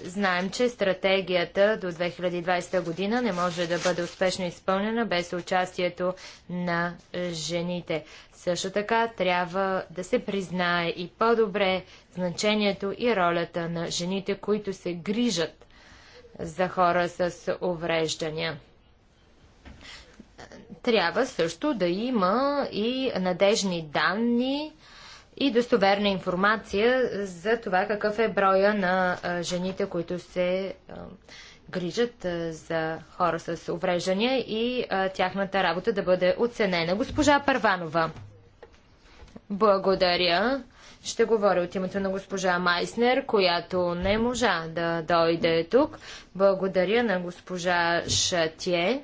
Знаем, че стратегията до 2020 година не може да бъде успешно изпълнена без участието на жените. Също така трябва да се признае и по-добре значението и ролята на жените, които се грижат за хора с увреждания. Трябва също да има и надежни данни и достоверна информация за това какъв е броя на жените, които се грижат за хора с увреждания и тяхната работа да бъде оценена. Госпожа Парванова, Благодаря. Ще говоря от името на госпожа Майснер, която не можа да дойде тук. Благодаря на госпожа Шатие.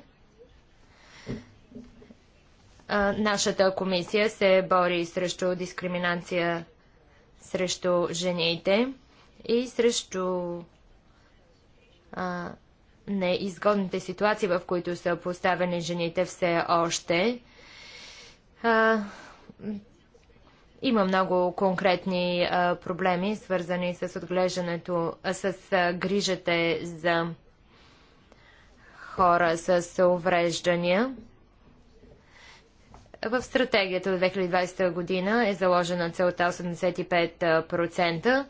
Нашата комисия се бори срещу дискриминация срещу жените и срещу а, неизгодните ситуации, в които са поставени жените все още. А, има много конкретни а, проблеми, свързани с отглеждането, а, с а, грижите за хора с увреждания. В стратегията от 2020 година е заложена целта 85%.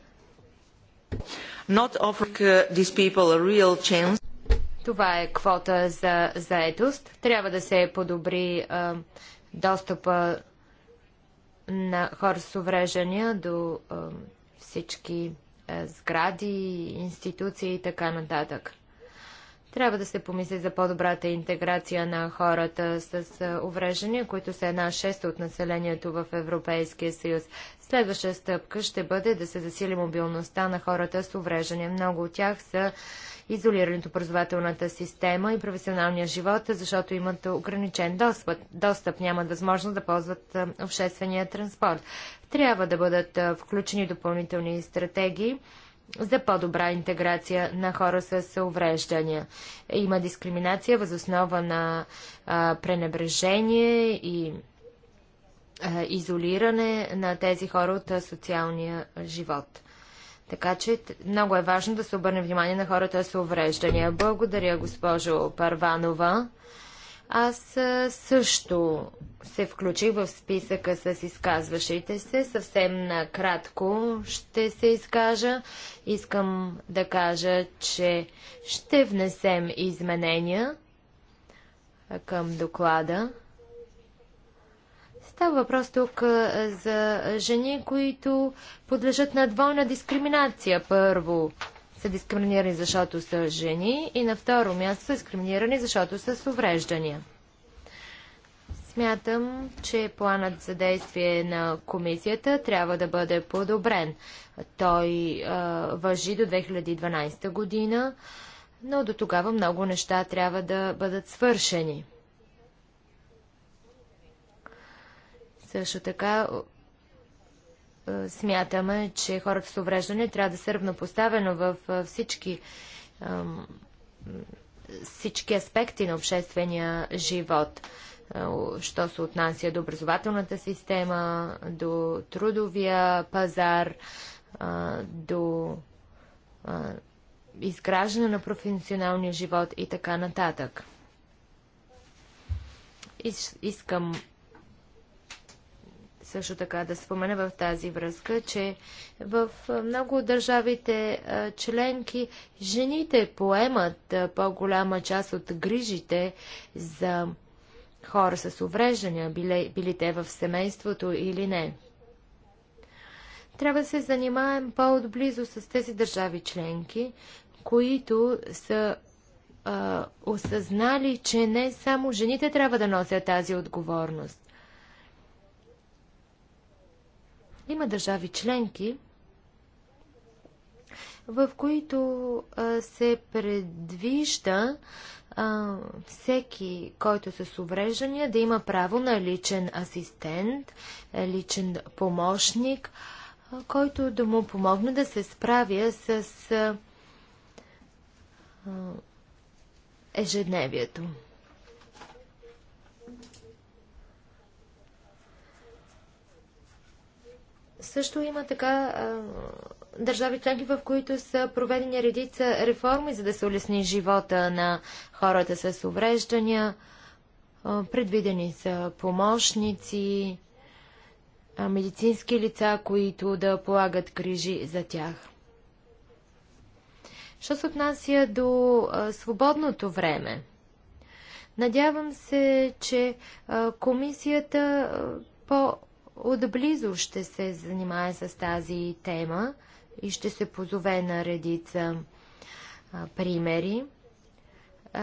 Not offering uh, these people a real chance. Това е квота за заетост. Трябва да се подобри а, достъпа на хора с увреждания до всички е, сгради, институции и така нататък. Трябва да се помисли за по-добрата интеграция на хората с увреждания, които са една шеста от населението в Европейския съюз. Следваща стъпка ще бъде да се засили мобилността на хората с увреждания. Много от тях са изолирани от образователната система и професионалния живот, защото имат ограничен достъп, достъп нямат възможност да ползват обществения транспорт. Трябва да бъдат включени допълнителни стратегии за по-добра интеграция на хора с увреждания. Има дискриминация възоснова на а, пренебрежение и а, изолиране на тези хора от социалния живот. Така че много е важно да се обърне внимание на хората с увреждания. Благодаря, госпожо Парванова. Аз също се включих в списъка с изказващите се. Съвсем накратко ще се изкажа. Искам да кажа, че ще внесем изменения към доклада. Става въпрос тук за жени, които подлежат на двойна дискриминация. Първо, са дискриминирани, защото са жени и на второ място са дискриминирани, защото са с увреждания. Смятам, че планът за действие на комисията трябва да бъде подобрен. Той а, въжи до 2012 година, но до тогава много неща трябва да бъдат свършени. Също така е, смятаме, че хората с увреждане трябва да са равнопоставено в е, всички, всички аспекти на обществения живот е, що се отнася до образователната система, до трудовия пазар, до изграждане на професионалния живот и така нататък. Искам също така да спомена в тази връзка, че в много от държавите членки жените поемат по-голяма част от грижите за хора с увреждания, били, били те в семейството или не. Трябва да се занимаем по-отблизо с тези държави членки, които са а, осъзнали, че не само жените трябва да носят тази отговорност. Има държави членки, в които а, се предвижда а, всеки, който е с увреждания, да има право на личен асистент, личен помощник, а, който да му помогне да се справя с ежедневието. Също има така държави членки, в които са проведени редица реформи, за да се улесни живота на хората с увреждания. Предвидени са помощници, медицински лица, които да полагат грижи за тях. Що се отнася до а, свободното време? Надявам се, че а, комисията а, по отблизо ще се занимае с тази тема и ще се позове на редица а, примери.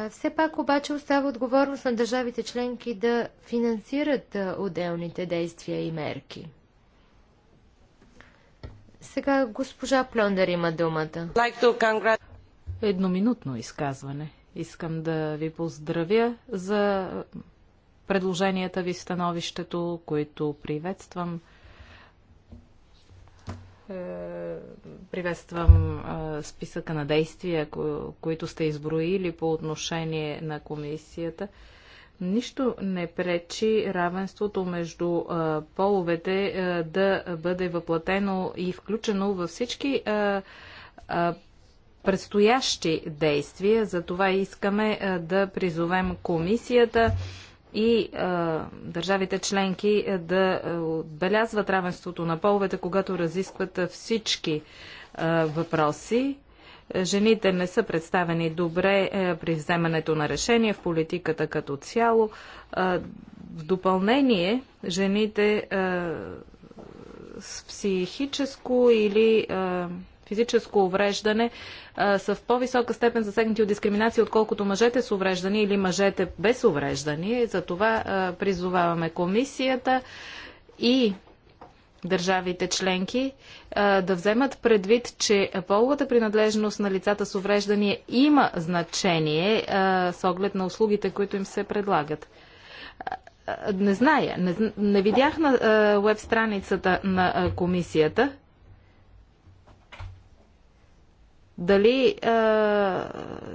все пак обаче остава отговорност на държавите членки да финансират отделните действия и мерки. Сега госпожа Плондър има думата. Едноминутно изказване. Искам да ви поздравя за предложенията ви становището, които приветствам. Е, приветствам е, списъка на действия, които сте изброили по отношение на комисията. Нищо не пречи равенството между е, половете да бъде въплатено и включено във всички предстоящи действия. Затова искаме да призовем комисията и а, държавите членки е, да е, отбелязват равенството на половете, когато разискват е, всички а, въпроси. Жените не са представени добре при вземането на решение в политиката като цяло. А, в допълнение, жените с психическо или физическо увреждане са в по-висока степен засегнати от дискриминация, отколкото мъжете с увреждане или мъжете без увреждане. За това призоваваме комисията и държавите членки да вземат предвид, че половата принадлежност на лицата с увреждания има значение с оглед на услугите, които им се предлагат. не зная, не, не видях на веб страницата на комисията дали е,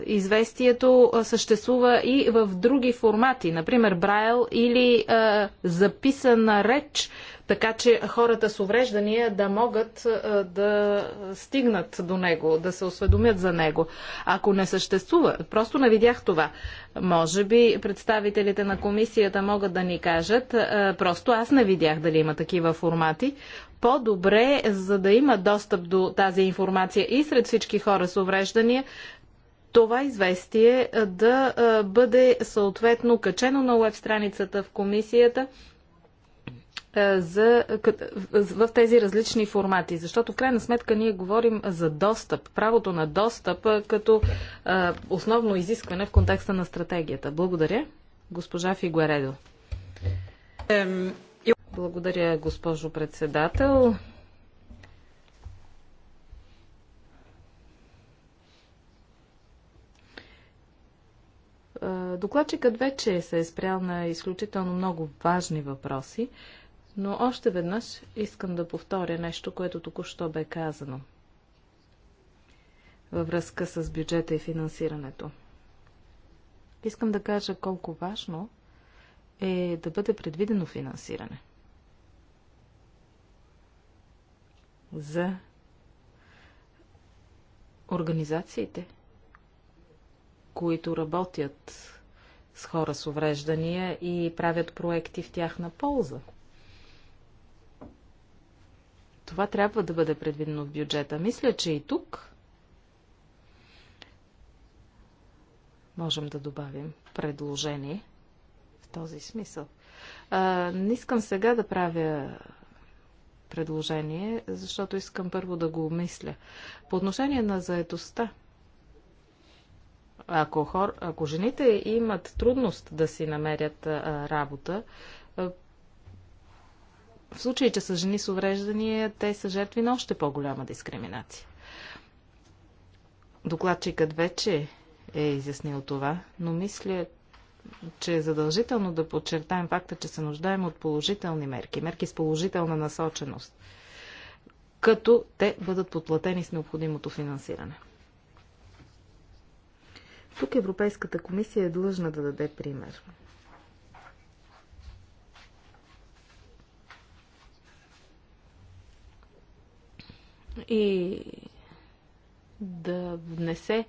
известието съществува и в други формати, например Брайл или е, записана реч, така че хората с увреждания да могат да стигнат до него, да се осведомят за него. Ако не съществува, просто не видях това. Може би представителите на комисията могат да ни кажат, просто аз не видях дали има такива формати. По-добре, за да има достъп до тази информация и сред всички хора с увреждания, това известие да бъде съответно качено на уеб страницата в комисията – е, за, в тези различни формати. Защото в крайна сметка ние говорим за достъп, правото на достъп е, като е, основно изискване в контекста на стратегията. Благодаря, госпожа Фигуаредо. Благодаря, госпожо председател. Докладчикът вече се е спрял на изключително много важни въпроси. Но още веднъж искам да повторя нещо, което току-що бе казано във връзка с бюджета и финансирането. Искам да кажа колко важно е да бъде предвидено финансиране за организациите, които работят с хора с увреждания и правят проекти в тяхна полза – това трябва да бъде предвидено в бюджета. Мисля, че и тук можем да добавим предложение в този смисъл. А, не искам сега да правя предложение, защото искам първо да го обмисля. По отношение на заедостта, ако, хор, ако жените имат трудност да си намерят а, работа в случай, че са жени с увреждания, те са жертви на още по-голяма дискриминация. Докладчикът вече е изяснил това, но мисля, че е задължително да подчертаем факта, че се нуждаем от положителни мерки, мерки с положителна насоченост, като те бъдат подплатени с необходимото финансиране. Тук Европейската комисия е длъжна да даде пример. и да внесе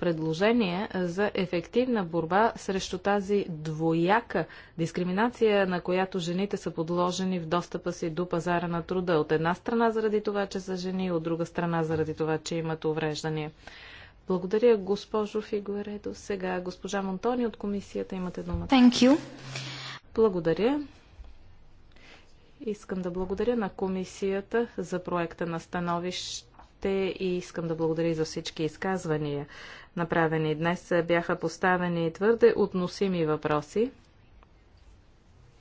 предложение за ефективна борба срещу тази двояка дискриминация, на която жените са подложени в достъпа си до пазара на труда. От една страна заради това, че са жени, от друга страна заради това, че имат увреждания. Благодаря, госпожо Фигуаредо. Сега госпожа Монтони от комисията имате думата. Thank you. Благодаря. Искам да благодаря на комисията за проекта на становище и искам да благодаря за всички изказвания, направени днес. Бяха поставени твърде относими въпроси.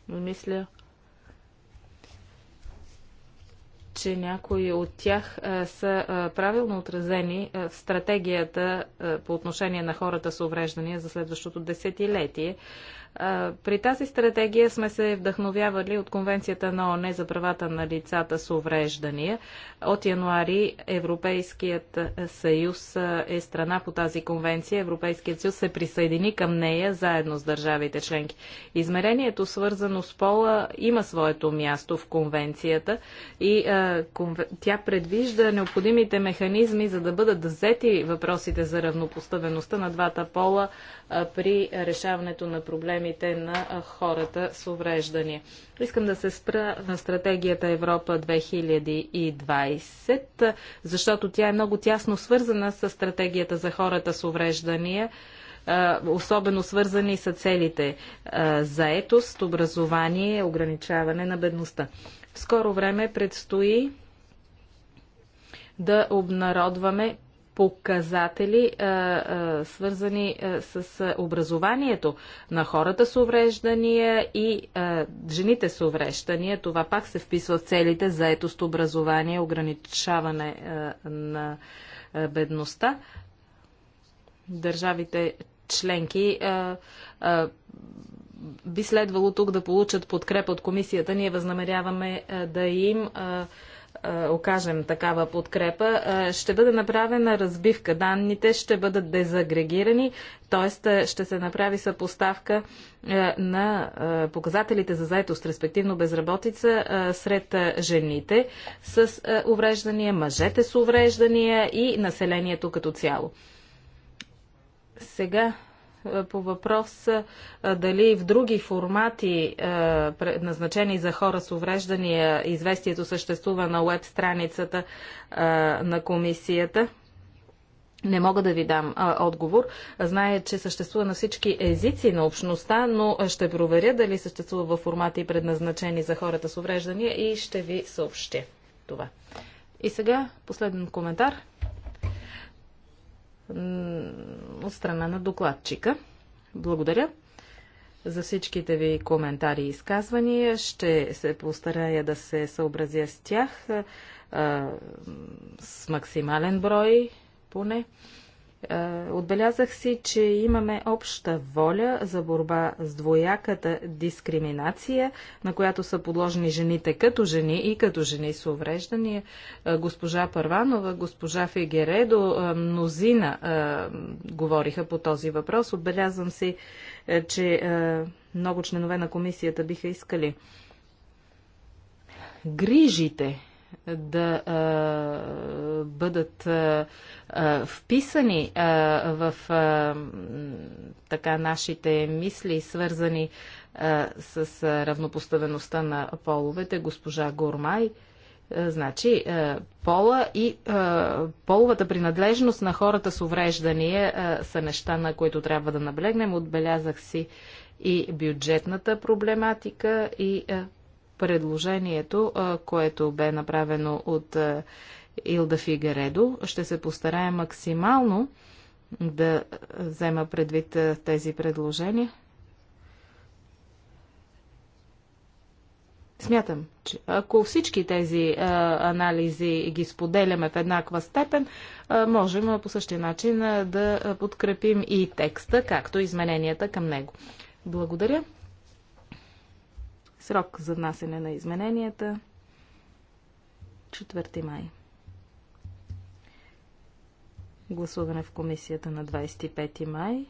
Мисля, че някои от тях са правилно отразени в стратегията по отношение на хората с увреждания за следващото десетилетие. При тази стратегия сме се вдъхновявали от Конвенцията на ОНЕ за правата на лицата с увреждания. От януари Европейският съюз е страна по тази конвенция. Европейският съюз се присъедини към нея заедно с държавите членки. Измерението, свързано с пола, има своето място в конвенцията и тя предвижда необходимите механизми, за да бъдат взети въпросите за равнопоставеността на двата пола при решаването на проблеми проблемите на хората с увреждания. Искам да се спра на стратегията Европа 2020, защото тя е много тясно свързана с стратегията за хората с увреждания особено свързани са целите заетост, образование, ограничаване на бедността. В скоро време предстои да обнародваме показатели, свързани с образованието на хората с увреждания и жените с увреждания. Това пак се вписва в целите за етост, образование, ограничаване на бедността. Държавите членки би следвало тук да получат подкреп от комисията. Ние възнамеряваме да им е, окажем такава подкрепа, е, ще бъде направена разбивка. Данните ще бъдат дезагрегирани, т.е. ще се направи съпоставка е, на показателите за заетост, респективно безработица, сред жените с увреждания, мъжете с увреждания и населението като цяло. Сега е, по въпрос е, дали в други формати, е, предназначени за хора с увреждания, известието съществува на веб страницата на комисията. Не мога да ви дам а, отговор. Зная, че съществува на всички езици на общността, но ще проверя дали съществува в формати предназначени за хората с увреждания и ще ви съобщя това. И сега последен коментар от страна на докладчика. Благодаря за всичките ви коментари и изказвания. Ще се постарая да се съобразя с тях а, с максимален брой поне. Е, отбелязах си, че имаме обща воля за борба с двояката дискриминация, на която са подложени жените като жени и като жени с увреждания. Е, госпожа Първанова, госпожа Фегередо, е, мнозина говориха по този въпрос. Отбелязвам си, че много членове на комисията биха искали грижите да а, бъдат а, вписани а, в а, така нашите мисли, свързани а, с равнопоставеността на половете, госпожа Гормай. значи, пола и половата принадлежност на хората с увреждания са неща, на които трябва да наблегнем. Отбелязах си и бюджетната проблематика и предложението, което бе направено от Илда Фигаредо. Ще се постарая максимално да взема предвид тези предложения. Смятам, че ако всички тези а, анализи ги споделяме в еднаква степен, а, можем а, по същия начин а, да подкрепим и текста, както измененията към него. Благодаря. Срок за внасене на измененията 4 май. Гласуване в комисията на 25 май.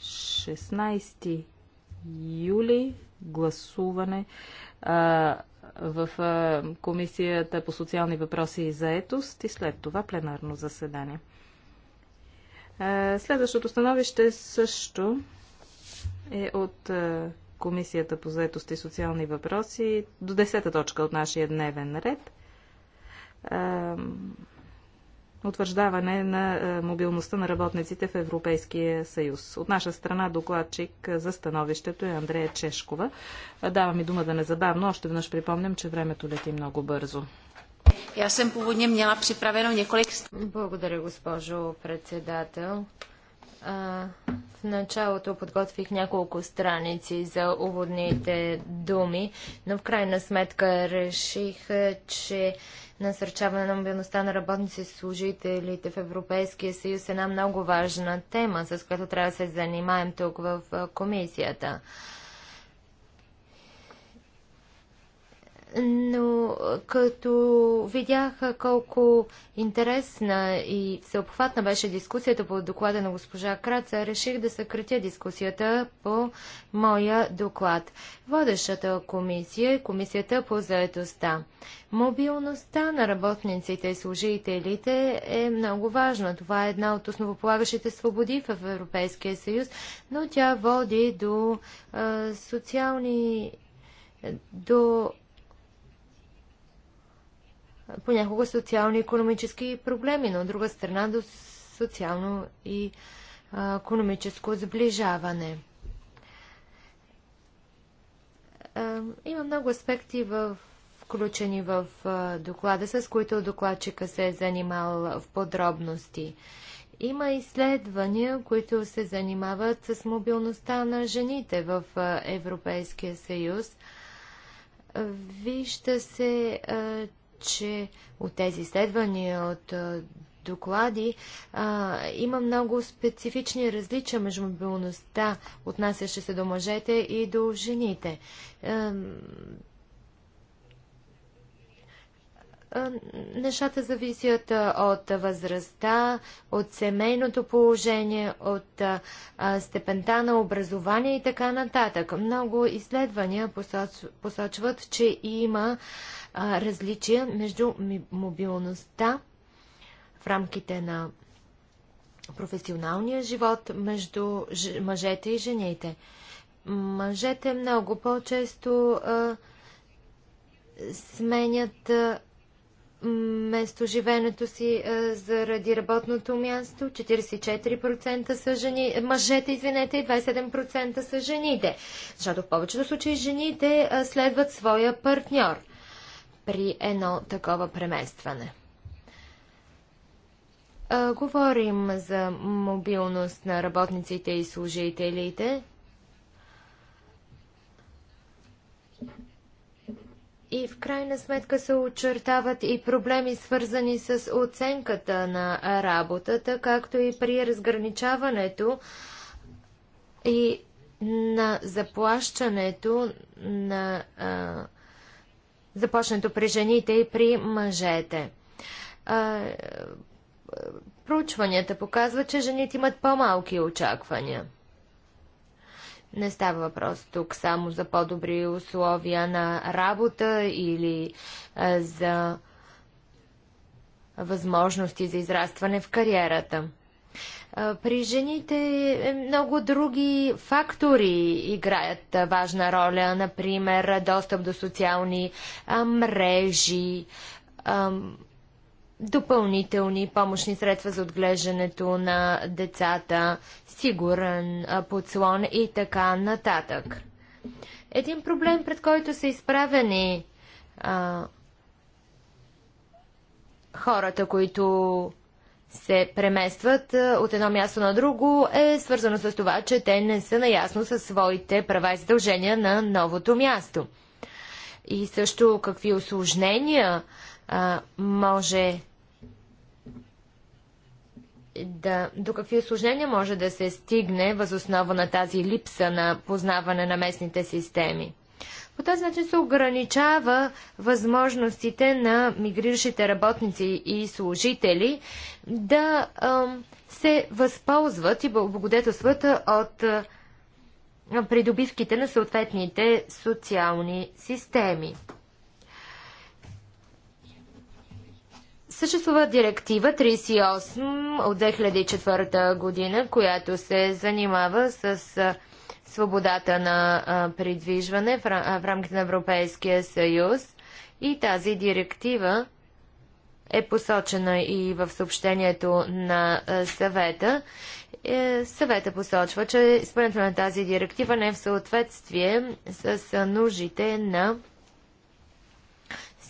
16 юли гласуване а, в а, Комисията по социални въпроси и заетост и след това пленарно заседание. А, следващото становище също е от а, Комисията по заетост и социални въпроси до 10-та точка от нашия дневен ред. Утвърждаване на мобилността на работниците в Европейския съюз. От наша страна докладчик за становището е Андрея Чешкова. Давам ми дума да незабавно. Още веднъж припомням, че времето лети много бързо. Аз съм поводня měla připravено několik... Благодаря, госпожо председател. А, в началото подготвих няколко страници за уводните думи, но в крайна сметка реших, че насърчаване на мобилността на работници и служителите в Европейския съюз е една много важна тема, с която трябва да се занимаем тук в комисията. но като видях колко интересна и всеобхватна беше дискусията по доклада на госпожа Краца, реших да съкратя дискусията по моя доклад. Водещата комисия е комисията по заедостта. Мобилността на работниците и служителите е много важна. Това е една от основополагащите свободи в Европейския съюз, но тя води до е, социални до понякога социално-економически проблеми, но от друга страна до социално и економическо сближаване. Има много аспекти в включени в доклада, с които докладчика се е занимал в подробности. Има изследвания, които се занимават с мобилността на жените в Европейския съюз. Вижда се, че от тези изследвания, от доклади, а, има много специфични различия между мобилността, отнасяща се до мъжете и до жените. А, Нещата зависят от възрастта, от семейното положение, от степента на образование и така нататък. Много изследвания посочват, че има различия между мобилността в рамките на професионалния живот между мъжете и жените. Мъжете много по-често сменят местоживенето си а, заради работното място. 44% са жени, мъжете, извинете, и 27% са жените. Защото в повечето случаи жените а, следват своя партньор при едно такова преместване. А, говорим за мобилност на работниците и служителите. И в крайна сметка се очертават и проблеми, свързани с оценката на работата, както и при разграничаването и на заплащането на а, заплащането при жените и при мъжете. А, проучванията показват, че жените имат по-малки очаквания. Не става въпрос тук само за по-добри условия на работа или а, за възможности за израстване в кариерата. А, при жените е много други фактори играят важна роля, например достъп до социални а, мрежи, допълнителни помощни средства за отглеждането на децата, сигурен подслон и така нататък. Един проблем, пред който са изправени а, хората, които се преместват от едно място на друго, е свързано с това, че те не са наясно със своите права и задължения на новото място. И също какви осложнения а, може да, до какви осложнения може да се стигне възоснова на тази липса на познаване на местните системи. По този начин се ограничава възможностите на мигриращите работници и служители да а, се възползват и благодетелстват от а, придобивките на съответните социални системи. Съществува директива 38 от 2004 година, която се занимава с свободата на придвижване в рамките на Европейския съюз. И тази директива е посочена и в съобщението на съвета. Е, съвета посочва, че изпълнението на тази директива не е в съответствие с нуждите на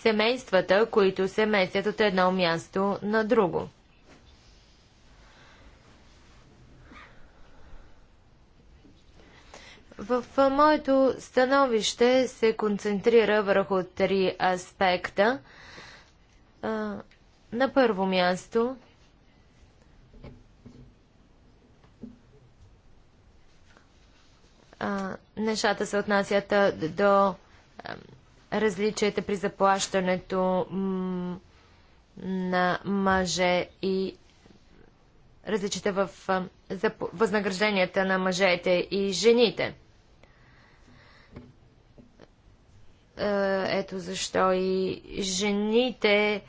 семействата, които се местят от едно място на друго. В моето становище се концентрира върху три аспекта. На първо място нещата се отнасят до различията при заплащането на мъже и различията в възнагражденията на мъжете и жените. Ето защо и жените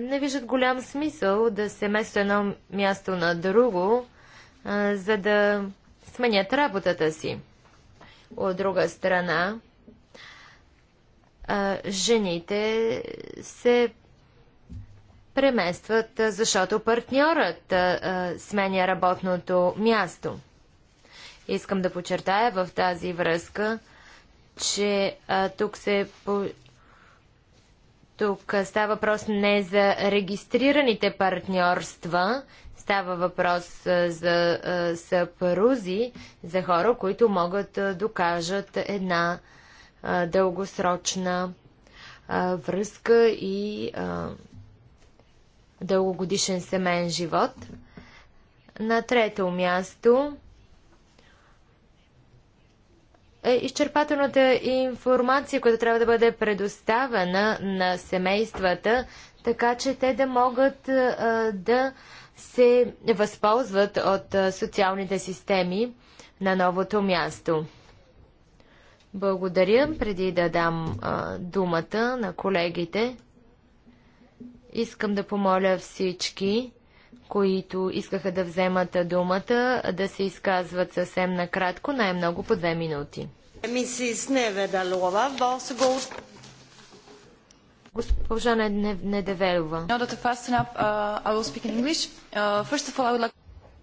не виждат голям смисъл да се место едно място на друго, за да сменят работата си. От друга страна, жените се преместват, защото партньорът сменя работното място. Искам да подчертая в тази връзка, че а, тук се по... тук става въпрос не за регистрираните партньорства, става въпрос за съпрузи, за хора, които могат да докажат една а, дългосрочна връзка и дългогодишен семейен живот. На трето място е изчерпателната информация, която трябва да бъде предоставена на семействата, така че те да могат да се възползват от социалните системи на новото място. Благодаря. Преди да дам а, думата на колегите, искам да помоля всички, които искаха да вземат думата, да се изказват съвсем накратко, най-много по две минути. Мисис Неведалова, Босгод. Госпожа Недевелова. Uh, uh,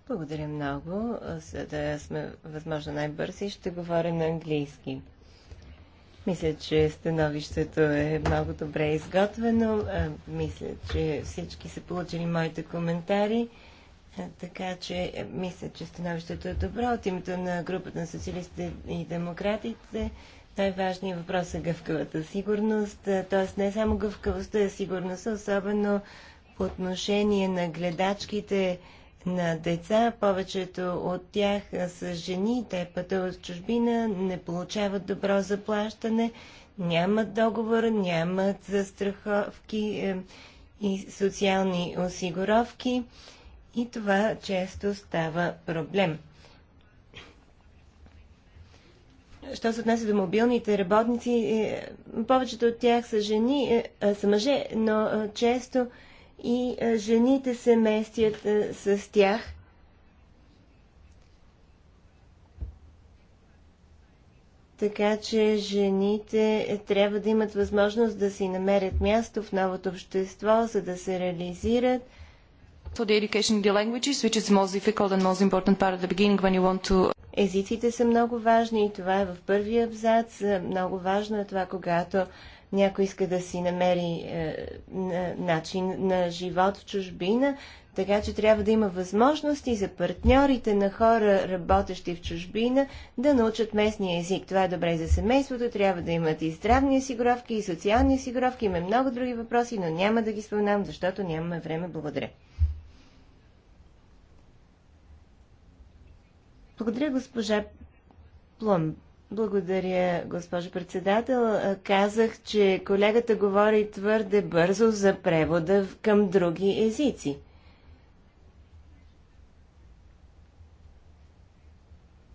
Благодаря много, за да сме възможно най-бързи. Ще говоря на английски. Мисля, че становището е много добре изготвено. Мисля, че всички са получили моите коментари. Така че е, мисля, че становището е добро. От името на групата на социалистите и демократите най-важният въпрос е гъвкавата сигурност. Т.е. не само гъвкавостта, а сигурността, особено по отношение на гледачките, на деца. Повечето от тях са жени, те пътуват в чужбина, не получават добро заплащане, нямат договор, нямат застраховки е, и социални осигуровки и това често става проблем. Що се отнася до мобилните работници, е, повечето от тях са жени, е, са мъже, но често и жените се местят с тях. Така че жените е, трябва да имат възможност да си намерят място в новото общество, за да се реализират for the education the languages, which is the most difficult and most important part at the beginning when you want to... Езиците са много важни и това е в първия абзац. Много важно е това, когато някой иска да си намери е, начин на живот в чужбина, така че трябва да има възможности за партньорите на хора, работещи в чужбина, да научат местния език. Това е добре за семейството, трябва да имат и здравни осигуровки, и социални осигуровки. Има много други въпроси, но няма да ги споменам, защото нямаме време. Благодаря. Благодаря, госпожа Пломб. Благодаря, госпожо председател. Казах, че колегата говори твърде бързо за превода към други езици.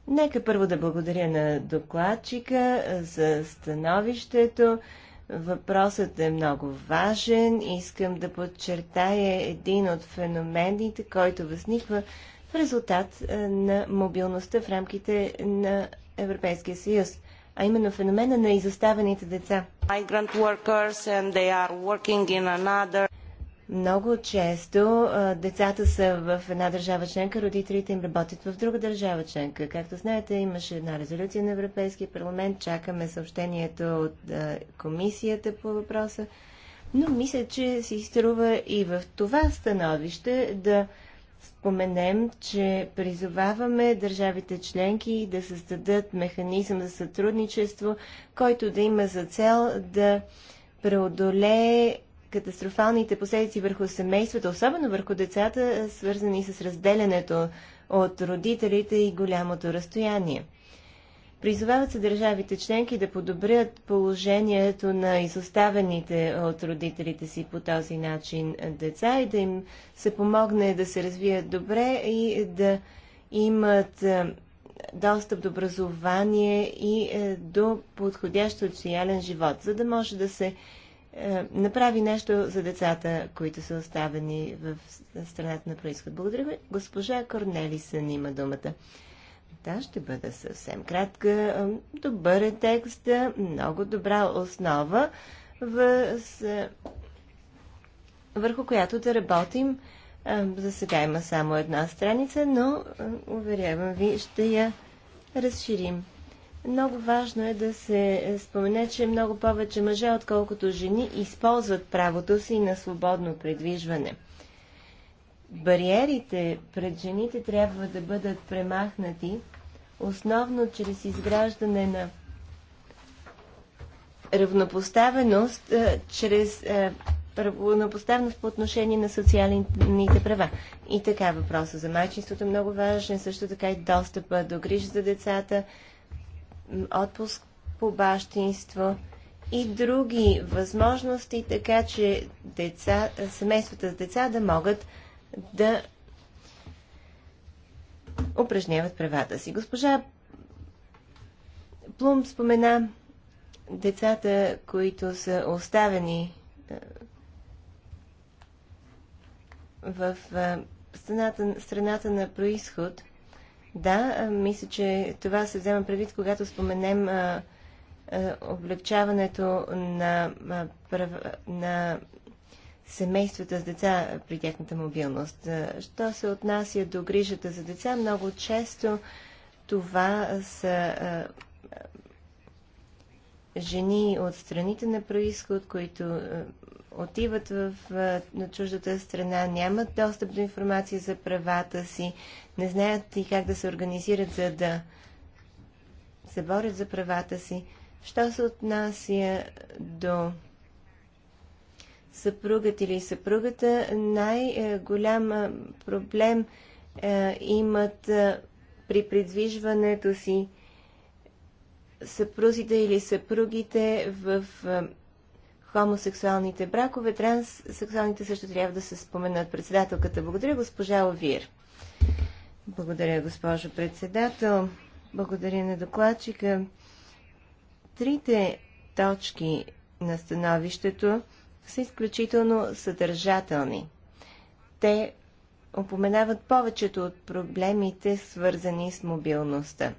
Нека първо да благодаря на докладчика за становището. Въпросът е много важен. Искам да подчертая един от феномените, който възниква в резултат на мобилността в рамките на Европейския съюз, а именно феномена на изоставените деца. Много често децата са в една държава членка, родителите им работят в друга държава членка. Както знаете, имаше една резолюция на Европейския парламент, чакаме съобщението от комисията по въпроса. Но мисля, че си струва и в това становище да споменем, че призоваваме държавите членки да създадат механизъм за сътрудничество, който да има за цел да преодолее катастрофалните последици върху семействата, особено върху децата, свързани с разделянето от родителите и голямото разстояние. Призовават се държавите членки да подобрят положението на изоставените от родителите си по този начин деца и да им се помогне да се развият добре и да имат е, достъп до образование и е, до подходящ социален живот, за да може да се е, направи нещо за децата, които са оставени в страната на происход. Благодаря ви. Госпожа Корнелисън има думата. Да, ще бъда съвсем кратка. Добър е текста, много добра основа, въз, върху която да работим. За сега има само една страница, но, уверявам ви, ще я разширим. Много важно е да се спомене, че много повече мъже, отколкото жени, използват правото си на свободно придвижване бариерите пред жените трябва да бъдат премахнати, основно чрез изграждане на равнопоставеност, е, чрез е, равнопоставеност по отношение на социалните права. И така въпроса за майчинството е много важен, също така и достъпа до грижа за децата, отпуск по бащинство и други възможности, така че деца, семействата с деца да могат да упражняват правата си. Госпожа Плум спомена децата, които са оставени в страната, страната на происход. Да, мисля, че това се взема предвид, когато споменем облегчаването на, прав... на семействата с деца при тяхната мобилност. Е, що се отнася до грижата за деца, много често това са е, е, жени от страните на происход, които отиват в, на чуждата страна, нямат достъп до информация за правата си, не знаят и как да се организират, за да се борят за правата си. Що се отнася до съпругът или съпругата, най-голям проблем имат при придвижването си съпрузите или съпругите в хомосексуалните бракове. Транссексуалните също трябва да се споменат. Председателката, благодаря госпожа Овир. Благодаря, госпожо председател. Благодаря на докладчика. Трите точки на становището са изключително съдържателни. Те опоменават повечето от проблемите, свързани с мобилността.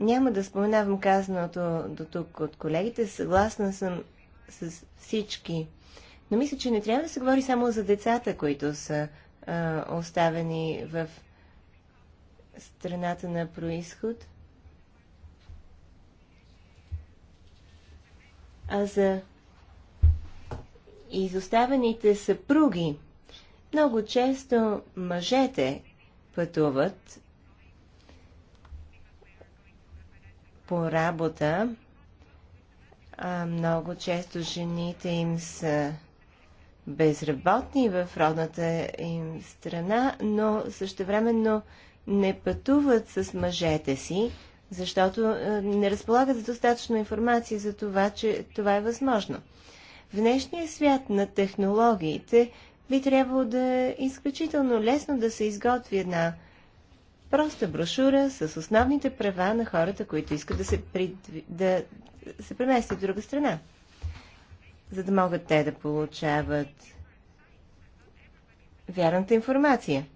Няма да споменавам казаното до тук от колегите, съгласна съм с всички. Но мисля, че не трябва да се говори само за децата, които са а, оставени в страната на происход, а за изоставените съпруги. Много често мъжете пътуват по работа, а много често жените им са безработни в родната им страна, но същевременно не пътуват с мъжете си, защото не разполагат с достатъчно информация за това, че това е възможно. В днешния свят на технологиите би трябвало да е изключително лесно да се изготви една проста брошура с основните права на хората, които искат да се, придви... да се преместят в друга страна, за да могат те да получават вярната информация.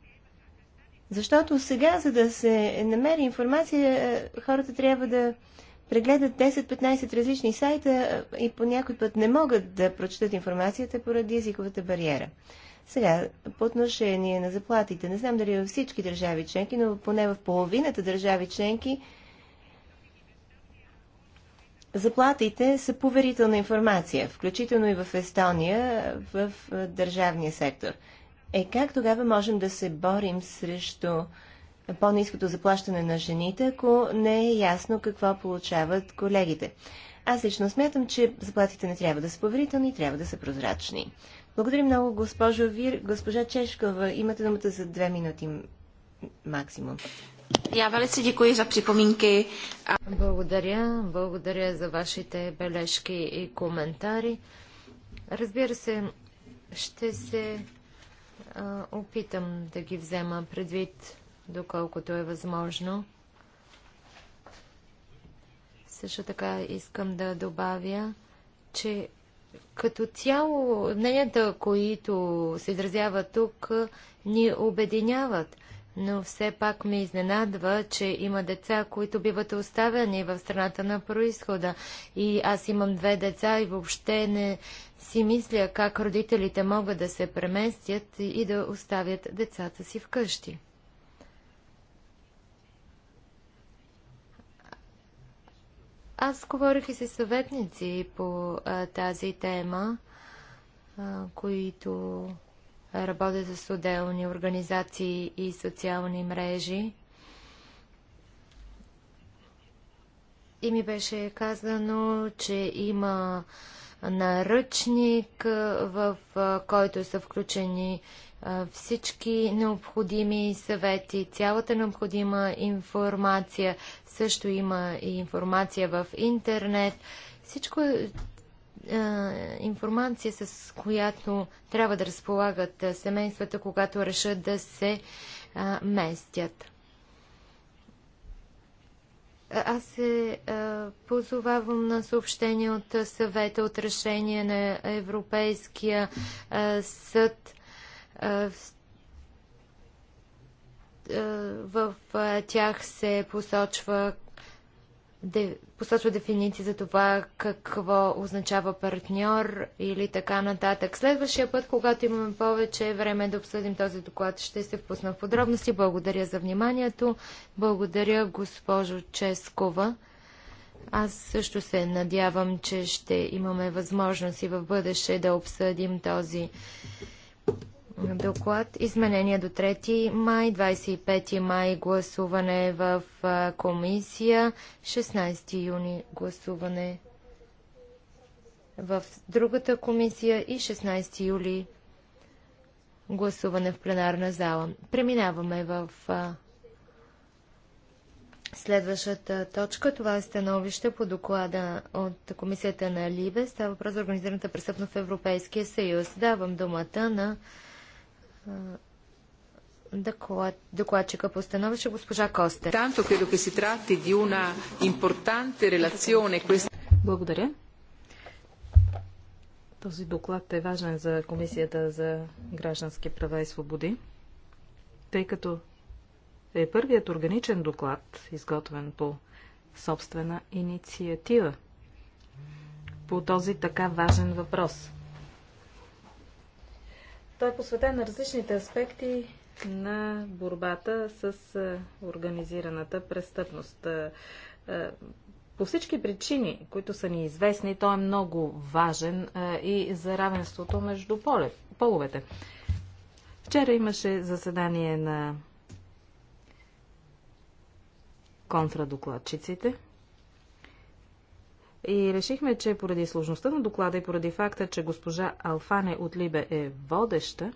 Защото сега, за да се намери информация, е, хората трябва да прегледат 10-15 различни сайта и по някой път не могат да прочитат информацията поради езиковата бариера. Сега, по отношение на заплатите, не знам дали във всички държави членки, но поне в половината държави членки заплатите са поверителна информация, включително и в Естония, в държавния сектор. Е как тогава можем да се борим срещу по-низкото заплащане на жените, ако не е ясно какво получават колегите. Аз лично смятам, че заплатите не трябва да са поверителни, трябва да са прозрачни. Благодаря много, госпожо Вир. Госпожа Чешкова, имате думата за две минути максимум. Я велице дякую за припоминки. Благодаря, благодаря за вашите бележки и коментари. Разбира се, ще се а, опитам да ги взема предвид доколкото е възможно. Също така искам да добавя, че като цяло мненията, които се изразяват тук, ни обединяват. Но все пак ме изненадва, че има деца, които биват оставени в страната на происхода. И аз имам две деца и въобще не си мисля как родителите могат да се преместят и да оставят децата си вкъщи. Аз говорих и с съветници по а, тази тема, а, които работят с отделни организации и социални мрежи. И ми беше казано, че има наръчник, в който са включени всички необходими съвети, цялата необходима информация. Също има и информация в интернет. Всичко е информация, с която трябва да разполагат семействата, когато решат да се местят. Аз се позовавам на съобщение от съвета от решение на Европейския съд в тях се посочва посочва дефиниции за това какво означава партньор или така нататък. Следващия път, когато имаме повече време да обсъдим този доклад, ще се впусна в подробности. Благодаря за вниманието. Благодаря, госпожо Ческова. Аз също се надявам, че ще имаме възможност и в бъдеще да обсъдим този доклад. Изменения до 3 май, 25 май гласуване в комисия, 16 юни гласуване в другата комисия и 16 юли гласуване в пленарна зала. Преминаваме в Следващата точка, това е становище по доклада от Комисията на Либе. Става въпрос за организираната престъпност в Европейския съюз. Давам думата на докладчика по становище госпожа Костер. credo che si tratti di una importante relazione. Благодаря. Този доклад е важен за Комисията за граждански права и свободи, тъй като е първият органичен доклад, изготвен по собствена инициатива по този така важен въпрос. Той е посветен на различните аспекти на борбата с организираната престъпност. По всички причини, които са ни известни, той е много важен и за равенството между половете. Вчера имаше заседание на контрадокладчиците – и решихме, че поради сложността на доклада и поради факта, че госпожа Алфане от Либе е водеща,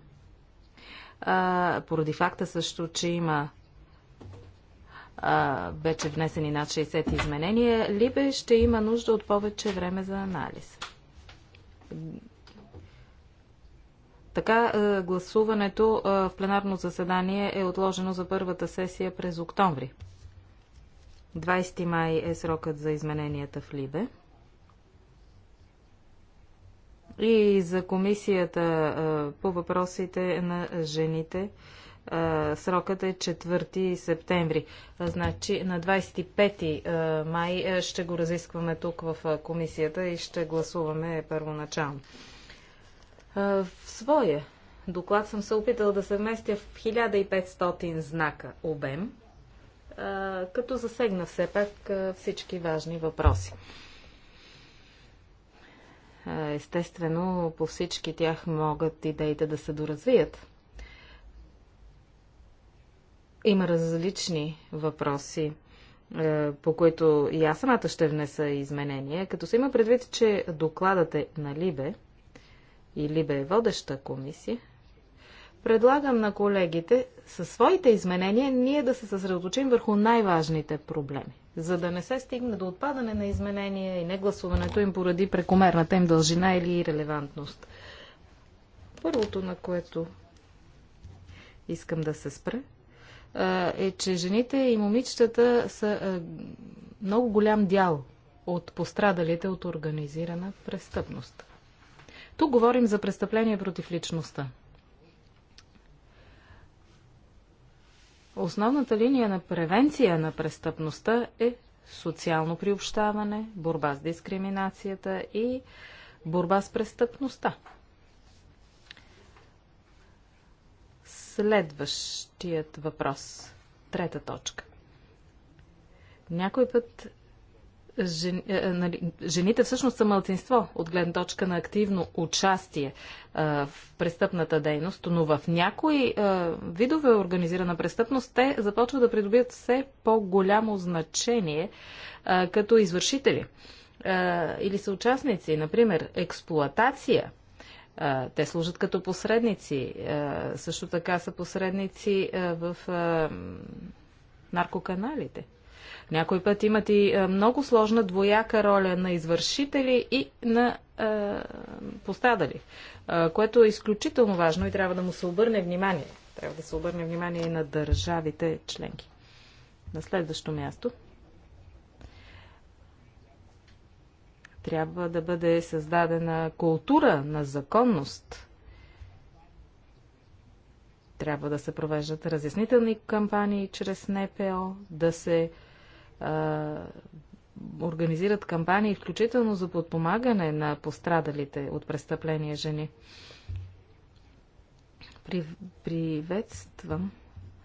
а, поради факта също, че има а, вече внесени над 60 изменения, Либе ще има нужда от повече време за анализ. Така гласуването в пленарно заседание е отложено за първата сесия през октомври. 20 май е срокът за измененията в Либе. И за комисията по въпросите на жените срокът е 4 септември. Значи на 25 май ще го разискваме тук в комисията и ще гласуваме първоначално. В своя доклад съм се опитал да се вместя в 1500 знака обем – като засегна все пак всички важни въпроси. Естествено, по всички тях могат идеите да се доразвият. Има различни въпроси, по които и аз самата ще внеса изменения, като се има предвид, че докладът е на Либе и Либе е водеща комисия – предлагам на колегите със своите изменения ние да се съсредоточим върху най-важните проблеми, за да не се стигне до отпадане на изменения и негласуването им поради прекомерната им дължина или релевантност. Първото, на което искам да се спре, е, че жените и момичетата са много голям дял от пострадалите от организирана престъпност. Тук говорим за престъпление против личността. Основната линия на превенция на престъпността е социално приобщаване, борба с дискриминацията и борба с престъпността. Следващият въпрос. Трета точка. Някой път жен, е, е, нали, жените всъщност са мълцинство от гледна точка на активно участие а, е, в престъпната дейност, но в някои а, видове организирана престъпност те започват да придобият все по-голямо значение а, като извършители или съучастници, например, експлоатация. Те служат като посредници. Също така са посредници в наркоканалите. Някой път имат и е, много сложна двояка роля на извършители и на е, постадали, е, което е изключително важно и трябва да му се обърне внимание. Трябва да се обърне внимание и на държавите членки. На следващо място. Трябва да бъде създадена култура на законност трябва да се провеждат разяснителни кампании чрез НПО, да се организират кампании, включително за подпомагане на пострадалите от престъпления жени. При, приветствам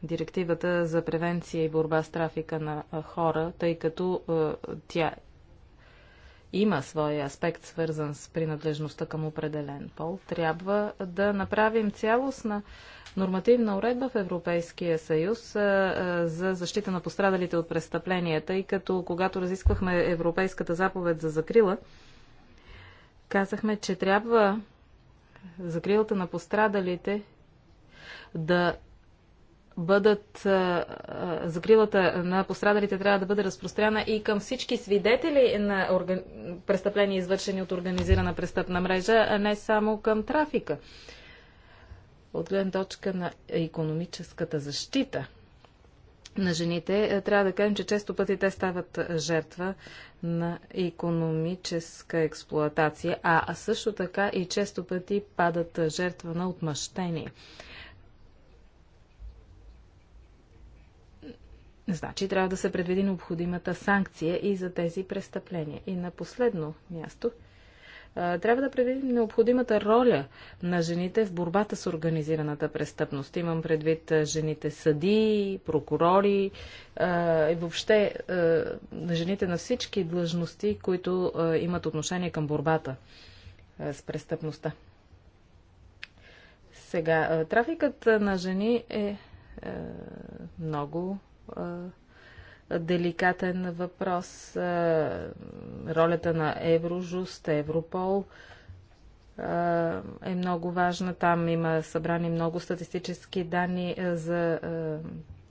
директивата за превенция и борба с трафика на хора, тъй като тя има своя аспект, свързан с принадлежността към определен пол, трябва да направим цялостна нормативна уредба в Европейския съюз за защита на пострадалите от престъпленията и като когато разисквахме Европейската заповед за закрила, казахме, че трябва закрилата на пострадалите да бъдат закрилата на пострадалите трябва да бъде разпространена и към всички свидетели на престъпления, извършени от организирана престъпна мрежа, а не само към трафика. От гледна точка на економическата защита на жените, е, трябва да кажем, че често пъти те стават жертва на економическа експлоатация, а също така и често пъти падат жертва на отмъщение. Значи трябва да се предвиди необходимата санкция и за тези престъпления. И на последно място трябва да предвидим необходимата роля на жените в борбата с организираната престъпност. Имам предвид жените съдии, прокурори и въобще жените на всички длъжности, които имат отношение към борбата с престъпността. Сега, трафикът на жени е много е, деликатен въпрос. Е, ролята на Еврожуст, Европол е, е много важна. Там има събрани много статистически данни за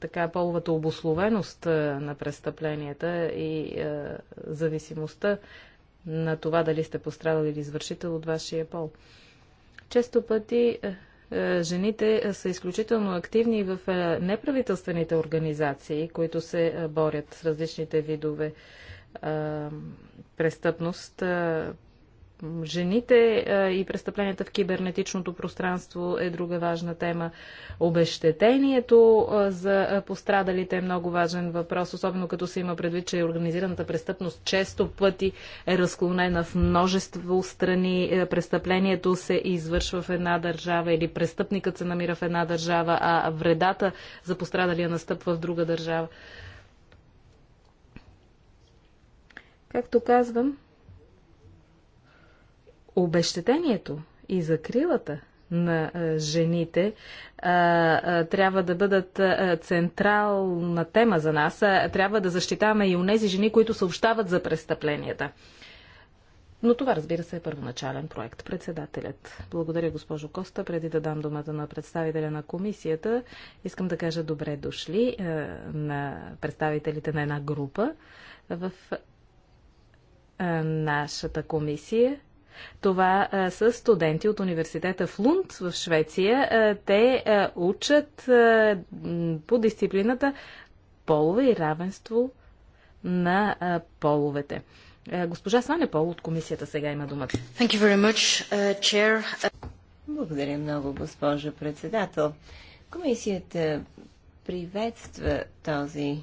така половата обословеност на престъпленията и зависимостта на това дали сте пострадали или извършител от вашия пол. Често пъти е, жените е, са изключително активни в е, неправителствените организации, които се борят с различните видове престъпност жените и престъпленията в кибернетичното пространство е друга важна тема. Обещетението за пострадалите е много важен въпрос, особено като се има предвид, че организираната престъпност често пъти е разклонена в множество страни. Е, престъплението се извършва в една държава или престъпникът се намира в една държава, а вредата за пострадалия настъпва в друга държава. Както казвам, обещетението и закрилата на жените трябва да бъдат централна тема за нас. Трябва да защитаваме и унези жени, които съобщават за престъпленията. Но това, разбира се, е първоначален проект. Председателят. Благодаря, госпожо Коста. Преди да дам думата на представителя на комисията, искам да кажа добре дошли на представителите на една група в нашата комисия. Това са студенти от университета в Лунд в Швеция. те учат по дисциплината полове и равенство на половете. госпожа Сване Пол от комисията сега има думата. Thank you very much, uh, chair. Благодаря много, госпожа председател. Комисията приветства този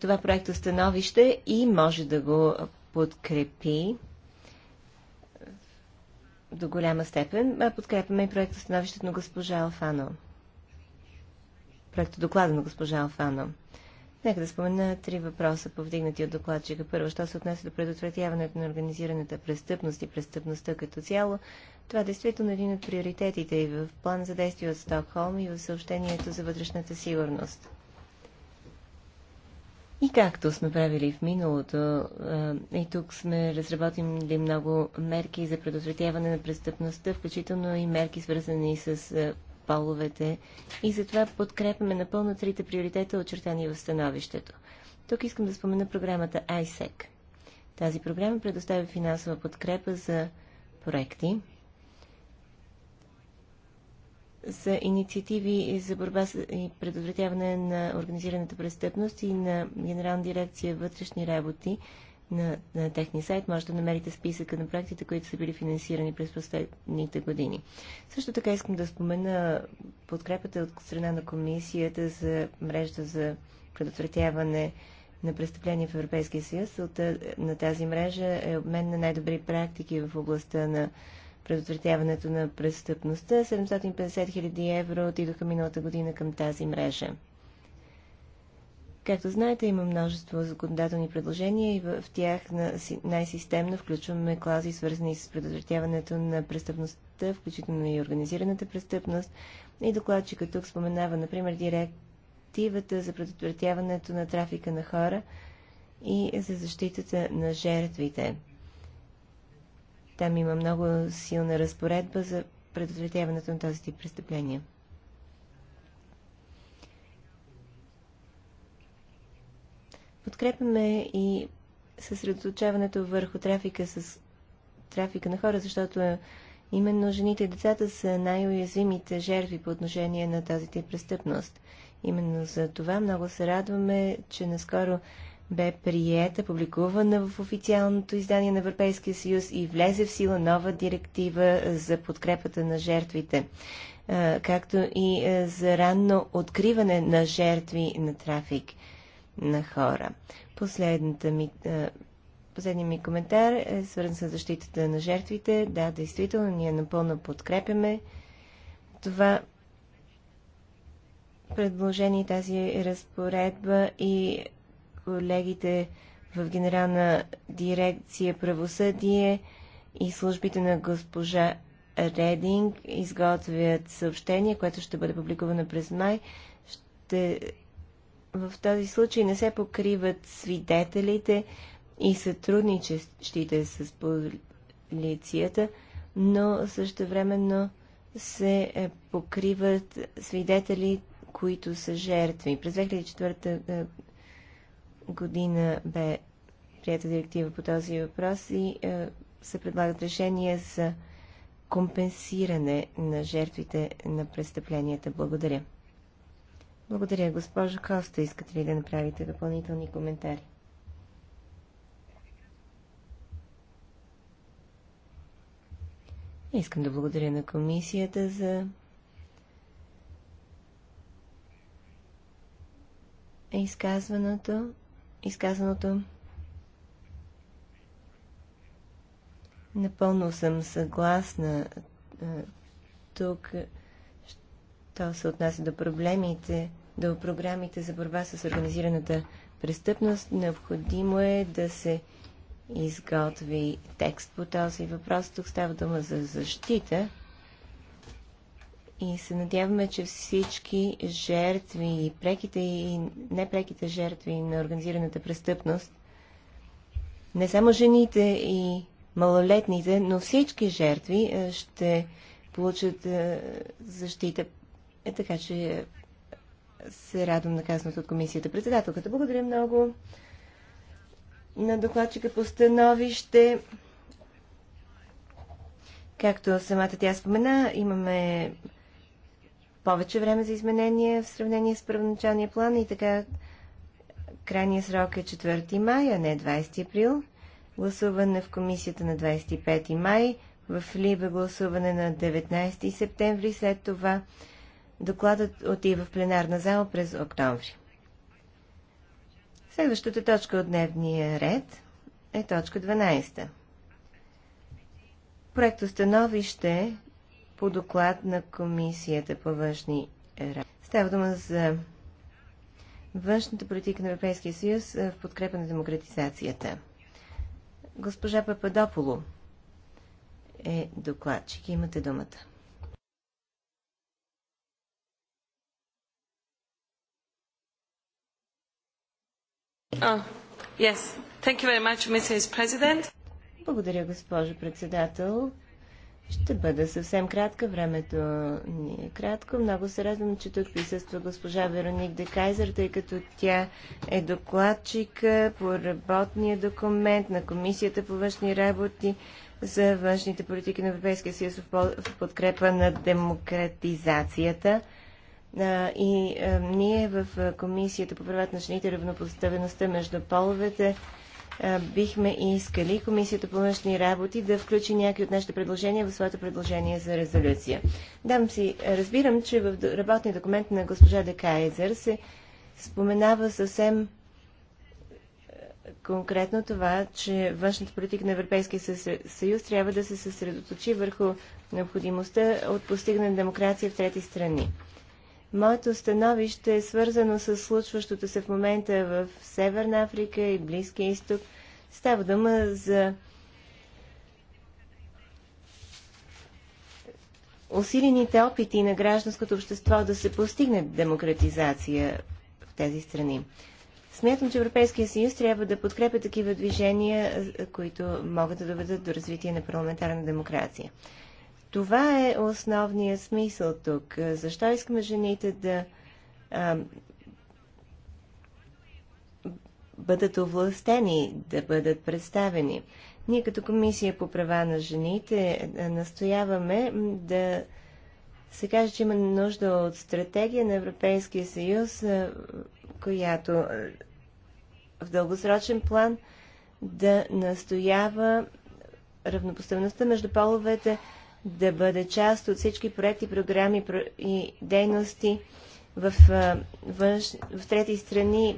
това проекто становище и може да го подкрепи до голяма степен. Подкрепяме и проекта становището на госпожа Алфано. Проекта доклада на госпожа Алфано. Нека да спомена три въпроса, повдигнати от докладчика. Първо, що се отнася до предотвратяването на организираната престъпност и престъпността като цяло, това е действително един от приоритетите и в план за действие от Стокхолм и в съобщението за вътрешната сигурност. И както сме правили в миналото, и тук сме разработили много мерки за предотвратяване на престъпността, включително и мерки свързани с половете. И затова подкрепяме напълно трите приоритета, очертани в становището. Тук искам да спомена програмата ISEC. Тази програма предоставя финансова подкрепа за проекти, за инициативи за борба и предотвратяване на организираната престъпност и на Генерална дирекция вътрешни работи на, на техния сайт. Може да намерите списъка на проектите, които са били финансирани през последните години. Също така искам да спомена подкрепата от страна на комисията за мрежа за предотвратяване на престъпления в Европейския съюз. от на тази мрежа е обмен на най-добри практики в областта на предотвратяването на престъпността. 750 000 евро отидоха миналата година към тази мрежа. Както знаете, има множество законодателни предложения и в тях най-системно включваме клази, свързани с предотвратяването на престъпността, включително и организираната престъпност. И докладчика тук споменава, например, директивата за предотвратяването на трафика на хора и за защитата на жертвите. Там има много силна разпоредба за предотвратяването на този тип престъпления. Подкрепяме и съсредоточаването върху трафика с трафика на хора, защото именно жените и децата са най-уязвимите жертви по отношение на тази тип престъпност. Именно за това много се радваме, че наскоро бе приета, публикувана в официалното издание на Европейския съюз и влезе в сила нова директива за подкрепата на жертвите, както и за ранно откриване на жертви на трафик на хора. Последната ми, последният ми коментар е свързан с защитата на жертвите. Да, действително, ние напълно подкрепяме това предложение, тази разпоредба и колегите в Генерална дирекция правосъдие и службите на госпожа Рединг изготвят съобщение, което ще бъде публикувано през май. Ще... В този случай не се покриват свидетелите и сътрудничещите с полицията, но също времено се е, покриват свидетели, които са жертви. През 2004 година бе прията директива по този въпрос и е, се предлагат решения за компенсиране на жертвите на престъпленията. Благодаря. Благодаря, госпожо Коста. Искате ли да направите допълнителни коментари? Искам да благодаря на комисията за изказването изказаното. Напълно съм съгласна е, тук, що се отнася до проблемите, до програмите за борба с организираната престъпност. Необходимо е да се изготви текст по този въпрос. Тук става дума за защита и се надяваме, че всички жертви, преките и непреките жертви на организираната престъпност, не само жените и малолетните, но всички жертви е, ще получат е, защита. Е, така че е, се радвам на казаното от комисията. Председателката, благодаря много на докладчика по становище. Както самата тя спомена, имаме повече време за изменения в сравнение с първоначалния план и така крайният срок е 4 май, а не 20 април. Гласуване в комисията на 25 май, в Либе гласуване на 19 септември, след това докладът отива в пленарна зала през октомври. Следващата точка от дневния ред е точка 12. Проектостановище по доклад на Комисията по външни работи. Става дума за външната политика на Европейския съюз в подкрепа на демократизацията. Госпожа Пападополо е докладчик. Имате думата. Oh, yes. Much, Благодаря, госпожо председател. Ще бъда съвсем кратка, времето ни е кратко. Много се радвам, че тук присъства госпожа Вероник де Кайзер, тъй като тя е докладчик по работния документ на Комисията по външни работи за външните политики на Европейския съюз в подкрепа на демократизацията. И ние в Комисията по правата на жените равнопоставеността между половете е, бихме искали Комисията по външни работи да включи някои от нашите предложения в своето предложение за резолюция. Дам си, разбирам, че в работния документ на госпожа Де Кайзер се споменава съвсем е, конкретно това, че външната политика на Европейския съюз трябва да се съсредоточи върху необходимостта от постигане на демокрация в трети страни. Моето становище е свързано с случващото се в момента в Северна Африка и Близкия изток. Става дума за усилените опити на гражданското общество да се постигне демократизация в тези страни. Смятам, че Европейския съюз трябва да подкрепя такива движения, които могат да доведат до развитие на парламентарна демокрация. Това е основният смисъл тук. Защо искаме жените да а, бъдат овластени, да бъдат представени? Ние като Комисия по права на жените настояваме да се каже, че има нужда от стратегия на Европейския съюз, която в дългосрочен план да настоява равнопоставеността между половете да бъде част от всички проекти, програми и дейности в, външ... в трети страни,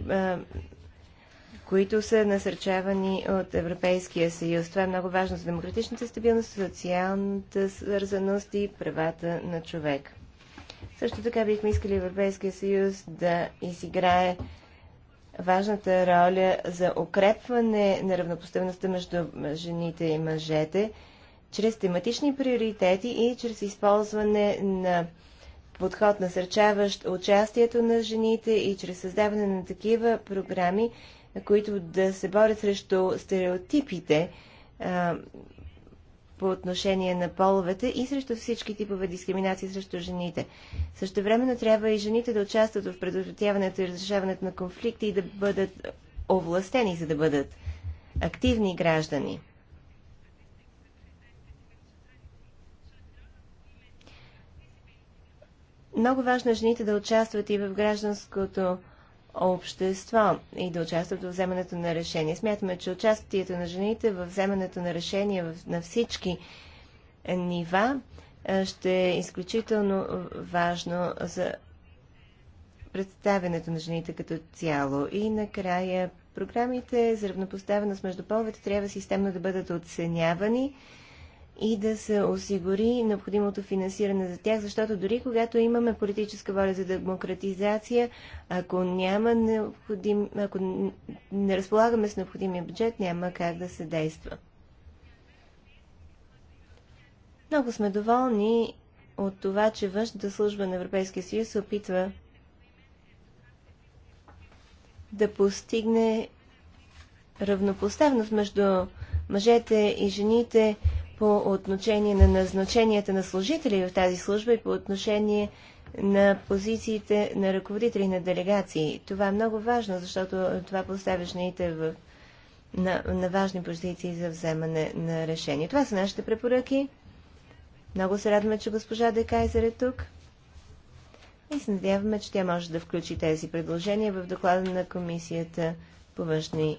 които са насърчавани от Европейския съюз. Това е много важно за демократичната стабилност, социалната свързаност и правата на човек. Също така бихме искали Европейския съюз да изиграе важната роля за укрепване на равнопоставеността между жените и мъжете – чрез тематични приоритети и чрез използване на подход насърчаващ участието на жените и чрез създаване на такива програми, които да се борят срещу стереотипите а, по отношение на половете и срещу всички типове дискриминации срещу жените. Също времено трябва и жените да участват в предотвратяването и разрешаването на конфликти и да бъдат овластени, за да бъдат активни граждани. много важно е жените да участват и в гражданското общество и да участват в вземането на решения. Смятаме, че участието на жените в вземането на решения на всички нива ще е изключително важно за представянето на жените като цяло. И накрая програмите за равнопоставеност между половете трябва системно да бъдат оценявани и да се осигури необходимото финансиране за тях, защото дори когато имаме политическа воля за демократизация, ако няма необходим, ако не разполагаме с необходимия бюджет, няма как да се действа. Много сме доволни от това, че външната служба на Европейския съюз се опитва да постигне равнопоставност между мъжете и жените по отношение на назначенията на служители в тази служба и по отношение на позициите на ръководители на делегации. Това е много важно, защото това поставя жените в, на, на важни позиции за вземане на решение. Това са нашите препоръки. Много се радваме, че госпожа Декайзер е тук. И се надяваме, че тя може да включи тези предложения в доклада на Комисията по външни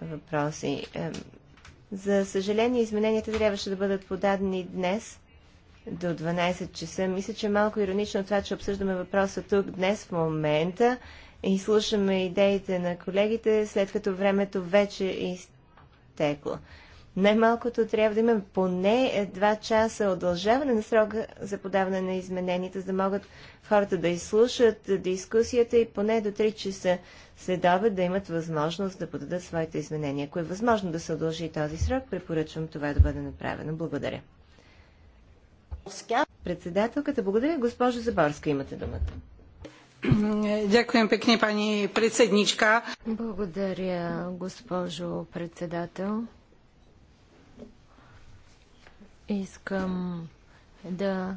въпроси. За съжаление, измененията трябваше да бъдат подадени днес до 12 часа. Мисля, че е малко иронично това, че обсъждаме въпроса тук днес в момента и слушаме идеите на колегите, след като времето вече е изтекло най-малкото трябва да имаме поне е, два часа удължаване на срока за подаване на измененията, за да могат хората да изслушат дискусията и поне до 3 часа след обед да имат възможност да подадат своите изменения. Ако е възможно да се удължи този срок, препоръчвам това да бъде направено. Благодаря. Председателката, благодаря. Госпожо Заборска, имате думата. Дякуем пекни, пани председничка. Благодаря, госпожо председател. Искам да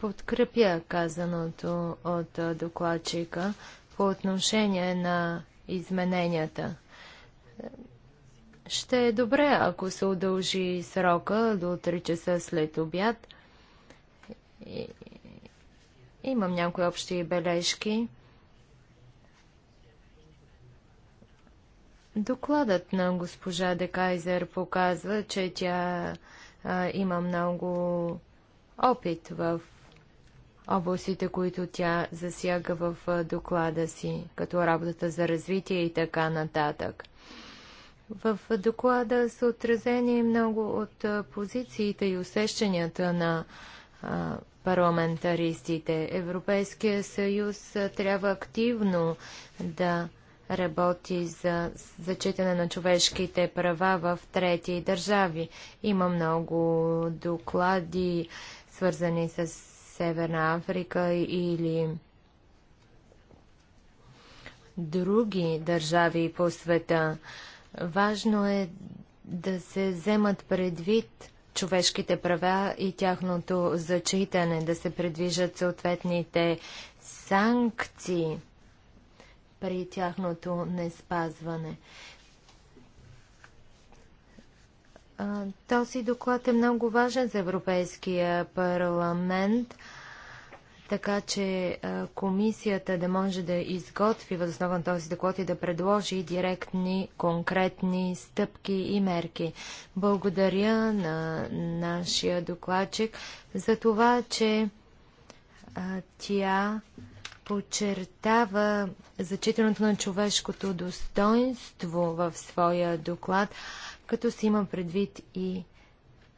подкрепя казаното от докладчика по отношение на измененията. Ще е добре, ако се удължи срока до 3 часа след обяд. Имам някои общи бележки. Докладът на госпожа Декайзер показва, че тя има много опит в областите, които тя засяга в доклада си, като работата за развитие и така нататък. В доклада са отразени много от позициите и усещанията на парламентаристите. Европейския съюз трябва активно да работи за зачитане на човешките права в трети държави. Има много доклади, свързани с Северна Африка или други държави по света. Важно е да се вземат предвид човешките права и тяхното зачитане, да се предвижат съответните санкции при тяхното неспазване. Този доклад е много важен за Европейския парламент, така че комисията да може да изготви възоснова на този доклад и да предложи директни, конкретни стъпки и мерки. Благодаря на нашия докладчик за това, че тя подчертава зачитането на човешкото достоинство в своя доклад, като се има предвид и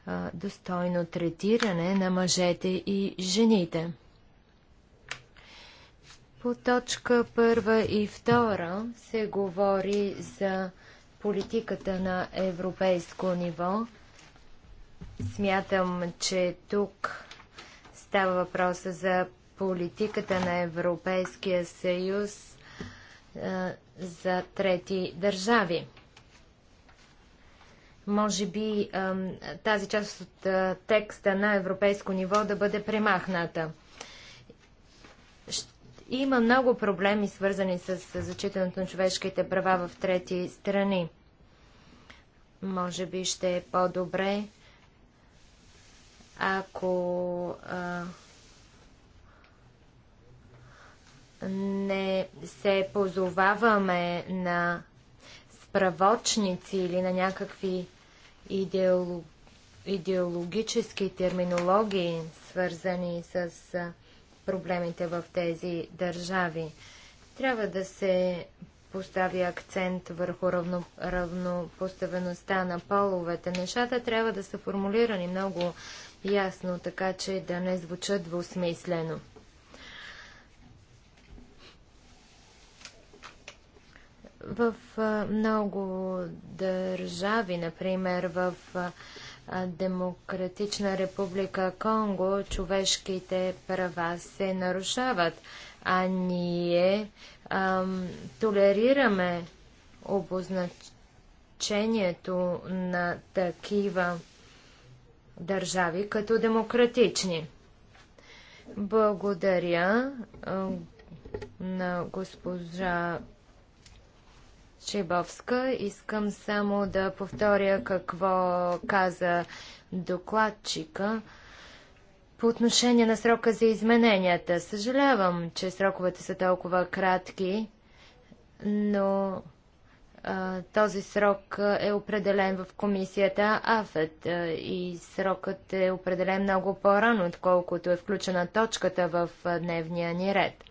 а, достойно третиране на мъжете и жените. По точка първа и втора се говори за политиката на европейско ниво. Смятам, че тук става въпроса за политиката на Европейския съюз а, за трети държави. Може би а, тази част от а, текста на европейско ниво да бъде премахната. Има много проблеми, свързани с, с зачитането на човешките права в трети страни. Може би ще е по-добре, ако. А, не се позоваваме на справочници или на някакви идеолог... идеологически терминологии, свързани с проблемите в тези държави. Трябва да се постави акцент върху равно, равнопоставеността на половете. Нещата трябва да са формулирани много ясно, така че да не звучат двусмислено. В много държави, например в Демократична република Конго, човешките права се нарушават, а ние а, толерираме обозначението на такива държави като демократични. Благодаря на госпожа Чебовска. Искам само да повторя какво каза докладчика. По отношение на срока за измененията, съжалявам, че сроковете са толкова кратки, но а, този срок е определен в комисията АФЕТ а, и срокът е определен много по-рано, отколкото е включена точката в дневния ни ред.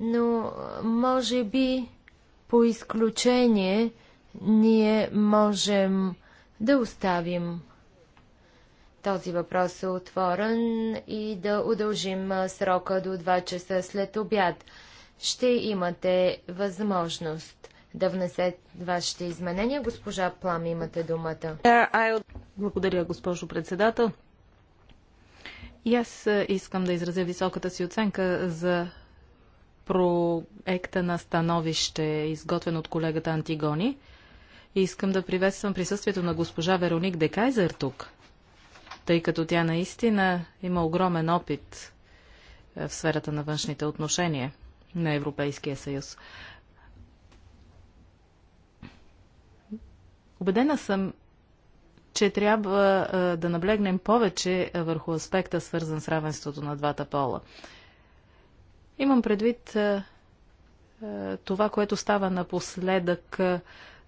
Но може би по изключение ние можем да оставим този въпрос е отворен и да удължим срока до 2 часа след обяд. Ще имате възможност да внесете вашите изменения. Госпожа Плам, имате думата. Благодаря, госпожо председател. И аз искам да изразя високата си оценка за проекта на становище, изготвен от колегата Антигони. И искам да приветствам присъствието на госпожа Вероник Декайзер тук, тъй като тя наистина има огромен опит е, в сферата на външните отношения на Европейския съюз. Обедена съм, че трябва е, да наблегнем повече е, върху аспекта, свързан с равенството на двата пола. Имам предвид това, което става напоследък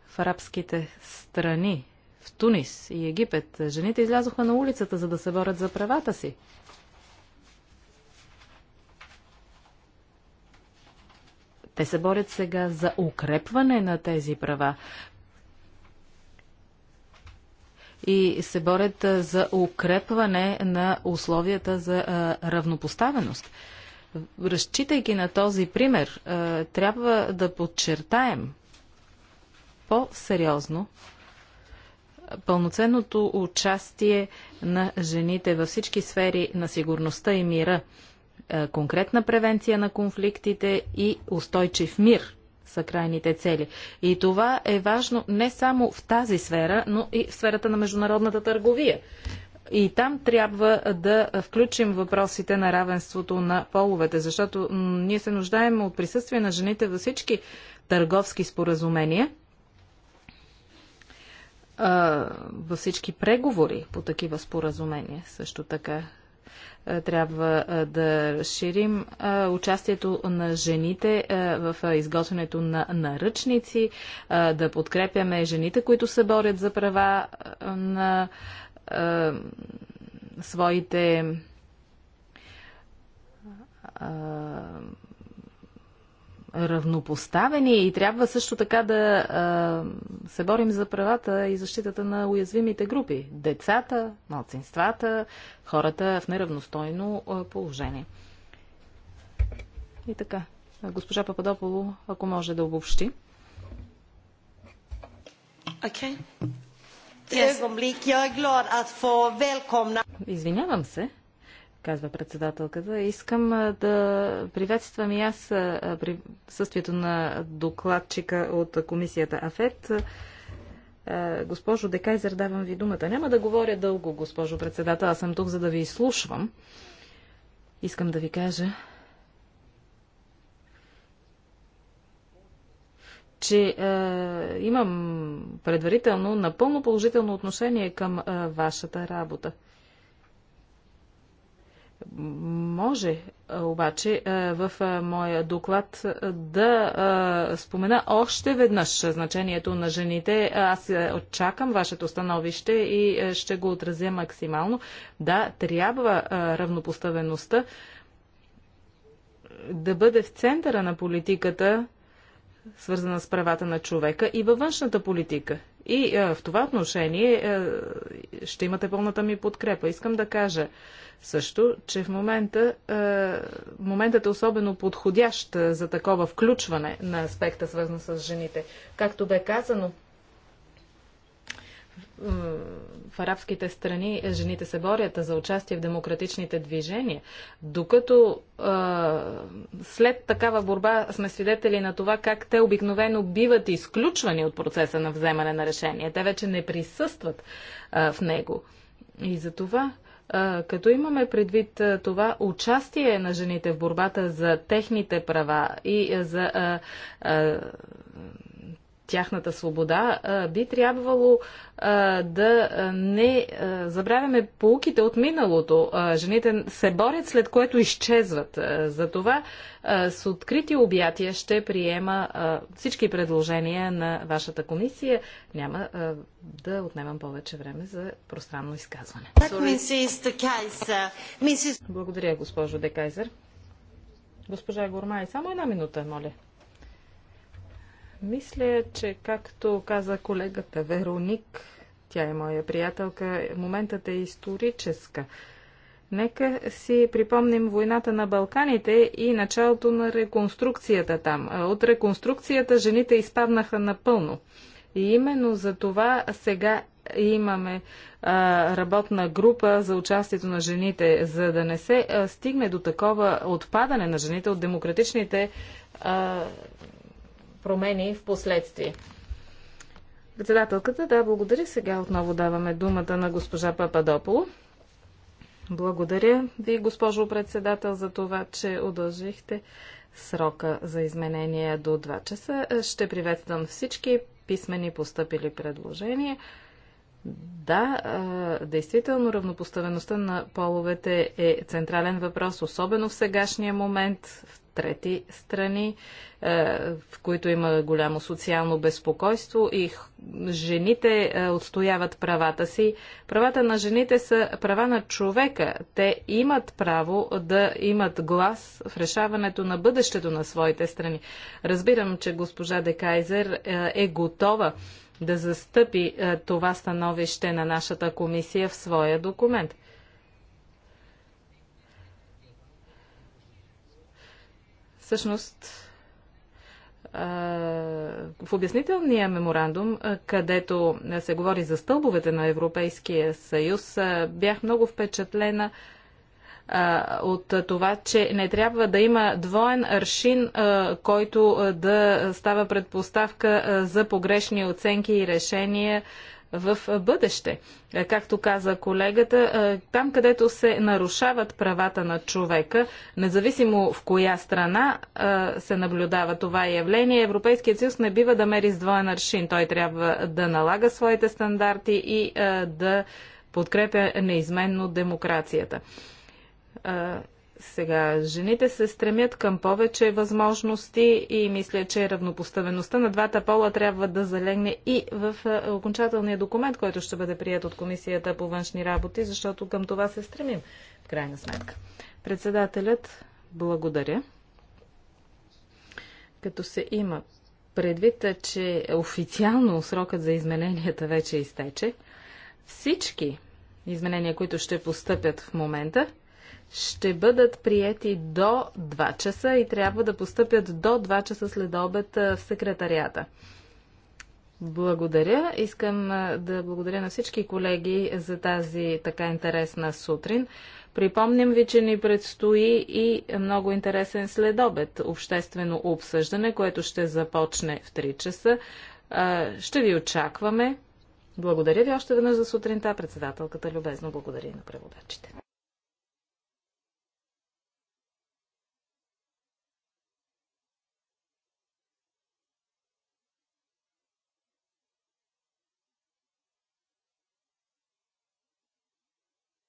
в арабските страни, в Тунис и Египет. Жените излязоха на улицата, за да се борят за правата си. Те се борят сега за укрепване на тези права. И се борят за укрепване на условията за равнопоставеност. Разчитайки на този пример, е, трябва да подчертаем по-сериозно пълноценното участие на жените във всички сфери на сигурността и мира, е, конкретна превенция на конфликтите и устойчив мир са крайните цели. И това е важно не само в тази сфера, но и в сферата на международната търговия. И там трябва да включим въпросите на равенството на половете, защото ние се нуждаем от присъствие на жените във всички търговски споразумения, във всички преговори по такива споразумения също така трябва да разширим участието на жените в изготвянето на наръчници, да подкрепяме жените, които се борят за права на а, е, своите а, е, равнопоставени и трябва също така да а, е, се борим за правата и защитата на уязвимите групи децата, малцинствата, хората в неравностойно положение. И така, госпожа Пападополо, ако може да обобщи. Okay. Извинявам се, казва председателката. Искам да приветствам и аз при съствието на докладчика от комисията АФЕТ. Госпожо Декайзер, давам ви думата. Няма да говоря дълго, госпожо председател. Аз съм тук, за да ви изслушвам. Искам да ви кажа, че е, имам предварително напълно положително отношение към е, вашата работа. Може е, обаче е, в е, моя доклад да спомена още веднъж значението на жените. Аз очакам вашето становище и ще го отразя максимално. Да, трябва равнопоставеността да бъде в центъра на политиката свързана с правата на човека и във външната политика. И а, е, в това отношение а, е, ще имате пълната ми подкрепа. Искам да кажа също, че в момента а, е, моментът е особено подходящ за такова включване на аспекта, свързан с жените. Както бе казано, в арабските страни жените се борят за участие в демократичните движения, докато е, след такава борба сме свидетели на това как те обикновено биват изключвани от процеса на вземане на решение. Те вече не присъстват е, в него. И за това като имаме предвид това участие на жените в борбата за техните права и за тяхната свобода, би трябвало да не забравяме полуките от миналото. Жените се борят, след което изчезват. Затова с открити обятия ще приема всички предложения на вашата комисия. Няма да отнемам повече време за пространно изказване. Благодаря, госпожо Декайзер. Госпожа Гормай, само една минута, моля. Мисля, че както каза колегата Вероник, тя е моя приятелка, моментът е историческа. Нека си припомним войната на Балканите и началото на реконструкцията там. От реконструкцията жените изпаднаха напълно. И именно за това сега имаме а, работна група за участието на жените, за да не се а, стигне до такова отпадане на жените от демократичните а, промени в последствие. Председателката, да, благодаря. Сега отново даваме думата на госпожа Пападополо. Благодаря ви, госпожо председател, за това, че удължихте срока за изменение до 2 часа. Ще приветствам всички писмени поступили предложения. Да, действително равнопоставеността на половете е централен въпрос, особено в сегашния момент, в трети страни, е, в които има голямо социално безпокойство и жените е, отстояват правата си. Правата на жените са права на човека. Те имат право да имат глас в решаването на бъдещето на своите страни. Разбирам, че госпожа Декайзер е, е готова да застъпи това становище на нашата комисия в своя документ. Всъщност, в обяснителния меморандум, където се говори за стълбовете на Европейския съюз, бях много впечатлена от това, че не трябва да има двоен аршин, който да става предпоставка за погрешни оценки и решения в бъдеще. Е, както каза колегата, е, там където се нарушават правата на човека, независимо в коя страна е, се наблюдава това явление, Европейският съюз не бива да мери с двоен аршин. Той трябва да налага своите стандарти и да подкрепя неизменно демокрацията. Сега, жените се стремят към повече възможности и мисля, че равнопоставеността на двата пола трябва да залегне и в е, окончателния документ, който ще бъде прият от Комисията по външни работи, защото към това се стремим, в крайна сметка. Председателят, благодаря. Като се има предвид, че официално срокът за измененията вече изтече, всички изменения, които ще постъпят в момента, ще бъдат приети до 2 часа и трябва да постъпят до 2 часа след обед в секретарията. Благодаря. Искам да благодаря на всички колеги за тази така интересна сутрин. Припомням ви, че ни предстои и много интересен следобед обществено обсъждане, което ще започне в 3 часа. Ще ви очакваме. Благодаря ви още веднъж за сутринта. Председателката любезно благодари на преводачите.